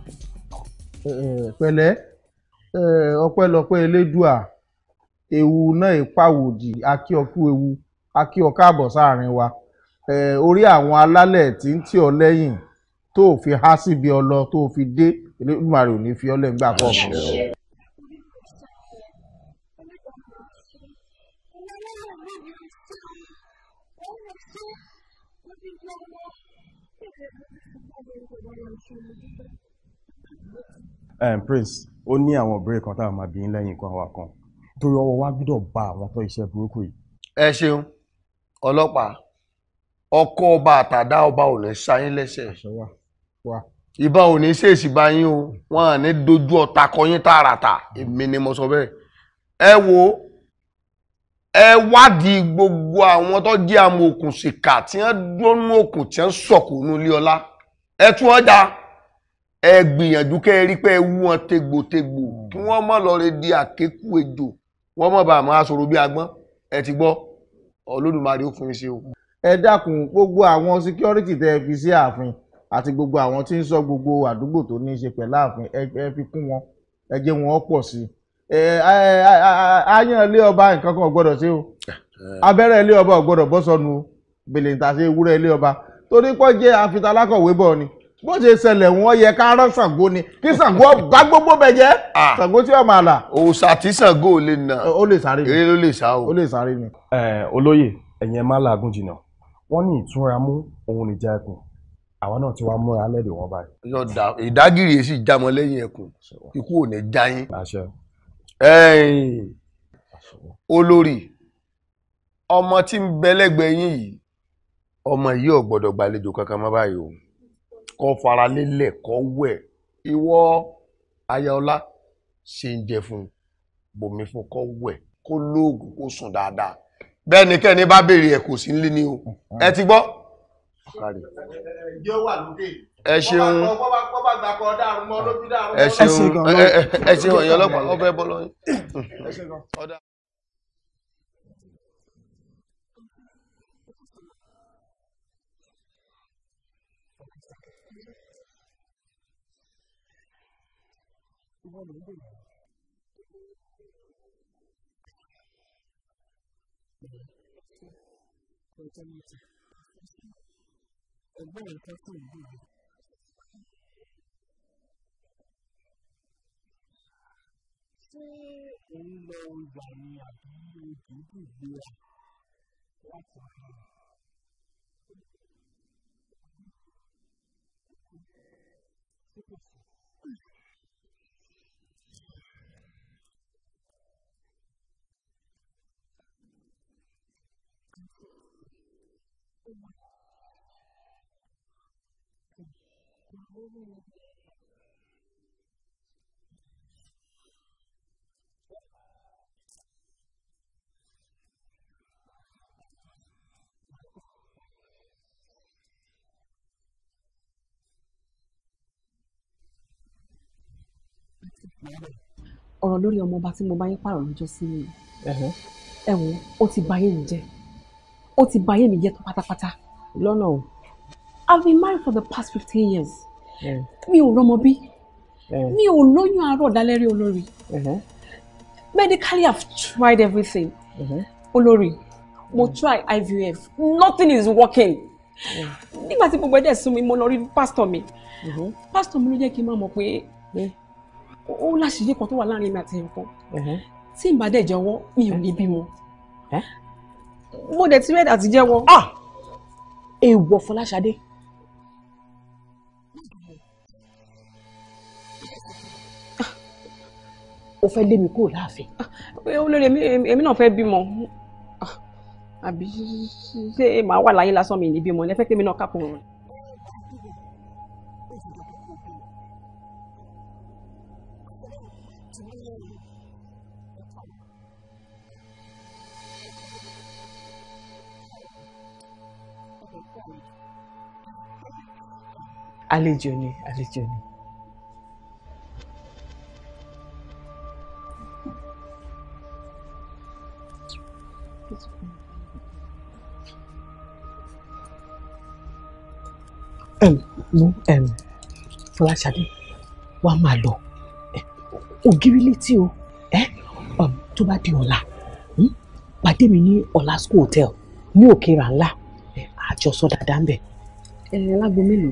Eh, pẹ̀lẹ́ eh, ọpẹ́lọpẹ́ elédùà ewu náà ìpàwòdì akíọkú ewu akíọká àbọ̀ sáàrin wa eh, orí àwọn alálẹ̀ tí ń tì ọ́ lẹ́yìn tó fi há síbi ọlọ tó fi dé Elédùmarè ò ní fi ọ́ lẹ́ǹgbà pọ̀ mọ́. um, Prince ó ní àwọn òbẹ̀rẹ̀ kan táwọn máa bí yín lẹ́yìn nǹkan wa kan torí ọwọ́ wa gbọ́dọ̀ bá àwọn tó iṣẹ́ burúkú yìí. ẹ ṣeun ọlọ́pàá ọkọ ọba àtàdá ọba ò ní ṣayín lẹ́sẹ̀ ìbọn ò ní ṣèèṣì bá yín o wọn à ní dojú ọ̀tá kọyín tààràtà èmi ni mo sọ bẹ́ẹ̀ ẹ wo ẹ wádìí gbogbo àwọn tó jẹ́ amòòkùnṣìkà tí wọ́n dúró nínú òkùn tí wọ́n sọ̀kò nílé ọlá ẹ tún ọjà ẹ gbìyànjú kẹ́ ẹ rí pé ẹ wú wọn tegbòtegbò kí wọ́n mọ̀ lọ rẹ di àkékù ejò wọ́n mọ̀ bá àmọ́ aṣòro bí agbọ́n ẹ ti gbọ́ Olódùmarè ó fún mi ṣe o. ẹ dákun gbogbo àwọn síkírọ́rìtì tẹ́ ẹ fi sí ààfin àti gbogbo àwọn tí ń sọ gbogbo àdúgbò tó ní í ṣe pẹ̀lú ààfin ẹ fi kún wọn ẹ jẹ́ wọn pọ̀ sí i ayan ilé ọba nǹkan kan gbọ́dọ̀ ṣe o abẹ́rẹ́ ilé ọba ò gbọ́dọ̀ bọ́ sọnù o bèlè ń ta ṣe ewúrẹ́ ilé ọba torí pọ́ jẹ́ afitalakọ̀wé bọ̀ ni bó ṣe ṣẹlẹ̀ wọ́n yẹ ká rán Ṣàngó ni kí Ṣàngó bá gbogbo bẹ̀ jẹ́ Ṣàngó tí ó máa là. òòṣà tí Ṣàngó ò lè nà ó lè sáré ni eré ló lè sá o. ó lè sáré ni. olóyè ẹ̀yin ẹ̀ máa làágùn jìnnà wọ́n ní ìtura mú òun níjà ẹkùn àwọn náà ti wá múra lẹ́dẹ̀ wọn báyìí. ìdágìrì yìí sì já mọ́ lẹ́yìn ẹkùn ikú ò ní já yín. olórí ọmọ tí ń bẹ lẹ́gbẹ̀ẹ́ yín yìí ọmọ yìí ò gbọ́dọ̀ gbàlejò kankan mọ́ báyìí kọ́ fara lélẹ̀ kọ́ wẹ̀ ìwọ ayọ̀ọ́lá ṣe ń jẹ fún un bòmí fún kọ́ wẹ̀ kó lóògùn kó sùn dáadáa bẹ́ẹ̀ ni kẹ́ni bá béèrè ẹ̀ kò sí ń lé ní o ẹ ti gbọ́. ẹ ṣeun ẹ ṣeun ẹ ṣeun ọ̀yọ́ ọlọ́pàá ọbẹ̀ bọ́ 我能不能？我真的是，我为了他奋力。ṣé òun lọ ìgbà ni àbí ojú kù gbé wa láti ọ̀dọ̀ rẹ̀? ṣé kò sí ọ̀rọ̀ lórí ọmọ ọba tí mo bá yín pààrọ̀ lọ́jọ́ sí mi ẹ ó ti bà mi jẹ́ ó ti bà mi jẹ́ pátápátá. lọ́nà o. I've been married for the past fifteen years mi ò rọmọ bí eh. mi ò lóyún àárọ̀ dálẹ́rí olórí uh-huh. medically i've tried everything uh-huh. olórí mo mm. try IVF nothing is working mm. nígbà tí gbogbo ẹ̀dẹ̀ sún mi mo lọ rí pásítọ̀ mi uh-huh. pásítọ̀ mi ló jẹ́ kí n máa mọ̀ pé mm. ó láṣìírí kan tó wà láàrin mi àti ẹ̀kọ́ tí n bá dẹ̀ jẹ́wọ́ mi ò ní eh. bímọ eh? mo dẹ̀ ti rẹ́ẹ̀dì àti jẹ́wọ́ ah! èèwọ̀ Fọláṣadé. o fẹ́ lé mi kúrò láàfin. olórí ah, èmi náà fẹ́ bímọ ah, àbí ṣé màá wà láyé lásán mi ní bímọ lẹ́fẹ́ kémi náà kápò rẹ̀. àlejò ni àlejò ni mú fọláṣadé wàá máa lọ ògiri létí o um, tó bá di ọ̀la hmm, pàdé mi ní ọ̀la school hotel ní òkèèrà ńlá àjọsọ dáadáa ń bẹ̀. ẹ lágbo mélòó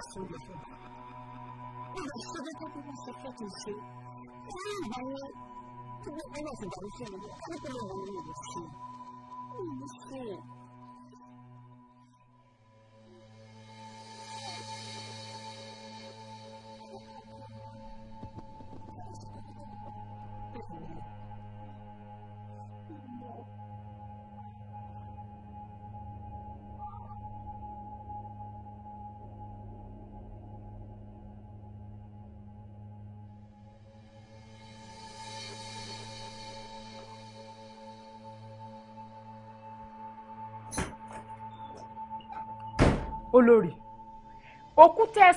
我这个，我这个，我这个是发短信，哎呀妈呀，哎呀，这个到底是怎么的事？不是。olórí òkú tẹ́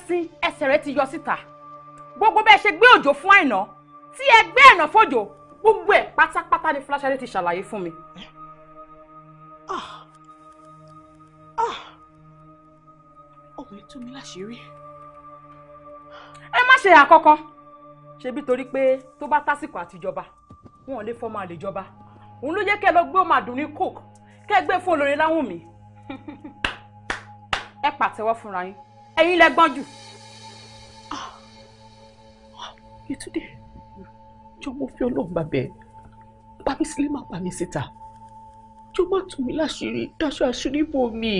ẹ rẹ ti yọ síta gbogbo bẹ́ẹ̀ ṣe gbé òjò fún àìná tí ẹ gbé ẹ̀nà fòjò gbogbo ẹ̀ pátápátá ni fúláṣẹ́lẹ̀ ti ṣàlàyé fún mi. ọkùnrin ah. ah. tú mi láṣìírí. ẹ má ṣe àkọ́kọ́ ṣebí torí pé tó bá tásìkò àtijọba wọn ò lè fọ́ máa lè jọba òun ló yẹ kẹ́ ẹ lọ gbé ọmọ àdùnní coke kẹ́ gbé fún olórin láwùn <laughs> ẹ pàtẹ́wọ́ fúnra yín ẹ̀yin lẹ gbọ́n jù. Ah. Yétúndé jọ mo fi Ọlọ́run bàbẹ bá mi sílé má pa mi síta jọ má tù mí láṣìírí dáṣọ àṣírí bò mí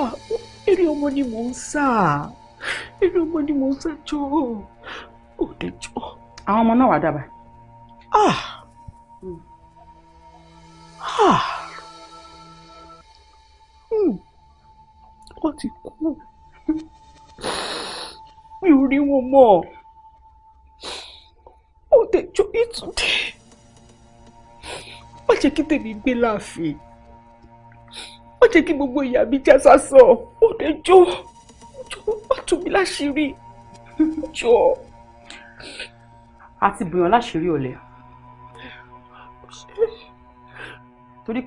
ah, eré ọmọ ni mò ń sá eré ọmọ ni mò ń sá jọ òde jọ. àwọn ọmọ náà wà dábàá. ah hmm. ah. kọ́ ti kú mi ò rí wọn mọ́ ó tẹjọ ìtúndé má jẹ́ kí tèmi gbé láàfin má jẹ́ kí gbogbo ìyá mi já sásọ ó tẹjọ jọ má tú mi láṣìírí jọ. a ti bùyàn láṣìírí ọ̀lẹ torí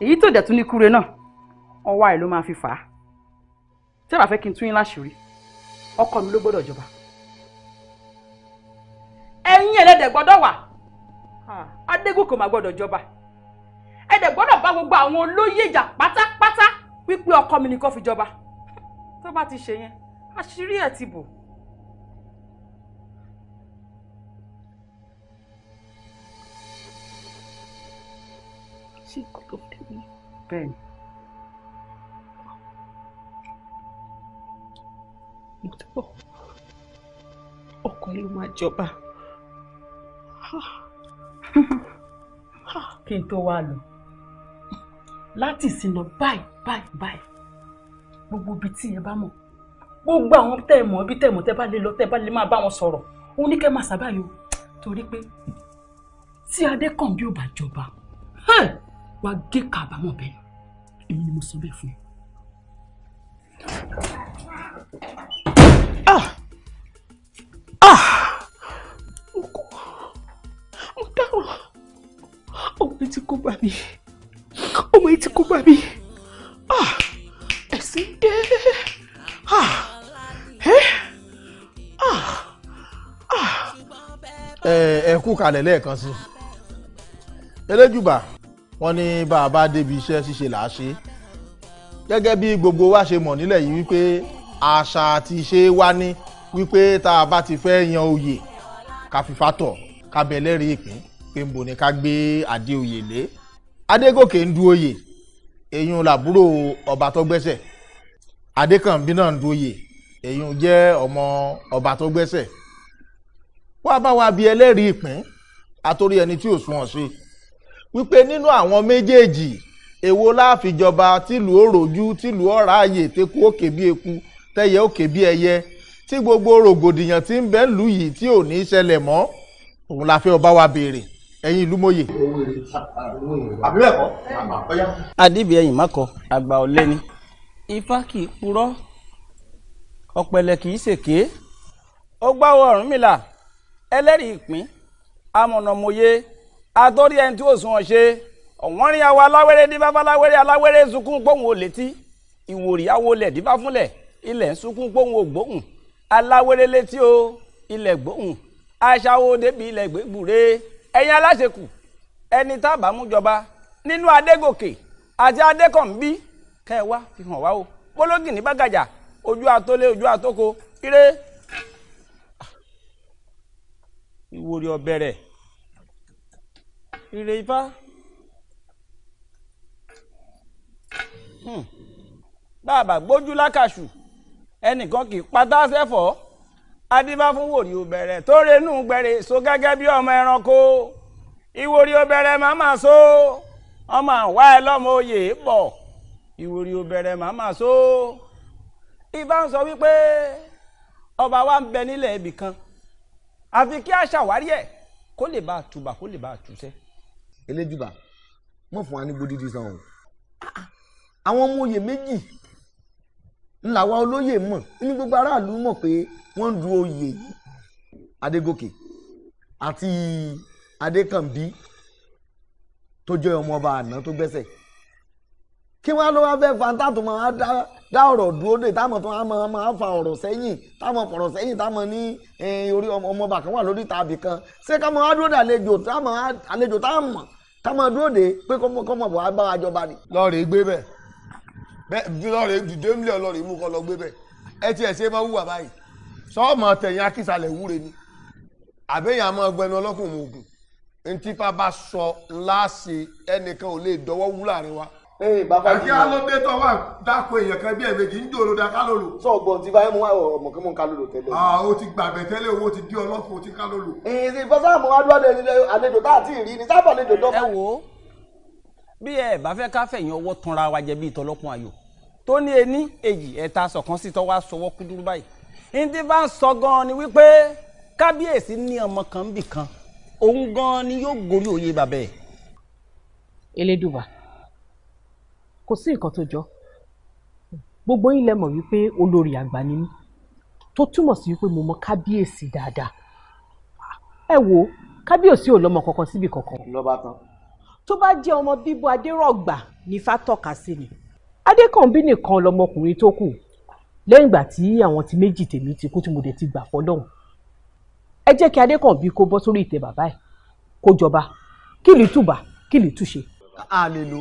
èyí tó dẹ̀ tún ní kúre náà ọwọ́ àì ló máa fi fà á tí a bá fẹ́ kí n tún yín láṣìírí ọkọ mi ló gbọ́dọ̀ jọba ẹ̀yin ẹlẹ́dẹ̀ gbọ́dọ̀ wà adégún kò má gbọ́dọ̀ jọba ẹ̀dẹ̀ gbọ́dọ̀ bá gbogbo àwọn olóyè ìjà pátápátá wípé ọkọ mi nìkan fi jọba tó bá ti ṣe yẹn àṣírí ẹ̀ ti bò. sí kòtò bẹ́ẹ̀ ni mo ti bọ̀ ọkọ ló máa jọba kí n tó wá lọ láti ìsìnà báyìí báyìí báyìí gbogbo ibi tí ẹ bá mọ̀ gbogbo àwọn tẹ́ ẹ mọ̀ ibi tẹ́ ẹ mọ̀ tẹ́ bá lè lọ tẹ́ bá lè máa bá wọn sọ̀rọ̀ òun ní kẹ́ máa ṣàbáyọ torí pé tí adé kàn bí ò bá jọba wàá gé kábàámọ̀ bẹ́ẹ̀ èmi ni mo sọ bẹ́ẹ̀ fún ẹ. mo ah! kú ah! mo dáhùn ọmọ yìí ti kó bá mi ọmọ yìí ti kó bá mi ah! ẹ̀sìn dé. ẹ kú kalẹ̀ lẹ́ẹ̀kan sí eléjùbà wọ́n ní bá a bá débi iṣẹ́ ṣíṣe là á ṣe gẹ́gẹ́ bí gbogbo wa ṣe mọ̀ nílẹ̀ yìí wípé àṣà àti ìṣe wa ní wípé tá a bá ti fẹ́ yan oyè ká fi fatọ̀ ká bẹ̀ lẹ́rìí ìpín pé ń bo ni ká gbé adé oyè lé adégòkè ń du oyè èyún làbúrò ọba tó gbẹ́sẹ̀ adékànbí náà ń du oyè èyún jẹ́ ọmọ ọba tó gbẹ́sẹ̀ wá bá wa bí ẹlẹ́rìí ìpín àtòrí ẹni tí ò sunwọ̀n ṣe wípé nínú àwọn méjèèjì èwo láàfìjọba tìlú òròjú tìlú ọ̀rá àyè tẹ́kù òkè bí eku tẹ́yẹ òkè bí ẹyẹ tí gbogbo rògbòdìyàn ti ń bẹ lù yìí tí ò ní í ṣẹlẹ̀ mọ́ òun la fẹ́ ọba wa béèrè ẹ̀yin ìlú mòye. adébí ẹ̀yìn mákọ àgbà ọ̀lẹ́ ifá kì í purọ́ ọ̀pẹ̀lẹ̀ kì í ṣèké ó gbáwọ̀ Ọ̀rúnmìlà ẹlẹ́rìí ìpín amọ̀nàmọ́yé àtọ́rí ẹni tí ó sùn ọ̀ ṣe ọ̀wọ́n rí àwa aláwẹ́rẹ́ dín bá fáláwẹ́rẹ́ aláwẹ́rẹ́ sunkún gbóhùn ò létí ìwòrì awolẹ̀ dín bá fúnlẹ̀ ilẹ̀ ń sunkún gbóhùn ò gbóhùn létí o ilẹ̀ gbóhùn aṣáwo débi ilẹ̀ gbégbùrè ẹ̀yin aláṣekù ẹni tá a bá mú jọba nínú adégòkè àti adékọ̀ǹbí kẹ́ ẹ wá fi hàn wá o bólógì ní bàgàjà ojú àtólé ojú àtóko ire ah, ìwòrì ọ̀bẹ̀rẹ̀ Il n'est pas. bàbá gbójú lákàṣù ẹnìkan kì í pátá sẹ́fọ̀ adébáfúnwò ni so gẹ́gẹ́ bí ọmọ ẹranko iwori obere bẹ̀rẹ̀ so ọmọ àwa ẹ lọ́mọ oye bọ̀ ìwòrì ó so ibà ń sọ wípé ọba wa nbe nile kan a ba eléjùbà mọ̀ fún wa ní gbódìdí san o àwọn ọmọ oyè méjì ńlá wa olóyè mọ̀ ní gbogbo aráàlú mọ̀ pé wọ́n ń du oyè yìí adégòkè àti adékànbí tó jẹ́ ọmọ ọba àná tó gbẹ́sẹ̀ kí wọ́n á lọ wá fẹ́ fanta tó máa dá dá ọ̀rọ̀ dúró dè táwọn tó máa máa fa ọ̀rọ̀ sẹ́yìn táwọn fọ̀rọ̀ sẹ́yìn táwọn ní eh, orí ọmọ ọba kan wà lórí tàbí kan ṣé ká máa dúró dà àlejò táwọn àlejò táwọn mọ̀ ká máa dúró de pé kọ́mọ kọ́mọ bọ̀ á bá wa jọba ni. lọ́ọ̀rì gbé bẹ́ẹ̀ bẹ́ẹ̀ lọ́ọ̀rì dùdé mílíọ̀nù lọ́ọ̀rì mú kọ́ lọ gbé bẹ́ẹ̀ ẹ tiẹ̀ ṣe máa wúwà báyìí sọ́ọ̀mù tẹ̀yìn akísàlẹ̀ wúre ni àbẹ́yìn àmọ́ ẹgbẹ́ni ọlọ́kùnrin ogun ntí fa bá sọ ńlá ṣe ẹnìkan ò lè dọwọ́ wú láàrin wa àti alóde tó wà dáko èèyàn kan bí ẹ̀mejì ń jòrò da kálòlù. sọ ọgbọ tí báyìí mo wá ọmọ kí mo ń kálòlù tẹ́lẹ̀. a ah, o ti gbàgbé tẹ́lẹ̀ owó ti di ọlọ́fọ̀ o ti kálòlù. Eh, ìsìn ìfọsọ́ àmọ́ adúlọ́ àlejò tá a ti rí ni sábà àlejò tó. ẹ wo bí ẹ bá fẹ́ ká fẹ̀yìn ọwọ́ tanra wa jẹ bíi tọlọ́kùn ayò tó ní ení èjì ẹ̀ta sọ̀kan sí tọ́wọ́ sọwọ́ kúdúrú báyìí ìdí bá ń sọ gan ni wípé kábíyèsí ní ọmọ kan bì kan òun gan ni yóò gorí òye bàbá ẹ̀. elédùbà kò sí nǹkan tó jọ gbogbo yín lẹ mọ̀ wípé olórí àgbà ni mí tó túmọ̀ sí wípé mo mọ kábíyèsí dáadáa ẹ wo kábíyèsí ò lọ́mọ kankan síbi kankan. lọ́ba tán. tó bá jẹ́ ọmọ bíbọ adérọ̀gbà ní fátọ́ka sí ni adékànbí nìkan lọmọkùnrin tó kù lẹ́yìn ìgbà tí àwọn ti méjì tèmi ti kú tí mo dẹ̀ ti gbà fọlọ́hún ẹ jẹ́ kí adékànbí kó bọ́ sórí ìtẹ́ bàbá ẹ̀ kó jọba kí lè túbà kí lè túṣe. àlè ló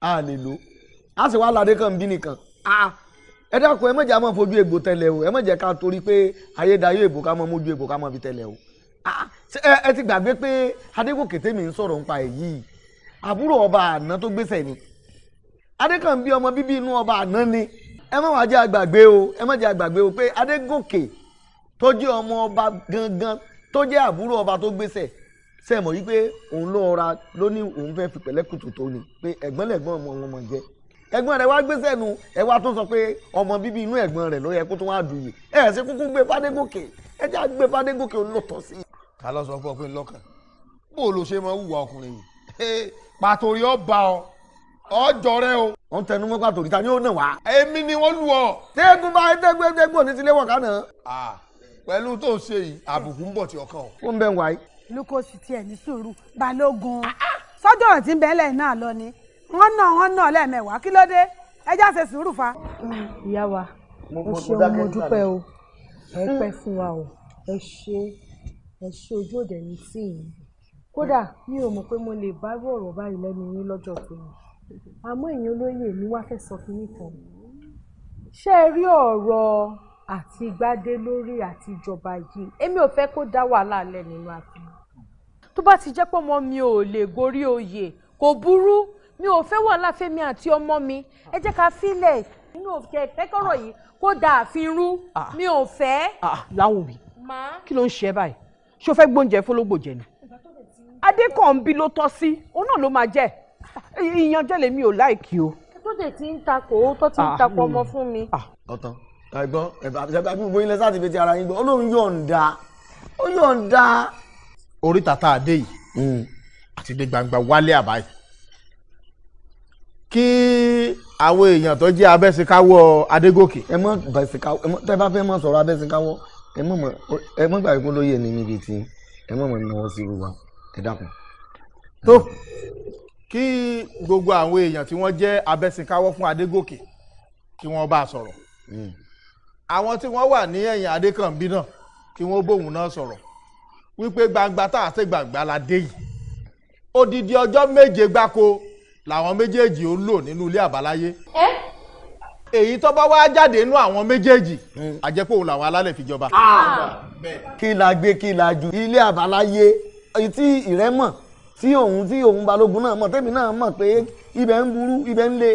a lè lo, a sì wá ládé kan bí nìkan a ẹ dákun ẹ má jẹ́ a máa fojú egbò tẹ̀lẹ̀ o ẹ má jẹ́ ká torí pé ayédáyé èbò ká máa mójú egbò ká máa fi tẹ̀lẹ̀ o ẹ ti gbàgbé pé adégòkè tèmi ń sọ̀rọ̀ nípa èyí àbúrò ọba àná tó gbéṣẹ̀ ni adékànbí ọmọ bíbí inú ọba àná ni ẹ má wàá jẹ́ àgbàgbé o ẹ má jẹ́ àgbàgbé o pé adégòkè tó jẹ́ ọmọ ọba gangan tó jẹ́ àbúrò ọba tó gbéṣẹ̀ ṣe mọ̀ yí pé òun ló ra ló ní òun fẹ́ fi pẹ̀lẹ́kùtù tó ni pé ẹ̀gbọ́n lẹ̀gbọ́n ọmọ wọn mọ̀ jẹ́ ẹ̀gbọ́n rẹ̀ wá gbé sẹ́nu ẹ wá tún sọ pé ọmọ bíbí inú ẹ̀gbọ́n rẹ̀ ló yẹ kó tún wá dùn yìí ẹ ṣe kúkú gbé fadégòkè ẹ já gbé fadégòkè òun ló tọ́ sí i. ká lọ sọ fún ọ pé lọ́kàn bó o lo ṣe máa wùwà ọkùnrin yìí pàtó rí bá ọ ọjọ́ rẹ o. wọ́n tẹnu mọ́ pàtó rí ta ni ó nà wá. èmi ni wọ́n lù ọ. tẹ́gùn bá tẹ́gbẹ́gbẹ́gbọ́n ní tilé wọ̀ká náà. pẹ̀lú tó ń ṣe yìí àbùkù ń bọ̀ tí ọkàn o. ó ń bẹ̀ wáyé lukosi tiẹ̀ ní sùúrù balógun sọ́jọ́ ọ̀rọ̀ tí ń bẹ́ẹ̀ lẹ́yìn náà lọ ni wọ́n náà wọ́n náà lẹ́ẹ̀mẹ̀wàá kí ló dé ẹjá ṣe sùúrù fa. ìyá wa ẹ ṣeun mo dúpẹ́ o ẹ pẹ́ fún wa o ẹ ṣe ẹ ṣe ojú òde ní tí yìí kódà mi ò mọ̀ pé mo lè bá ọ̀rọ̀ báyìí lẹ́nu yín lọ́jọ́ tó yẹ àmọ́ èèyàn olóyè mi wá fẹ́ sọ fún yín kan ṣé ẹ rí ọ̀rọ̀ àti gbádé lórí àti ìjọba yìí èmi ò fẹ́ kó dá wàhálà lẹ̀ nínú àfihàn tó bá ti jẹ́ pé ọmọ mi ò lè gorí oyè kò burú mi ò fẹ́ wàhálà fẹ́mi àti ọmọ mi ẹ jẹ́ ká fílẹ̀ ah. mi ò fẹ́ fẹ́kọ̀rọ̀ yìí kó dà àfin rú mi ò fẹ́. Láwùmí kí ló ń ṣe báyìí ṣé o fẹ́ gbóúnjẹ fọlọ́gbò jẹ ni Adékànbí ló tọ́ sí òun náà ló máa jẹ ìyànjẹ lèmi ò láìkí o. tó dé tí ń takò ó tó ti ń ah, takò ọmọ fún mi. Ah. ọ̀tàn ẹ̀gbọ́n ẹ̀bà àbíṣẹ́bí gbogbo ilẹ̀ sáà ti fi ti ara yín gbọ́ Ọlọ́run yọ̀ǹda ó yọ̀ǹda oríta tá a dé yìí mm. àti dé gbangba wálé àbáyé kí àwọn èèyàn tó jẹ́ abẹ́sìkáwọ́ Adégòkè. ẹ mọ bẹsìkáwọ ẹ mọ tẹ bá fẹ́ mọ sọ̀rọ̀ abẹ́sìkáwọ́ ẹ mọ mọ ẹ mọ gbàgbé kó lóye ní níbi tí ẹ mọ mọ náwó sí irú wa ẹ dákun. tó kí gbogbo àwọn èèyàn tí wọ́n jẹ́ abẹ́sìkáwọ́ fún Adégòkè kí wọ́n bá a sọ̀rọ̀ mm. àwọn tí wọ́n wà ní ẹ̀yìn Adékànbí náà kí wọ́n bóun náà sọ̀rọ̀ wípé gbangba tá a ṣe gbangba la dé yìí odidi ọjọ́ méje gbáko làwọn méjèèjì ó lò nínú ilé àbáláyé èyí tó bá wá jáde nínú àwọn méjèèjì àjẹpọ̀ òun làwọn alálẹ̀ fi jọba. Ah. kí la gbé kí la ju ilé àbáláyé tí ìrẹ́mọ̀ tí òun tí òun balógun náà mọ̀ tẹ́mi náà mọ̀ pé ibẹ̀ ń burú ibẹ̀ ń le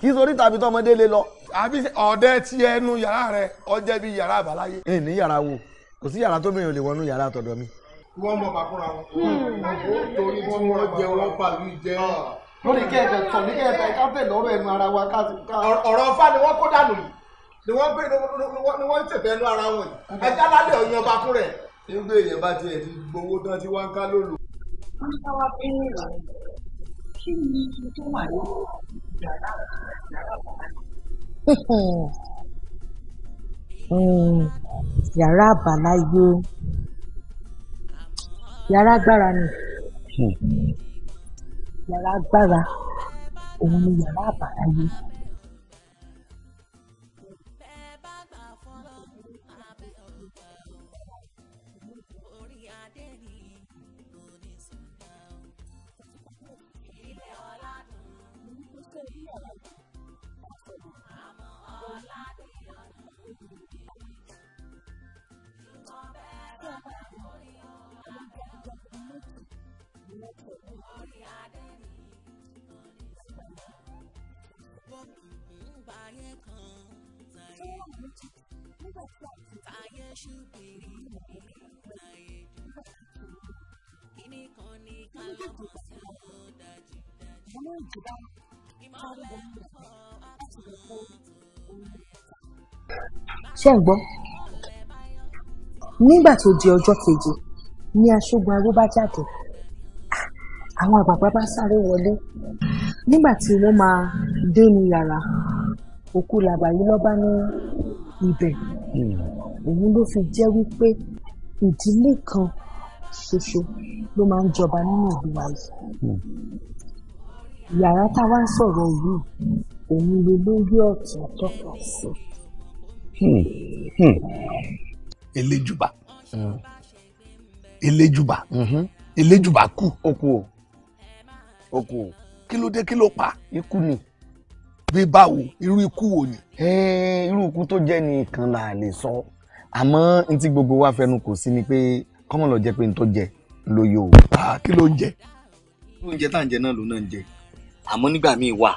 kí sórí tàbí tọmọdé lè lọ. àbí ọ̀dẹ ti ẹnu yàrá rẹ ọjẹ́ bíi yàrá àbáláyé. ẹ ní yàrá wo kò sí yàrá tó mìíràn lè wọnú yàrá àtọ̀dọ̀ mi. wọ́n mọ bàkúrà wọn. Hmm. torí tí wọ́n jẹ wọ́n pàlú ìjẹ. lórí kẹ̀kẹ́ tọ̀ ní kẹ̀kẹ́ ká bẹ̀ ẹnu ara wa ká. ọ̀rọ̀ ọ̀fà ni wọ́n kó dànù yìí ni wọ́n gbé ni wọ́n ń tẹ̀fẹ́ ẹnu ara wọn yìí ẹja lálẹ́ ọ̀yàn bàkúrẹ̀. nígbà èèyàn bá tiẹ̀ ti gbowó tán tí wọ́n ń ká lólu. wọ́n ń káwá bí um yàrá àbáláyé yàrá agbára ni hmm. yàrá agbára òun ni yàrá àbáláyé. 一直到他这个女人开始离婚。ṣé ń gbọ́ nígbà tó di ọjọ́ keje ni aṣọ́gun arúgbó bá jáde àwọn àgbààgbà bá sáré wọlé nígbà tí wọ́n máa dé ní yàrá òkú làbàyí lọ́ba ní ibẹ̀ òun ló fi jẹ́ wípé ìdílé kan ṣoṣo ló máa ń jọba nínú ìlú yìí yàrá tá a wá ń sọ̀rọ̀ yìí òun ló lórí ọ̀tún tọ́ka sí. Hmm, hmm. eléjùbà hmm. eléjùbà mm-hmm. eléjùbà kú. ó kú o ó kú o. kí ló dé kí ló pa. ikú ni. bí báwo irú ikú wo ni. irú ikú tó jẹ́ ni kan là lè sọ àmọ́ n tí gbogbo wa fẹnu kò sí ni pé kọ́mọ̀ lọ jẹ́ pé n tó jẹ ló yọ o. Ah, kí ló ń jẹ. tá à ń jẹ náà ló náà ń jẹ àmọ́ nígbà míì wà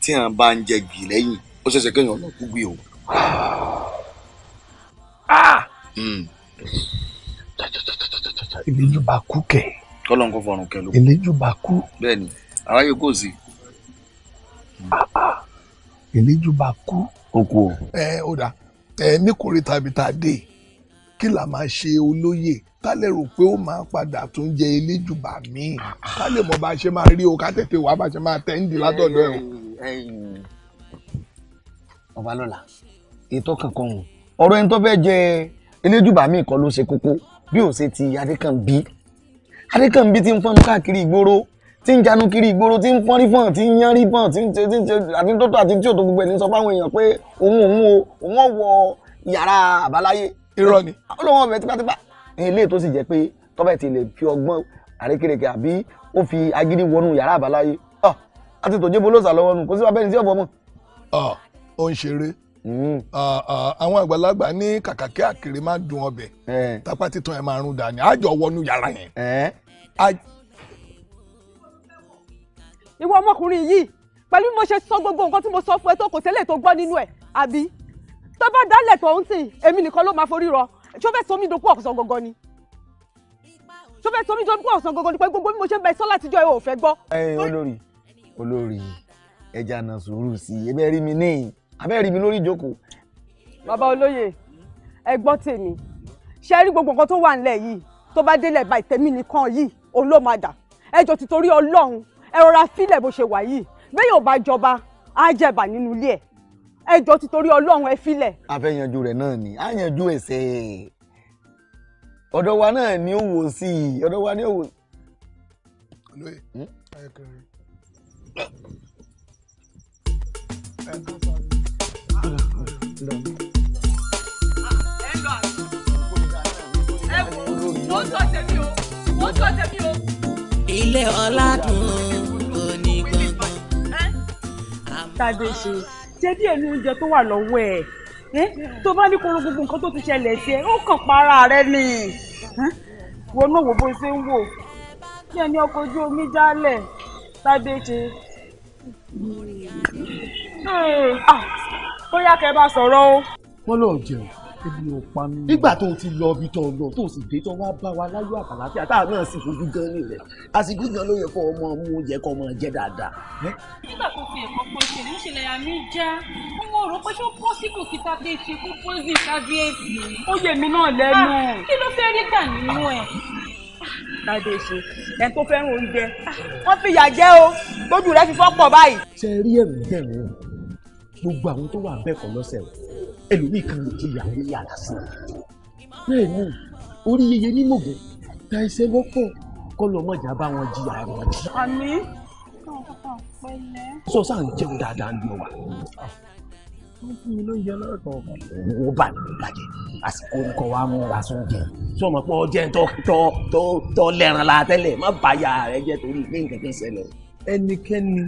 tí èèyàn bá ń jẹ gbì lẹ́yìn ó ṣẹ̀ṣẹ̀ kéèyàn lọ kú gbé o. Ah! Hmm. ìlejò bá kú kẹ̀. kọ́lọ́n kò fọrùn kẹ ló. ìlejò bá kú. bẹ́ẹ̀ni aráyé kò sí. Ah, ah. ìlejò bá kú. ó kú o. ẹ ó ẹ ní kórìíta ibi tá a dé kí là máa ṣe olóyè tá lè rò pé ó máa padà tún jẹ eléjùbà míì tá lè mọ bá a ṣe máa rí o ká tètè wá bá a ṣe máa tẹ́ǹdì látọ̀dọ̀ ẹ̀ o. ọba lọ́la ètò kankan wò ọ̀rọ̀ ẹni tó fẹ́ jẹ eléjùbà míì kọ́ ló ṣe kókó bí ò ṣe ti adékànbí adékànbí ti ń fọ́n káàkiri ìgboro tí ń janu kiri ìgboro tí ń pọ́nrí fọ́n tí ń yánrí fọ́n tí ń ṣe tí ń ṣe àti tó tó àti tí ò tó gbogbo ẹni sọ fáwọn èèyàn pé òun òun o òun wọ yàrá àbáláyé irọ́ ni. olóhùn ọbẹ̀ tipátipá ní ilé tó sì jẹ́ pé tọ́bẹ̀ ti lè fi ọgbọ́n àrékèrèkè àbí ó fi agídí wọnú yàrá àbáláyé àti tòjú bolóòsà lọ́wọ́ nù kó sí abẹ́ni sí ọ̀bọ mọ́. ó ń ṣeré hmm. àwọn àgbàlagbà ní kàkà kí àkèrè máa dùn ọbẹ̀ tápá títan ẹ̀ máa rún dání àjọ wọnú yàrá yẹn. ìwọ ọmọkùnrin yìí pẹ̀lú bí mo ṣe sọ gbogbo nǹkan tí mo sọ fún ẹ tó kò tẹ́lẹ̀ tó gbọ́ nínú ẹ̀ àbí tó bá dálẹ̀ tó ń sìn èmi nìkan ló máa forí rọ ṣó fẹ́ sọ mí dokú ọ̀sán gangan ni ṣó fẹ́ sọ mí dokú ọ̀sán gangan ni pé gbogbo bí mo ṣe ń bẹ sọ́ látijọ́ ẹ ò fẹ́ gbọ́. ẹ olórí olórí ẹja náà sùúrù sí i ẹbẹ rí mi níyìn abẹ́ rí mi lórí ìjókòó. bàbá olóye ẹ gbọ́ tèmi ṣe rí gbogbo nǹkan tó wà nílẹ̀ yìí tó bá délẹ̀ bá ìtẹ̀mí nìkan yìí òun ẹ jọ ti torí ọlọ́run ẹ rọra fílẹ̀ bó ṣe wà yìí bẹ́ẹ̀ yóò bá jọba á jẹ̀bà nínú ilé ẹ̀ ẹjọ́ ti torí ọlọ́run ẹ filẹ̀. a fẹ́ yanjú rẹ̀ náà ni a yanjú ẹsẹ̀ ọ̀dọ̀ wa náà ni ó wò sí i wa ni ó wò. o wọ́n hmm? ilé ọlá dùn ó ní gbọ̀ngàn. tádé ṣe jẹ díẹ̀ ní oúnjẹ tó wà lọ́wọ́ ẹ̀ ẹ́ tó bá ní koro gbogbo nǹkan tó ti ṣẹlẹ̀ sí ẹ ó kàn para rẹ ni wo náà wo bó ṣe ń wò kí ẹni ọkọ̀ ojú omi jálẹ̀ tàbí ṣe. Ah, bóyá kẹ́ bá sọ̀rọ̀ o. wọ́n lóun jẹun ebi ò pa mí. nígbà tó o ti lọ ibi tó o lọ tó o sì dé tó wá bá wa láyọ̀ àtàlàfíà táà náà sì fojú gan ni rẹ̀ àsìkò gan ló yẹ kó ọmọ mú yẹ kó ọmọ jẹ dáadáa. nígbà tó fi ẹ̀kọ́ pọ̀ ṣe ní ìṣẹ̀lẹ̀ àmì já mo rò pé ṣó pọ́sibù kí tàbí ṣe kó pọ́sì kábíyèsí ó yẹ mi náà lẹ́nu. Ah, kí ló fẹ́ rí gbà nínú ẹ̀? tàbí ṣe ẹ̀ tó fẹ́ràn oúnjẹ wọ́n fìyà jẹ o tójú rẹ̀ fi fọ́ pọ̀ báyìí. ṣe rí ẹ̀rù tẹ̀wọ̀n gbogbo ẹlòmíì kan lè ti ìyàwó níyà lásán bẹ́ẹ̀ ni orí yeye ní mògùn ta ẹsẹ̀ wọ́pọ̀ kọ́ lọ mọ̀jà bá wọn jìyà rẹ̀ jì. àmì sọ sáà ń jẹun dáadáa ń lọ wa. wọ́n fún mi lóúnjẹ lọ́rọ̀ kan. owó bá mi bàjẹ́ àsìkò nǹkan wa mú wa sún jẹ sọ ma pọ̀ jẹ́ tọ́ tọ́ tọ́ tọ́ lẹ́ran la tẹ́lẹ̀ má bàyà rẹ jẹ́ torí pé nǹkan kan ṣẹlẹ̀. ẹnikẹ́ni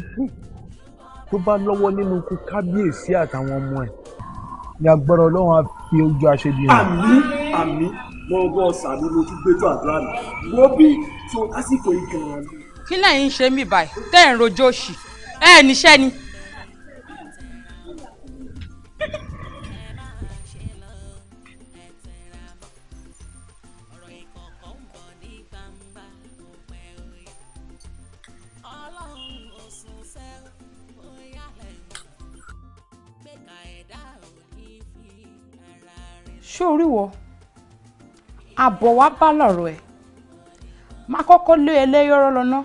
tó bá lọ́wọ́ nínú ikú kábíyèsí àtàwọn ọmọ ẹ̀ ní agbára ọlọ́run fi ojú aṣojú yẹn. àmín àmín mo ń gbọ́ sàmì mo ti gbé tó àdúrà mi wo bí tó lásìkò ìkànnì. kí lẹ́yìn ṣe mí báyìí tẹ́ ẹ̀ ń rojọ́ òṣì ẹ̀ níṣẹ́ ni. ṣé orí wọ àbọ̀ wá bá lọ̀rọ̀ ẹ̀ má kọ́kọ́ lé ẹlẹ́yọ́rọ́ lọ́nà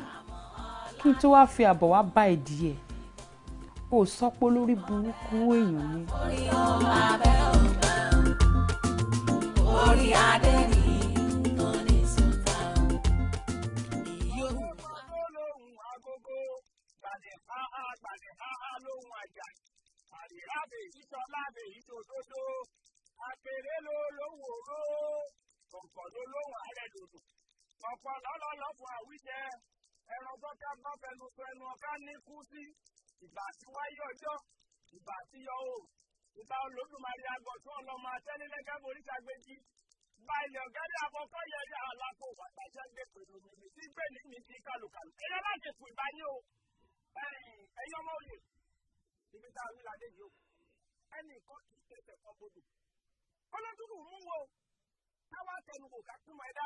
kí n tó wá fi àbọ̀ wá bá ìdí ẹ̀ ò sọ́pọ̀ lórí burúkú èèyàn ni. orí ó máa bẹ́ ò bẹ́ ò orí adé ni. sọ lábè yìí tó dódó èrè ló lówó ró kọ̀ǹkọ̀ ló lówó ààrẹ dòdò kọ̀ǹkọ̀ lọ́lọ́lọ́fọ̀ àwíjẹ ẹran tọ́ka bá fẹnu sọ ẹnu ọ̀ká ní kú sí ìgbà tí wáyé ọjọ́ ìgbà tí yọ òòrùn ìgbà olódùmarè àgọ̀tún ọlọ́mọ atẹ́nilẹ́gẹ́ boríta gbèjì gba ilẹ̀ ọ̀gẹ́dẹ́ àkọ́kọ́ yẹlẹ àlàkò wàtàṣẹ́ gbé pẹ̀lú mímí tí gbé ní mi ti kálukàlù ẹ̀yẹ láti fún ìgbà yín o ẹ̀yìn ọmọ òye ibi tá a wí ládé yìí o ẹnì kan kì í tẹ̀sẹ̀ kan bodò kọ́lọ́dúnrún mú wo káwá tẹnubò ká tún mọ ẹ̀dá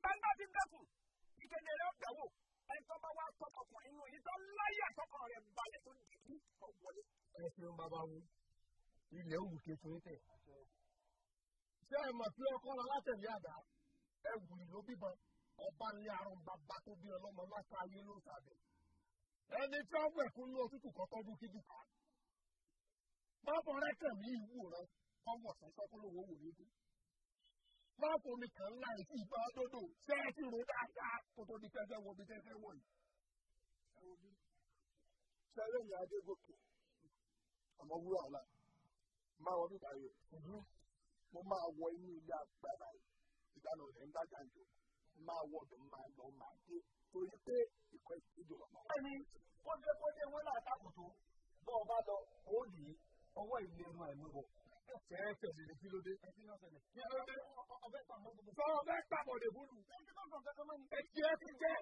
gbangba ti dẹ́kun ìgbẹ́dẹ̀rẹ́ ọ̀dẹ́wò ẹ̀tọ́ bá wá tọkọ̀kọ̀ inú yìí tó láyé àtọkọ̀ rẹ̀ balẹ̀ tó dìbò ọ̀gbọ́lé. ẹ ṣeun bàbá wo ilẹ̀ òwú kékeré tẹ̀. ṣé ẹ mọ̀ pé ọkọ lọ látẹ̀lé àdá ẹ wù ìlú bíbọn ọba ní àrùn bàbá tó bí ọlọ́mọ láta ayé ló sàbẹ̀. ẹni tí wọ́n wẹ̀kú ní òtútù kọ́kọ́ dún kíbi ká. bọ́bọ̀ rẹ̀ tẹ̀lé ìwú rẹ̀ kọ́mọ̀ sọ sọ fún lòun òwò lójú. Láàpù omi kan ńlá yìí sí ìgbà dòdò fẹ́ẹ̀tì rò dáadáa kó tó di pẹ́ẹ́fẹ́ wọ bí tẹ́fẹ́ wọ̀ yìí. Sẹ́lẹ̀ ní Adégòkè, ọmọ wúrà ọ̀la, máa wọ bíbá yìí, mhm. mo máa wọ inú ilé agbára yìí, ìdáná rẹ̀ ń dájà jù, máa wọ ọ̀dọ̀ máa lọ máa dé torí pé ìkọ́ ìdíjọ lọ́mọ. Bẹ́ẹ̀ni, kọ́jẹ́kọ́jẹ́ wọn náà takùtù, bọ́ọ̀ bá lọ, ó dì í, ọwọ́ ìlera ẹ̀mí wọ̀ fẹ́ tẹ̀lé ní kílódé. kílódé sọ ọbẹ̀ pàbọ̀dé búlù. ẹ̀jẹ̀ ti jẹ́.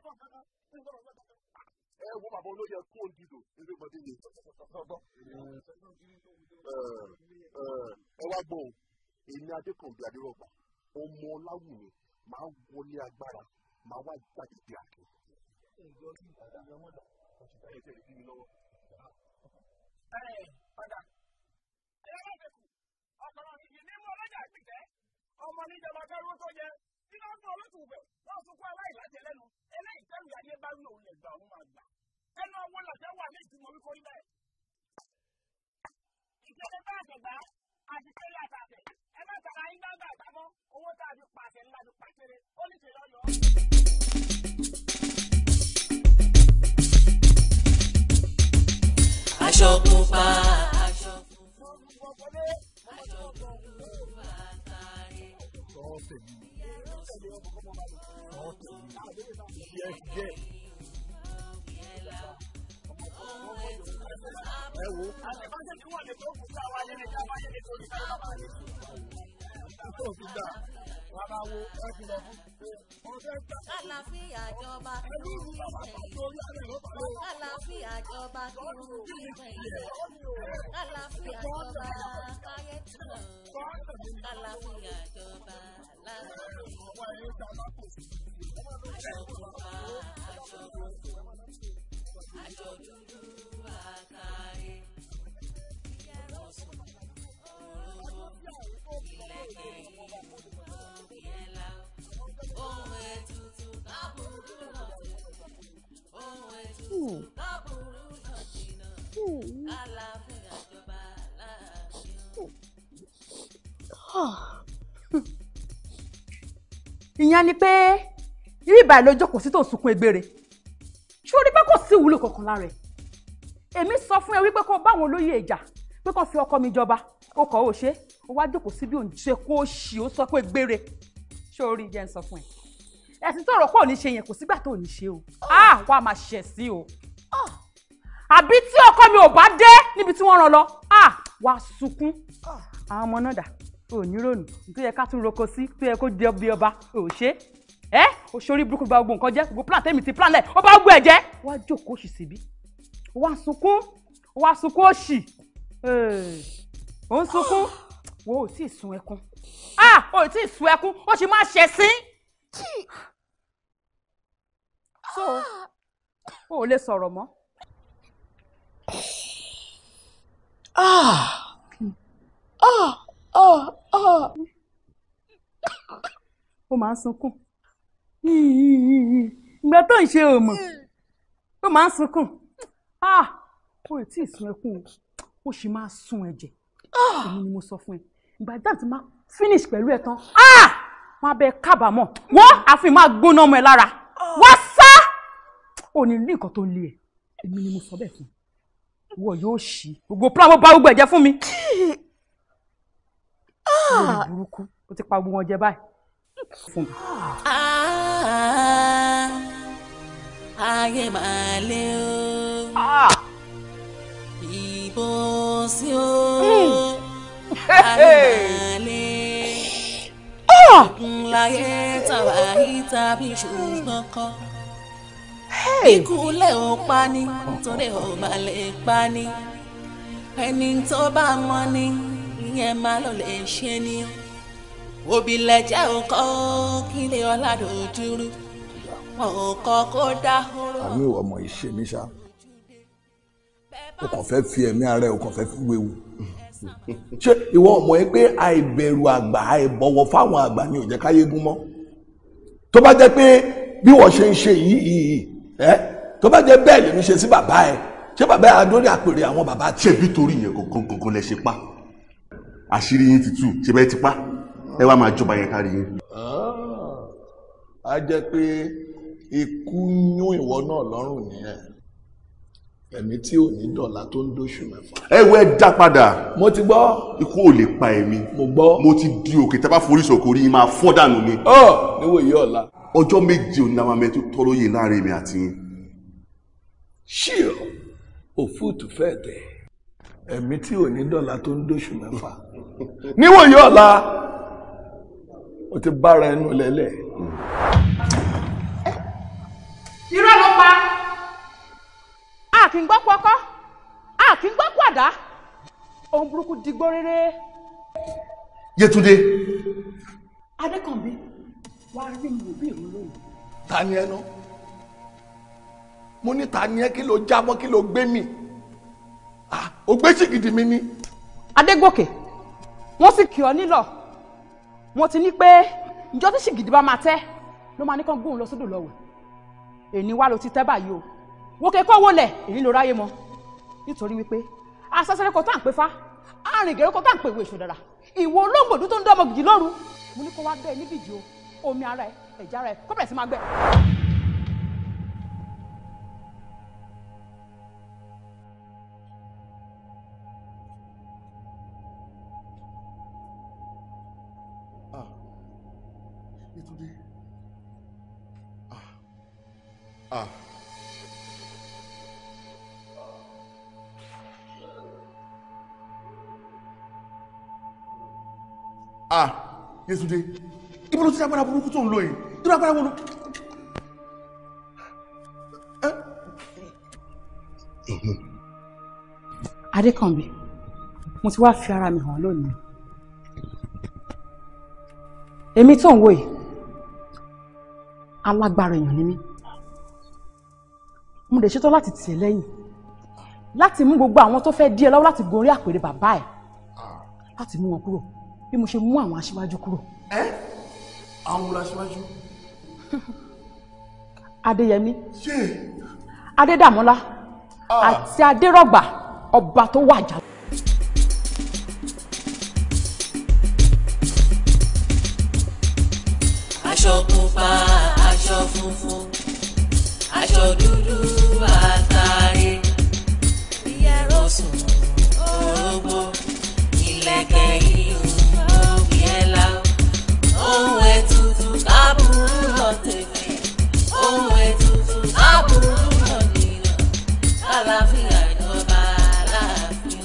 ẹ wo bàbá olóyè kó o dìdò nínú ìmọ̀dé yìí. ẹ wá gbọ́ èmi adékùnbí adérọ̀gbà ọmọ ọláwùmí máa wọlé agbára máa wá jáde bí àkè. ẹ padà ọ̀pọ̀lọpọ̀ ìdí nínú ọlọ́jà ìpìtẹ́ ọmọ níjọba kẹrù tó jẹ kí ló ń fún olótùú bẹ̀ wọ́n sunkún aláìlájẹ lẹ́nu eléyìí tẹ́lu yàgé bá lò lè gbà òun máa gbà ẹnu ọwọ́ làjẹ́ wà ní ìtumọ̀ wíkọ́ ibẹ̀. ìpele bá àtẹ̀gbá àti pélé àtàtẹ̀ ẹ má tara yín gbàgbà àtàmọ́ owó tá a fi pàṣẹ ńlá fi pàṣẹrẹ ó ní tèlé ọ̀yọ́. aṣọ pupa. aṣọ pupa aṣọ́gun bàtàrí. ọ̀sẹ̀ mi ọ̀sẹ̀ mi yes yes. ẹ wo. àtẹ̀bájẹ́ kí wọ́n lè tó kú sí àwọn ayẹyẹ tí a máa yẹ nítorí pé wọ́n máa lè sùn. Ìtọ́ òfin gbà wà máa wo ẹ̀jú lọ fún. Àlàáfíà jọba kí ló ń sẹ́yìn. Àlàáfíà jọba kí ló ń sẹ́yìn. Àlàáfíà jọba káyé Àlàáfíà jọba láàárín àjọkùnfà àjọkùnfò àjọdúdú àtàrí ìyàrọ̀sùn òróró ìlẹ̀kẹ̀ òbíẹ̀lá ohun ètùtù kábùrú lọ́sẹ̀ ohun ètùtù. Ah. ìyẹn ni pé irú ìbàyìí ló jókòó sí tó sunkún egbére ṣé o rí pé kò sí ìwúlò kankan lára ẹ èmi sọ fún ẹ wípé kó báwọn olóyè ìjà pé kó fi ọkọ mi jọba ó kọ ó ṣe ó wá jókòó sí bí òun ṣe kó ṣì ó sọ pé gbére ṣé o rí jẹ́ ń sọ fún ẹ ẹ̀sìn tó rọ̀ pọ̀ ní ṣe yẹn kò sígbà tó ní ṣe o ah. ah, á wà máa ṣẹ̀ sí o àbí tí ọkọ mi ò bá dé níbi tí wọ́n rán lọ á wà sunkún àwọn ọmọ náà dà ò ní rònú tó yẹ ká tún roko sí tó yẹ kó jẹ bí ọba ò ṣe ẹ o ṣorí burúkú bá gbogbo nǹkan jẹ gbogbo plan tèmi ti plan lẹ ó bá gbogbo ẹ jẹ wá jókòó òṣì síbí wá sunkún wá sunkún òṣì ò ń sunkún <gasps> wo ò tí ì sun ẹkún ah ò tí ì sun ẹkún ó sì máa ṣẹ̀ sí. <gasps> so o ò lè sọ̀rọ̀ mọ́. ah hmm. ah Oh, oh. ó máa ń sunkún ìgbà tó ń ṣe òmò ó máa ń sunkún ah, ó ì tí ì sun ẹkún o ó sì máa sun ẹ̀jẹ̀ ah. èmi ni mo sọ fún ẹ ìgbà dáàbò ti máa finish pẹ̀lú ẹ̀ tán ah, máa bẹ kábàámọ̀ wọ́n àfi máa gbóná ọmọ ẹ lára wọ́n sá ò ní ní nǹkan tó le ẹ̀ èmi ni mo sọ bẹ́ẹ̀ fún ìwọ yóò ṣí gbogbo plan bó ba gbogbo ẹ̀jẹ̀ fún mi. Ah! lórí burúkú o ti pa gbogbo wọn jẹ báyìí fún ah, máa lé o ah! ìbò sí o hmm. ayé máa lé òkun láyé tàbá yìí tàbí ṣùgbọ́n kan ikú ò pa ni torí ò bá pa ni ẹni tó bá mọ̀ ni ìyẹn má lọ lè ṣe ni òbí lẹjẹ òkọ kílé ọládòdúró wọn ò kọ kó dá hóró. àmì ìwọ ọmọ ìṣe mi ṣá o kàn fẹ́ fi ẹ̀mí ara ẹ̀ o kàn fẹ́ fi wéwu ṣé ìwọ ọmọ yẹn pé àìbẹ̀rù àgbà àìbọ̀wọ̀ fáwọn àgbà ni ò jẹ́ káyé mọ́ tó bá jẹ́ pé bí wọ́n ṣe ń ṣe yìí ẹ́ tó bá jẹ́ bẹ́ẹ̀ lèmi ṣe sí bàbá ẹ̀ ṣé bàbá ẹ̀ adórí àpèrè àwọn bàbá. ṣé bí torí yẹn kò lè ṣe pa àṣírí yín ti tú ṣẹbẹ tipá ẹ wá máa jọba yẹn kárí yín. Ah, a jẹ́ pé ikú yún ìwọ náà lọ́rùn nìyẹn ẹ̀mí tí ò ní dọ̀la tó ń dóṣù mẹ́fà. ẹ wọ ẹ dá padà. mo ti gbọ́. ikú ò lè pa ẹ̀mí. mo gbọ́. mo ti di òkè tábà forí sòkò rí i máa fọ́ dànù ni. ọ oh, níwò yìí ọ̀la. ọjọ́ méje òní làwọn amẹ́tò tọ́rọ yìí láàrin èmi àti yín. ṣíọ òfúùtù fẹ́ẹ̀ tẹ̀ ẹ̀mí tí ò ní dọ̀la tó ń dóṣù mẹ́fà níwòye ọ̀la o ti bára ẹnu lẹ́lẹ̀. irọ́ ló pa a kì í gbọ́ pọkọ́ a kì í gbọ́ pàdá ohun burúkú digbó rere. Yétúndé. Adékànbí wá rí mi òbí mi lónìí. ta ni ẹ náà mo ní ta ni ẹ kí ló jábọ́ kí ló gbé mi ó gbé sìgìdì mi ni. Adégòkè wọ́n sì kì ọ́ nílọ̀ wọ́n ti ní pé ìjọ́ tí ṣìgìdì bá máa tẹ́ ló máa ní kán gbóhùn lọ sódò lọ́wọ́ èyí wá ló ti tẹ́ báyìí o wòkè kó wọlẹ̀ èyí ló ráyè mọ́ nítorí wípé asásẹ́rẹ́ kan tá à ń pè fá àrùn ìgẹ̀rẹ́ tá à ń pè ìwé ìṣòdàrà ìwọ olóńgbò dúdú ń dọ́mọ gidi lóru mo ní kó wá bẹ́ẹ̀ níbìdí o omi ara ẹ ẹ̀jẹ̀ ara ẹ kó sí máa gbẹ. Ah. Ah, Yétúndé, ibi ló ti agbára burúkú tó ń lò yìí, irú agbára wo ló. Adékànbí, mo ti wá fi ara mi hàn lónìí. Èmi tó ń wò yìí, alágbára èèyàn ni mí mo dẹ̀ ṣetán láti tì í lẹ́yìn láti mú gbogbo àwọn tó fẹ́ dí ẹ lọ́wọ́ láti gorí àpèrè bàbá ẹ̀ láti mú wọn kúrò bí mo ṣe mú àwọn aṣíwájú kúrò. ẹ àwọn wo la ṣíwájú. <laughs> adéyẹmí adédàmọ́lá ah. àti adérọ̀gbà ọba tó wàjà. aṣọ pupa aṣọ funfun aṣọ dúdú àtàrí ìyàrá sùn orógbó ìlẹ̀kẹ̀ ìhùn òbí ẹ̀la ohun ètùtù kábùrú lọ tẹ̀fẹ̀ ohun ètùtù kábùrú lọ nìyàn kálàfíà ìjọba aláàfin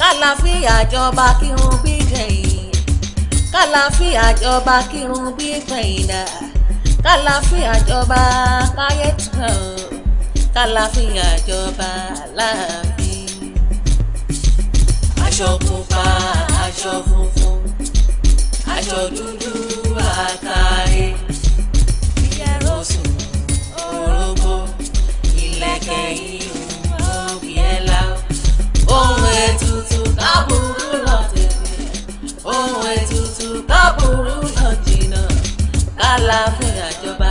kálàfíà ìjọba kírun bí gbẹ̀yìn kálàfíà ìjọba kírun bí gbẹ̀yìn náà kàlàfíà jọba káyé tán o kàlàfíà jọba láàfin. aṣọ pupa aṣọ funfun aṣọ dúdú àkàrẹ ìyẹ̀rọ sùn orógbó ìlẹ̀kẹ̀ ìhùn òbí ẹ̀la ohun ètùtù kábùrú lọ́tẹ̀lẹ̀ ohun ètùtù kábùrú àlàáfíà jọba.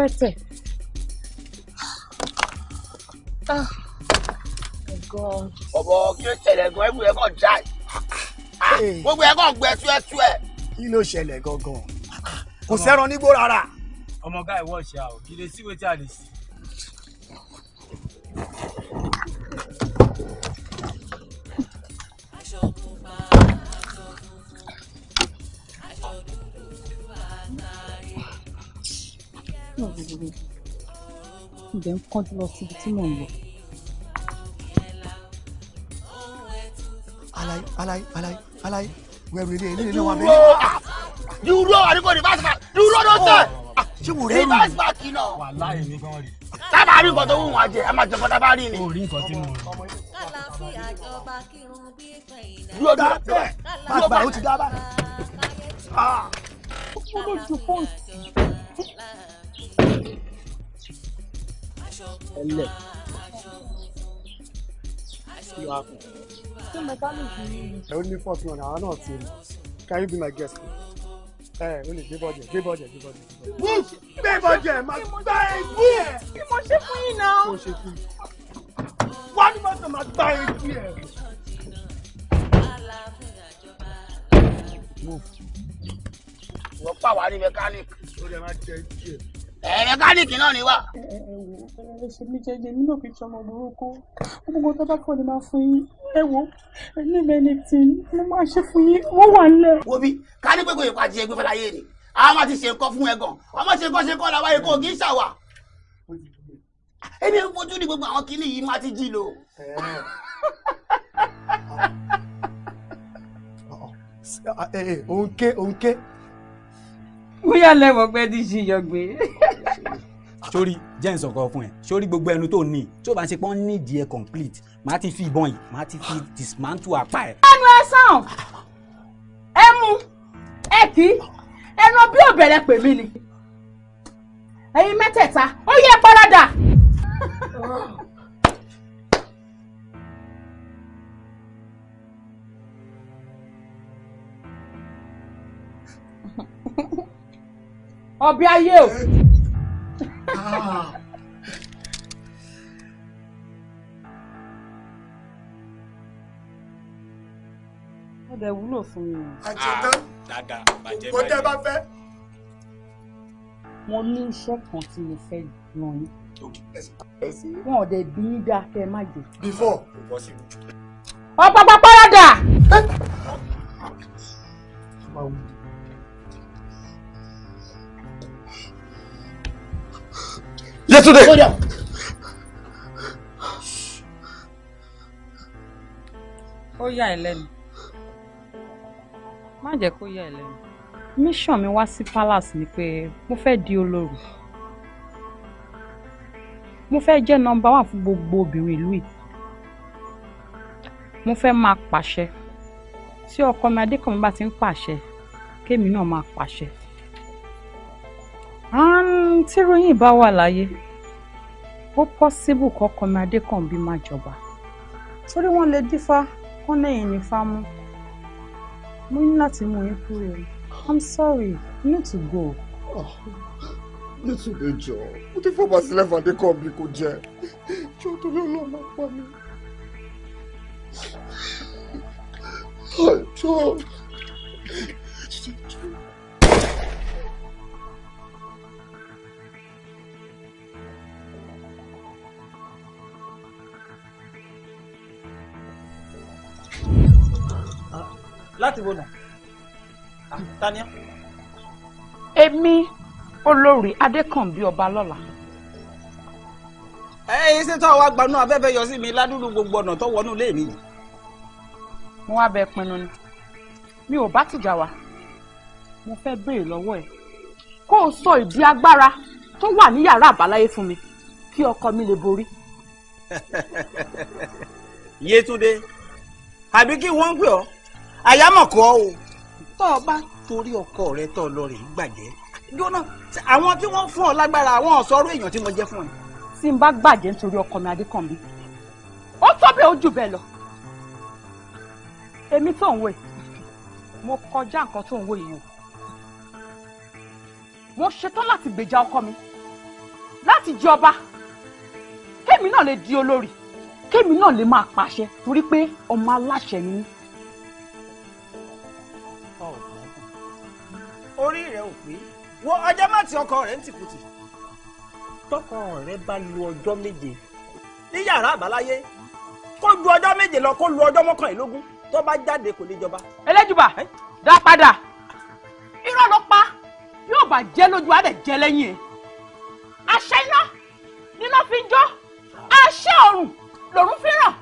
Oh my God! ló ṣẹlẹ̀ gan ẹ̀gbọ́n ẹ̀ kàn dry ah, gbogbo ẹ̀ kàn gbẹ ṣúẹ́ṣúẹ́. kí ló ṣẹlẹ̀ gangan kò sẹ́ran nígbó rárá. ọmọ guy watch out you dey see wetin i dey see. ń dẹ̀ ń kánjú lọ síbi tí mò ń lọ. alaye alaye alaye alaye wẹ̀rù ilé ilé náà wà bẹ́ẹ̀. dúró àdúgbò ah! ní bàtà dúró ló tẹ̀. Ah! ṣé wò rẹ́ mi. ní bàtà kì náà. wà láyé mi gan rí. sábà rí nǹkan tó wù wọn jẹ a máa jẹ nǹkan tá rí ni. o rí nǹkan tí mo rí. kàlàfíà jọba kírun bí gbà ó ti dá ẹlẹ̀ kí ló wá kù. ṣé mẹkáníìkì yìí. ẹ ó ní fọ́ọ̀tì wọn àwọn náà ti rí can you be my guest ẹ ẹ o lè gbé bọ́jẹ̀ gbé bọ́jẹ̀ gbé bọ́jẹ̀. wú gbé bọ́jẹ̀ máa gbá ẹgbẹ́ ẹ̀. kí mo ṣe fún yín náà. kí mo ṣe fún yín. wá ní mọ́tò máa gbá ẹgbẹ́ ẹ̀. move. wọ́n pàwárí mẹkáníìkì. ó lè máa jẹ ẹgbẹ́ ẹ mẹkáníìkì náà ni wà. ẹ ṣe mí jẹ́jẹ́ nínú òkè tí burúkú gbogbo tó bá pọ̀ ni máa fún yín ẹ wo níbi ẹni tí mo máa ṣe fún yín wọ́n wà nílẹ̀. wo bí ká ní pẹ́kọ̀ ìpàdé ẹgbẹ́ fẹ́láyé ni àwọn máa ti ṣe nǹkan fún ẹ gan ọmọ ṣe nǹkan ṣe kọ́ làwọn èkó kì í ṣàwà. èmi fojú ni gbogbo àwọn kìnnì yìí máa ti jí lò. <laughs> òun ké òun ké. bóyá lẹ́wọ̀n pẹ́ ti ṣìyàn gbé sórí jẹ́ n sọ̀kọ fún ẹ sórí gbogbo ẹnu tó ní tí bá ṣe pọ́n nídìí ẹ complete màá ti fi ìbọn yìí màá ti fi dismantle apá ẹ. ẹnu ẹ sàn ẹ mu ẹ kì í ẹnu bí òbẹ̀rẹ̀ pè mí ni ẹ̀yin mẹ́tẹ̀ẹ̀ta ó yẹ pọ́nrọ́dà. <laughs> ọbẹ̀ ayé o. lè wúlò fún mi. àjọ̀dá ah, dáadáa bàjẹ́ bàjẹ́ kò tẹ́ bá fẹ́. mo ní iṣẹ́ kan tí mo fẹ́ ràn yín. wọn ò dẹ̀ bí yín dáa kẹ́ ẹ má jẹ. before. ọ̀pọ̀pọ̀pọ̀ rẹ̀ dà. Yesterday. Go down. ó yà ẹ́ lẹ́nu má jẹ́ kó yà ẹ́ mission mi wá sí palace ni pé mo fẹ́ di olórí mo fẹ́ jẹ́ nọmba wà fún gbogbo obìnrin ìlú yìí mo fẹ́ máa pàṣẹ tí ọkọ mi adékọ̀mí bá ti ń pàṣẹ kémi náà máa pàṣẹ tí ròyìn bá wà láyé ó pọ́síbù kọ́kọ́ mi adékọ̀mí máa jọba torí wọ́n lè dífá wọ́n lẹ́yìn mú mo ní láti mú yín kúrò i'm sorry you need to go. Ah, nítorí ìjọ mo ti fọwọ́ sílẹ̀ fàdé kan bí kò jẹ́ ìjọ tó ló lọ́ máa pa mí. ìjọ. Ah, láti wo nà ah, tania. èmi olórí adékànbí ọba lọ́la. ẹyin ṣé tó wàá gbanú abẹ́fẹ́ yọ sí mi ládùúgbò gbogbo ọ̀nà tó wọnú lé mi. mo wá bẹ pinnu ni mi ò bá tìjà wá mo fẹ́ béèrè lọ́wọ́ ẹ̀ kó o sọ ìdí agbára tó wà ní yàrá àbáláyé fún mi kí ọkọ mi lè borí. <laughs> Yétúndé àbí kí wọ́n ń pè ọ́ àyámọ̀kọ́ o tọ́ ọ bá torí ọkọ rẹ tọ́ ọ lọ rè gbàjẹ́ jóná àwọn tí wọ́n fún ọ lágbára àwọn ọ̀sọ́rọ̀ èèyàn tí mo jẹ́ fún ẹ. tí n bá gbàjẹ́ nítorí ọkọ mi adékànbí ó tó bẹ́ẹ̀ ó jù bẹ́ẹ̀ lọ èmi tó ń wò mo kọjá nǹkan tó ń wò yìí o mo ṣetán láti gbèjà ọkọ mi láti jẹ ọba kémi náà lè di olórí kémi náà lè máa pàṣẹ torí pé ọmọ aláṣẹ ni mí. orí rẹ ò pé wo ọjọ́ má ti ọkọ rẹ ń tìkùtì. tọkọ rẹ bá lu ọjọ́ méje. ní yàrá àbáláyé kó lu ọjọ́ méje lọ kó lu ọjọ́ mọ́kànlélógún tó bá jáde kò lè jọba. ẹlẹ́jùbà dá padà irọ́ ló pa yóò bá jẹ́ lójú àdẹ̀ jẹ́ lẹ́yìn ẹ̀ àṣẹ iná níná fi ń jó àṣẹ ọ̀run lòrùn fi ràn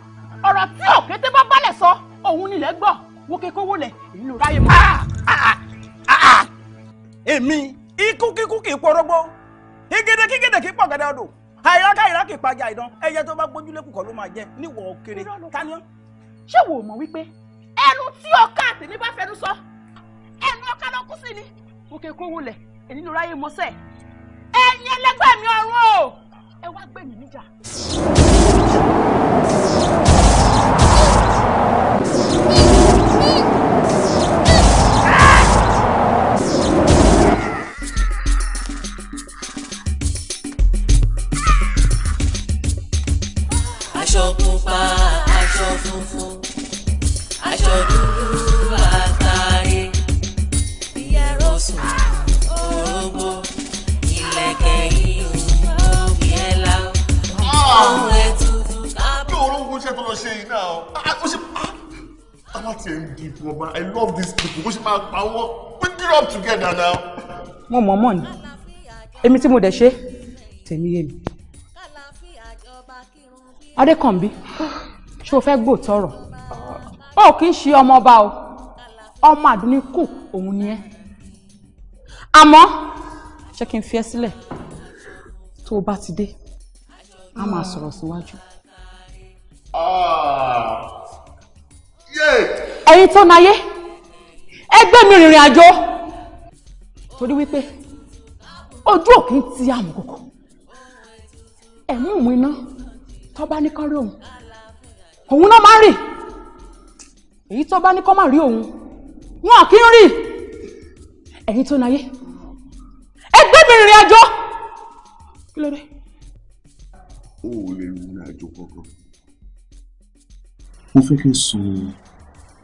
ọ̀rọ̀ tí òkété bá balẹ̀ sọ òun nílẹ̀ gbọ́ wo kékeré wọlé ìlú ráyè mọ́. Ah, ah, ah, èmi ikú kíkú kì í porógbó igede kígede kì í pọ̀ gẹ́dẹ́ ọdún àìráká ìrákì ìpàjà ìdán ẹyẹ tó bá gbójúlé kùkọ ló máa jẹ níwọ òkèrè taniọ. ṣé wo mọ̀ wípé ẹnu tí ọkà àtẹ̀mí bá fẹnu sọ ẹnu ọkà lọ kú sí ni òkè kówó lẹ̀ èyí ló ráyè mọ́sẹ̀ ẹ̀yin ẹlẹgbẹ́ mi ọ̀run o ẹ wá gbẹ̀mí níjà. gidi to i love these people We should máa pa we grew up together now. Mom, mom, mọ̀ ni èmi tí mo dẹ̀ ṣe tèmi yé mi. adékànbí ṣé o fẹ́ gbòòtọ́rọ̀ ó kì í ṣe ọmọ ọba o ọmọ àdúní kù òun ni ẹ́ àmọ́ ṣé kí n fi ẹ́ sílẹ̀ tó ti dé a máa sọ̀rọ̀ síwájú. Ah ẹ̀yin tó náyé ẹgbẹ́ mi rìnrìn àjò torí wípé ojú òkun ti àmùkòkò ẹ̀mú ìmú iná tó bá ní kán rí òun òun náà máa ń rì èyí tó bá ní kán máa rí òun wọn kì í rì ẹ̀yin tó náyé ẹgbẹ́ mi rìnrìn àjò kí ló dé. o ò lè rìnrìn àjò kankan mo fẹ́ kí n sùn.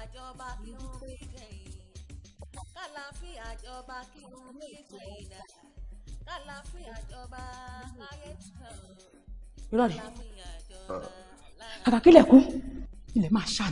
àjọba kí n lè gbẹ̀yìn kàlàfin àjọba kí n lè gbẹ̀yìn náà kàlàfin àjọba láyé tán kàlàfin àjọba kú ilẹ̀ máa ṣá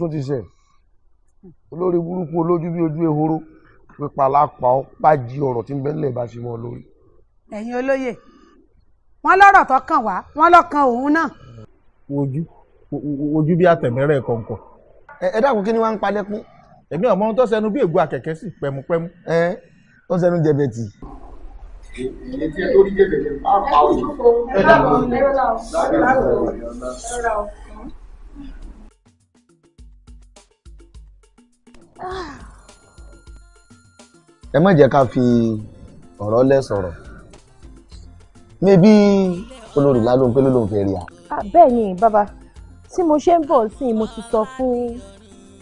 tún ti ṣẹ̀ olórí burúkú olójú bí ojú ehoro pípa lápá ọ pàjì ọ̀rọ̀ tí ń bẹ́ńlẹ̀ bá ṣe mọ́ lórí. ẹ̀yin olóyè wọ́n lọ́rọ̀ tó kàn wá wọ́n lọ kan òun náà. ojú ojú bí àtẹ̀mẹ́rẹ̀ kọ̀ọ̀kan. ẹ dákun kí ni wàá ń palẹ́ kún. èmi ọmọ ohun tó sẹnu bí ègbò àkẹ́kẹ́ sí pẹ́mupẹ́mu. ẹ tó sẹnu jẹbẹ tì. èyí tí ẹ lórí jẹbẹ jẹ bá pa òjò. ẹ dákun ẹ rọra o ẹ rọra o. ẹ má jẹ́ ká fi ọ̀rọ̀ lẹ̀ sọ̀rọ̀ mébí olórí lálóhùn pé lólóhùn fẹ́ rí a. bẹ́ẹ̀ ni bàbá tí mo ṣe ń bọ̀ sí i mo ti sọ fún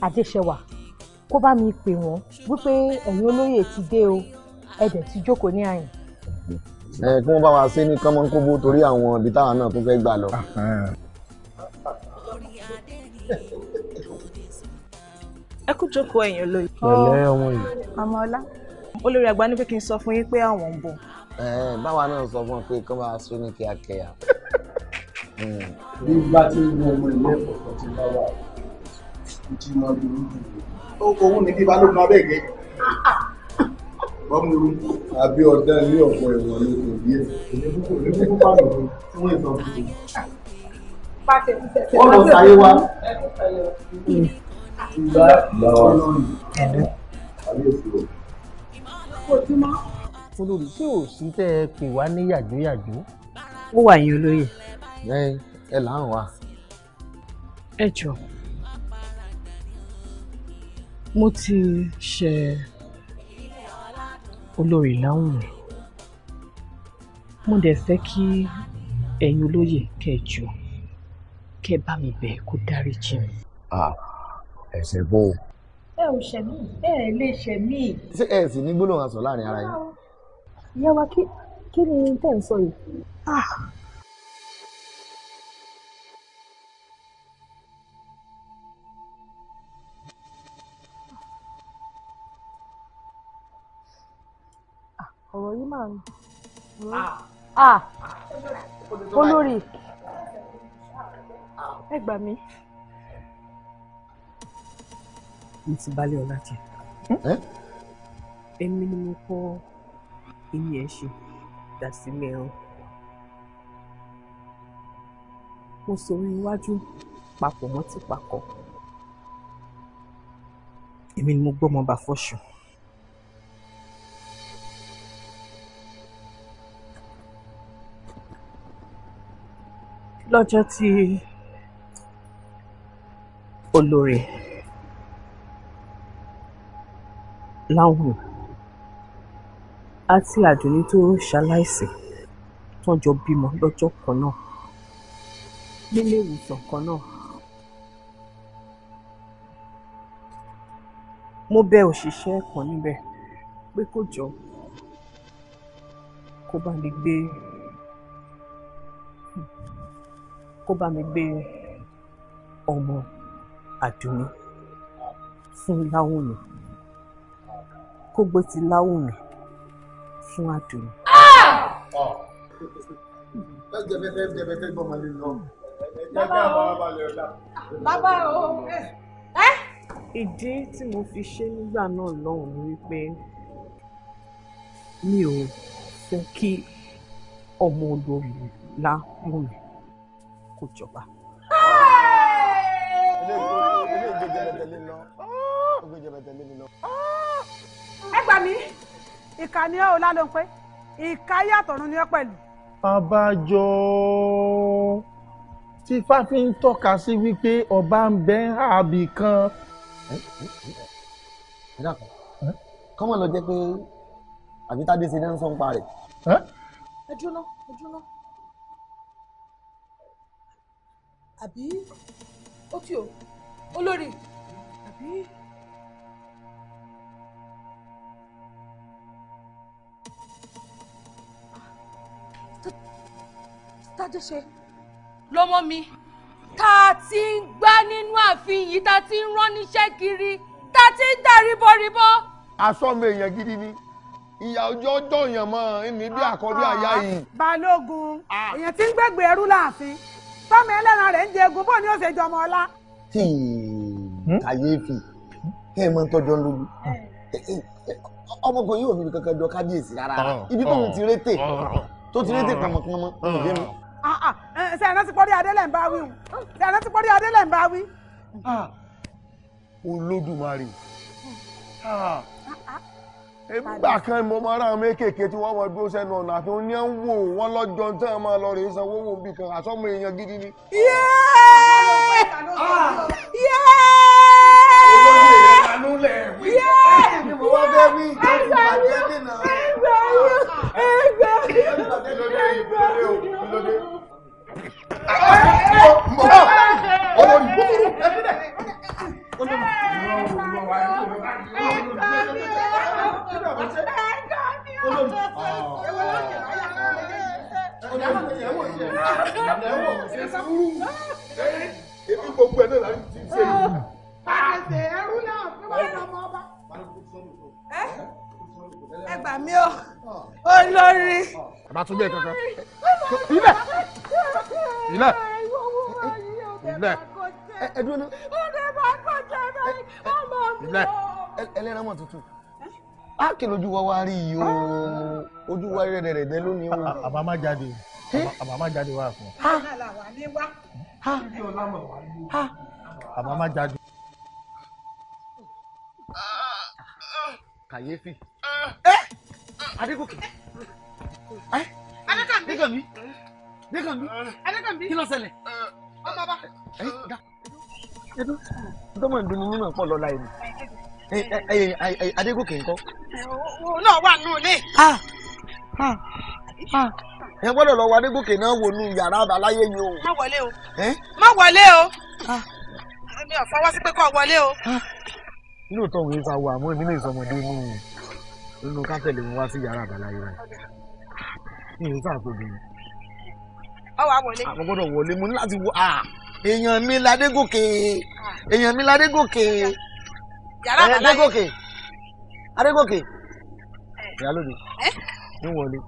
Adéṣẹwà kó bá mi pè wọ́n wípé ẹ̀yin olóyè ti dé o ẹ̀dẹ̀ ti jókòó ní àyìn. ẹ kí wọ́n bá wa ṣe ní kánmọ́ńkóbó torí àwọn ibi táwọn náà tó fẹ́ gbà lọ. ẹ kú jókòó ẹ̀yin olóyè. pẹ̀lẹ́ ọmọ yìí. ọmọ ọlá olórí àgbà ní pé kí n sọ fún yín pé àwọn ń bọ̀. báwa náà sọ fún ọ pé kí wọn bá sún ní kíákíá. nígbà tí mo mọ ilé ẹ̀kọ́ ti bá wà ìdí mọ ní orúkọ òun ní bíbá ló mọ abẹ́ gẹ́ bọ́mú àbí ọ̀dà ilé ọ̀pọ̀ ẹ̀wọ̀n ló kò bí ẹ̀ ní kúkú pàmò tí wọ́n ìtọ́ fún mi. wọ́n sáyé wa ìgbà ìlọrin ẹ̀dọ́. olórí tí ò sí tẹ ẹ pè wá ní yàjóyàjó. ó wà yín olóyè. ẹ ẹ là ń wá. ẹ jọ mo ti ṣe olórí láwùn rẹ mo dẹ̀ fẹ́ kí ẹ̀yin olóyè kẹjọ kẹ bá mi bẹ̀ kó dáríjì mi. Ah ẹ̀ṣẹ̀ bó. ẹ ò ṣẹ̀mí ẹ ẹ lè ṣẹ̀mí. ṣé ẹ sì ní gbólóhùn aṣọ láàrin ara yín. ìyá wa kí kí ni tẹ́ ń sọ yìí. Ah! Ah, ọ̀rọ̀ yìí máa ń. Ah! olórí ẹ gbà mí mo ti balẹ̀ ọ̀la jẹ. èmi ni mo kọ́ ilé ẹ̀ ṣe dàsílẹ̀ ẹran. mo sọ orí iwájú papọ̀ mọ́ ti pakọ̀. èmi ni mo gbọ́mọ bá fọ́ṣùn. lọ́jọ́ tí olórí. láwọn àti àdùnní tó ṣaláìsí tán jọ bímọ lọ́jọ́ kan náà nílé ìwòsàn kan náà. mo bẹ òṣìṣẹ́ kan níbẹ̀ pé kó jọ kó bá mi gbé kó bá mi gbé ọmọ àdùnní fún láwọn mi kógbó ti láwùmí fún àdùnní. bàbá o ẹ. ìdí tí mo fi ṣe nígbà náà lọ́hùn ni wípé mi ò fẹ́ kí ọmọ olórí láwùmí kò jọba. ilé ìgbẹ́jẹ̀ bẹ̀tẹ̀ lé lọ ẹ gbà mí ìkà ni ọ lálọ pé ìkà yàtọ̀ ni ọ pẹ̀lú. abájọ tí fáfi ń tọ́ka sí wípé ọba ń bẹ ń hà bì kan. kọ́mọ lọ jẹ́ pé àbítádé ṣe náà ń sọ ń pa rẹ̀. ẹ dúná ẹ dúná àbí ó tí o olórí àbí. tájọ ṣe lọ́mọ mi taa ti ń gbá nínú ààfin yìí ta ti ń rán níṣẹ́ kiri ti ń dá ríbọríbọ. èèyàn gidi ni ìyá ọjọ́ ọjọ́ èèyàn mọ́ ẹni bí àkọ́bí ah, àyá yìí. balógun ah. èèyàn ti ń gbẹ̀gbẹ̀ ẹrú láàfin tọ́mọ ẹlẹ́ran rẹ̀ ń ni ó ṣe jọmọ ọlá. Hmm? kàyéfì kẹ́ mọ tọ́jọ́ lójú fi kankan jọ kábíyèsí rárá ah. ibi tóun ti rétè tó ti rétè ṣe ẹ̀rán ti pọ́rí adé lẹ̀ ń bá wí ṣe ẹ̀rán ti pọ́rí adé lẹ̀ ń bá wí. olódùmarè nígbà kan mo máa ra mékèké tí wọ́n mọ bí ó sẹ́nu ọ̀nà àfi ó ní à ń wò wọ́n lọ́jọ́ tí wọ́n máa lọ rèé sanwó wò bí kan àtọ́mọ èèyàn gidi ni. Ẹgbẹ́ yóò, ẹgbẹ́ yóò, ẹgbẹ́ yóò mo náà la ti ṣe yìí. Pàṣẹ ẹ gbà mí o olórí. bàbá tún gbé kankan ilẹ̀ ilẹ̀ ilẹ̀ ẹ dúró ní. ọdẹ bá kọjá báyìí ọmọ mi o. ẹlẹ́ran mọ̀ tuntun á kì lójú wa wá rí i o ojú wa rẹ̀ rẹ̀ bẹ́ẹ̀ lónìí o. àbá má jáde àbá má jáde wá fún ọ. àbá má jáde. kàyéfì. ẹ ah. eh! adégòkè ẹ eh! adékànbí adékànbí adékànbí adékànbí kí ló ṣẹlẹ̀. Eh, ọmọ bá. ẹ dá ẹ dún tọmọ ìdùnnú nínú ọ̀pọ̀ lọlá yìí adégòkè ńkọ́. òun náà wà nù ilé. Ah, ah, ẹ gbọ́dọ̀ lọ wọ adégòkè náà wò nù yàrá àbáláyé yìí o. má wọlé o má wọlé o mi ò fọwọ́ sí pé kó wọlé o lóòótọ́ òun yìí sá wà mọ́ nínú ìsọmọdé nínú nínú káfẹ́lì wọn wá sí yàrá àbáláyé rẹ̀ ní ìlú sàkóso mi. ọwọ́ àwọlé. àwọn gbọ́dọ̀ wọlé mo ní láti wọ èèyàn mi ládégòkè èèyàn mi ládégòkè yàrá àbáláyé ládégòkè adégòkè ìyálóde ń wọlé.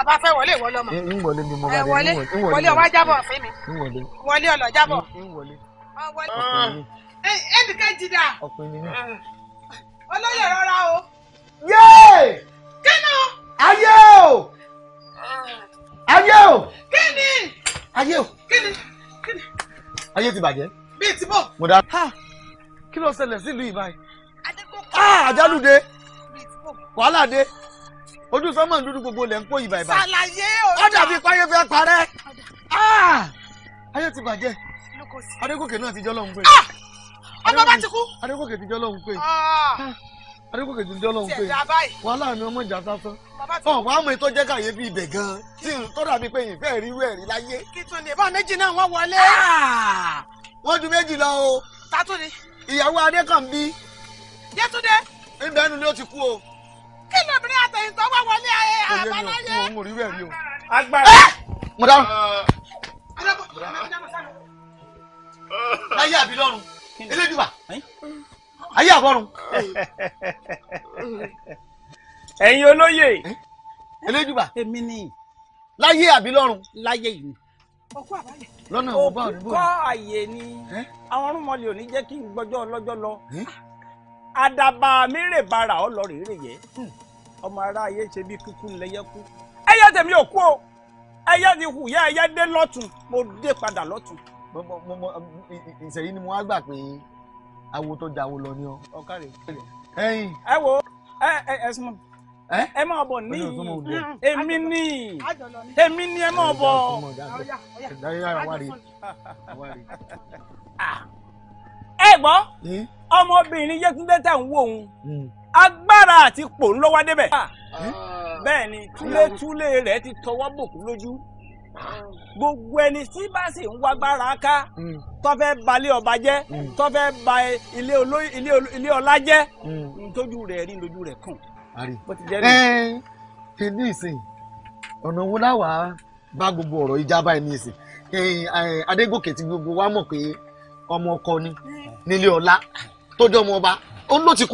ọba fẹ́ wọlé ìwọlé ọmọ. ń wọlé ni mo bá dé ń wọlé. wọlé ọwọ́ jábọ̀ fún mi. ń wọlé. wọlé ọlọ ẹnìkan jìdá olóyè rọra o. yéè. kínú. ayé o. ayé o. kíni. ayé o. kíni. kíni. ayé ti bàjẹ́. bíi ti bò. mo dá. kí ló ṣẹlẹ̀ sílùú ìbáyìí. adégbòkè. àjálù dé wàhálà dé ojú sọmọ dúdú gbogbo lẹ ń kó ìbà ìbà. ṣàlàyé o. ó dàbí páyé fẹ́ parẹ́. ayé ti bàjẹ́ adégòkè náà ti jọ́ lọ́hún pé. Ah! ọmọ bá ti kú. adékòkè ti jẹ́ ọlọ́run pé ah. adékòkè ti jẹ́ ọlọ́run pé wọn láàánú ọmọ ìjà sásán. ọ̀hún àwọn ètò jẹ́ kàyéfì ibẹ̀ gan-an tí tó dàbí pé yìí fẹ́ẹ̀ rí wẹ̀ rí láyé. kìtùn ní ìbọn méjì náà wọ́n wọlé. Ah! wọ́n ju méjì lọ o. tatu ni. ìyàwó adékànbí. yétúndé. ibẹ̀ ẹnu ni ó ti kú o. kí lóbìnrin àtẹ̀yìntàn wá wọlé eh, àbáláyé. mo rí wẹ̀ rí o. agbára. Eh! mo dáhùn. ayé ah. àbí lọ́rùn elédùbà ayé àbọ̀rùn. ẹ̀yin olóyè elédùbà èmi ni láyé àbí lọ́run láyé yìí ni lọ́nà àwọn bá òdúgbò kọ́ àyè ni àwọn ọ̀rùnmọ̀lẹ̀ ò ní jẹ́ kí n gbọ́jọ́ ọlọ́jọ́ lọ àdàbà mérèbàrà ọlọ́rẹ̀ rè yẹ hmm. ọmọ ará ayé ṣe bí kúkú lẹ́yẹ kú ẹyẹ tèmi ò kú o ẹyẹ ti hù yá ẹyẹ dé lọ́tún mo dé padà lọ́tún. Um, ìṣẹ̀yí ni mo wá gbà pé awo tó jáwo lọ ni ọ ọkàrẹ. ẹyin. ẹ wo ẹ ẹ ẹ sùn ẹ máa bọ̀ ní èmi ní èmi ní ẹ máa bọ̀. Ah. ẹ gbọ́ ọmọbìnrin yẹtúndé tẹ̀ ń wò òun hmm. agbára àti pò ń lọ́wọ́ débẹ̀ ah. bẹ́ẹ̀ ni túlétúlé ah. rẹ̀ ti tọwọ́ bòkú lójú. Ah. gbogbo ẹni tí bá sì ń wágbára ká hmm. tó balẹ̀ ọba jẹ́ hmm. tó ba ilé ọlá jẹ́ hmm. ntójú rẹ̀ rí lójú rẹ̀ kàn. gbogbo ọ̀rọ̀ ìjábá ẹ̀ ní ìsìn tí gbogbo wa mọ̀ pé ọmọ ọkọ ni nílé ọlá tó ọmọ ọba ó ló tí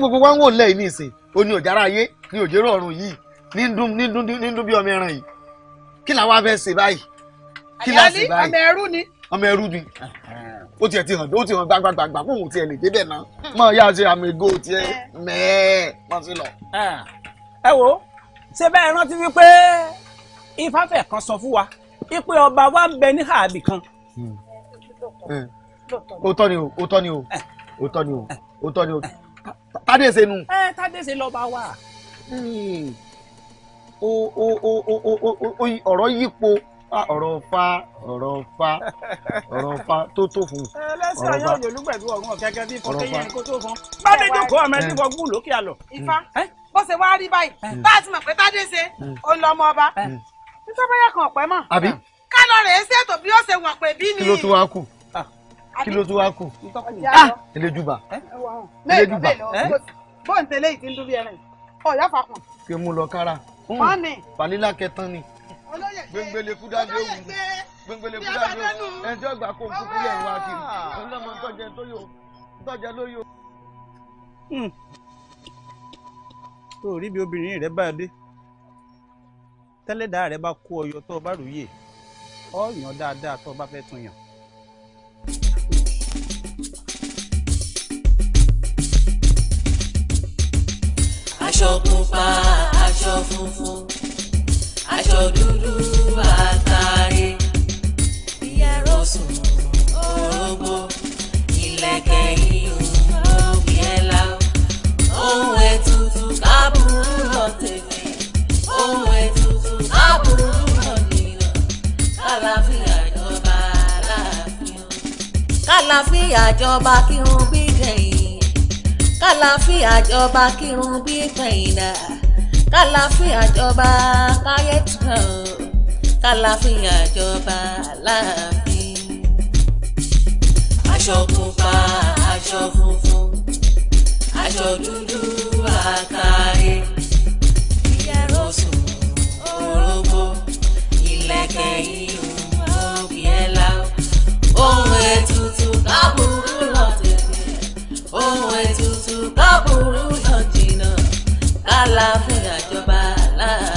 gbogbo wa ń wò lẹ́yìn ní ìsìn ọ̀jára ayé nídùn nídùn nídùn bí ọmọ ẹran yìí kí làwọn abẹ ṣe báyìí kí làwọn ṣe báyìí ọmọ ẹrú ni ọmọ ẹrú ni ó tiẹ̀ ti hàn ó ti hàn gbàgbàgbà fún òun tiẹ̀ lè débẹ̀ náà mọ̀ ya ṣe àmì ìgò tiẹ̀ mẹ́ẹ̀ wọ́n ti lọ. ẹ wo ṣé bẹ́ẹ̀ rántí wípé ifáfẹ́ kan sọ fún wa ipe ọba wa ń bẹ ní hàbì kan. òótọ́ hmm. ni o òótọ́ ni o òótọ́ eh. ni o òótọ́ ni o tádé ṣe nu. ẹ eh, tádé ṣe lọ́ba wa. Hmm ọ̀rọ̀ yípo ọ̀rọ̀ fa ọ̀rọ̀ fa ọ̀rọ̀ fa tó tó fún ẹlẹ́sìn ayé òjò olúgbẹ̀dù ọ̀run ọ̀kẹ́kẹ́ bíi fọ́tẹ́ yẹn kó tó fún un. bá dé jókòó ọmọ mm. ẹni wọgbù lókè àlọ. Mm. ifá eh? bó ṣe wá rí báyìí mm. bá a ti mọ̀ pé tádé ṣe ó ń lọ ọmọ ọba nítorí báyà kan ọ̀pẹ́ mọ̀. àbí. ká lọ rèé ṣètò bí ó ṣe wọ̀n pé bí ni. Ah. kí ló tún wá kù kí ló tún wá kù. Ah, eléjúbà eh? eléjúbà. Eh? bó fàkùn. kí mo lọ kára. Hmm. fani. balila kẹtàn ni. gbẹngbẹlẹ kúdà dé òun gbẹngbẹlẹ kúdà dé òun ẹjọ gbà kó kúkú lẹ wá kiri ọlọmọ tọjẹ tó yọ tọjẹ ló yọ. tó hmm. o rí bí obìnrin rẹ bá dé tẹ́lẹ̀dá rẹ bá kó ọyọ tó o bá ròyè ọ yàn dáadáa tó o bá fẹ́ tún yàn. aṣọ pupa aṣọ funfun aṣọ dúdú àtàrí ìyàrá sùn orógbó ìlẹ̀kẹ̀ ìhùn òbí ẹ̀la ohun ètùtù kábùrú lọ tèmi ohun ètùtù kábùrú lọ nìyàn kálàfíà jọba aláàfin kálàfíà jọba kírun bí kẹ̀yìn kálàfíà jọba kírun bí kẹ̀yìn náà kàlàfíà jọba káyé tán o kàlàfíà jọba láàfin. aṣọ pupa aṣọ funfun aṣọ dúdú àkàyè ìyẹ̀rọ sùn orógbó ìlẹ̀kẹ̀ ìhùn òbí ẹ̀ la ohun ètùtù kábùrú lọ́tẹ̀ẹ̀ ohun ètùtù kábùrú kálá fún ìdájọba láàrin.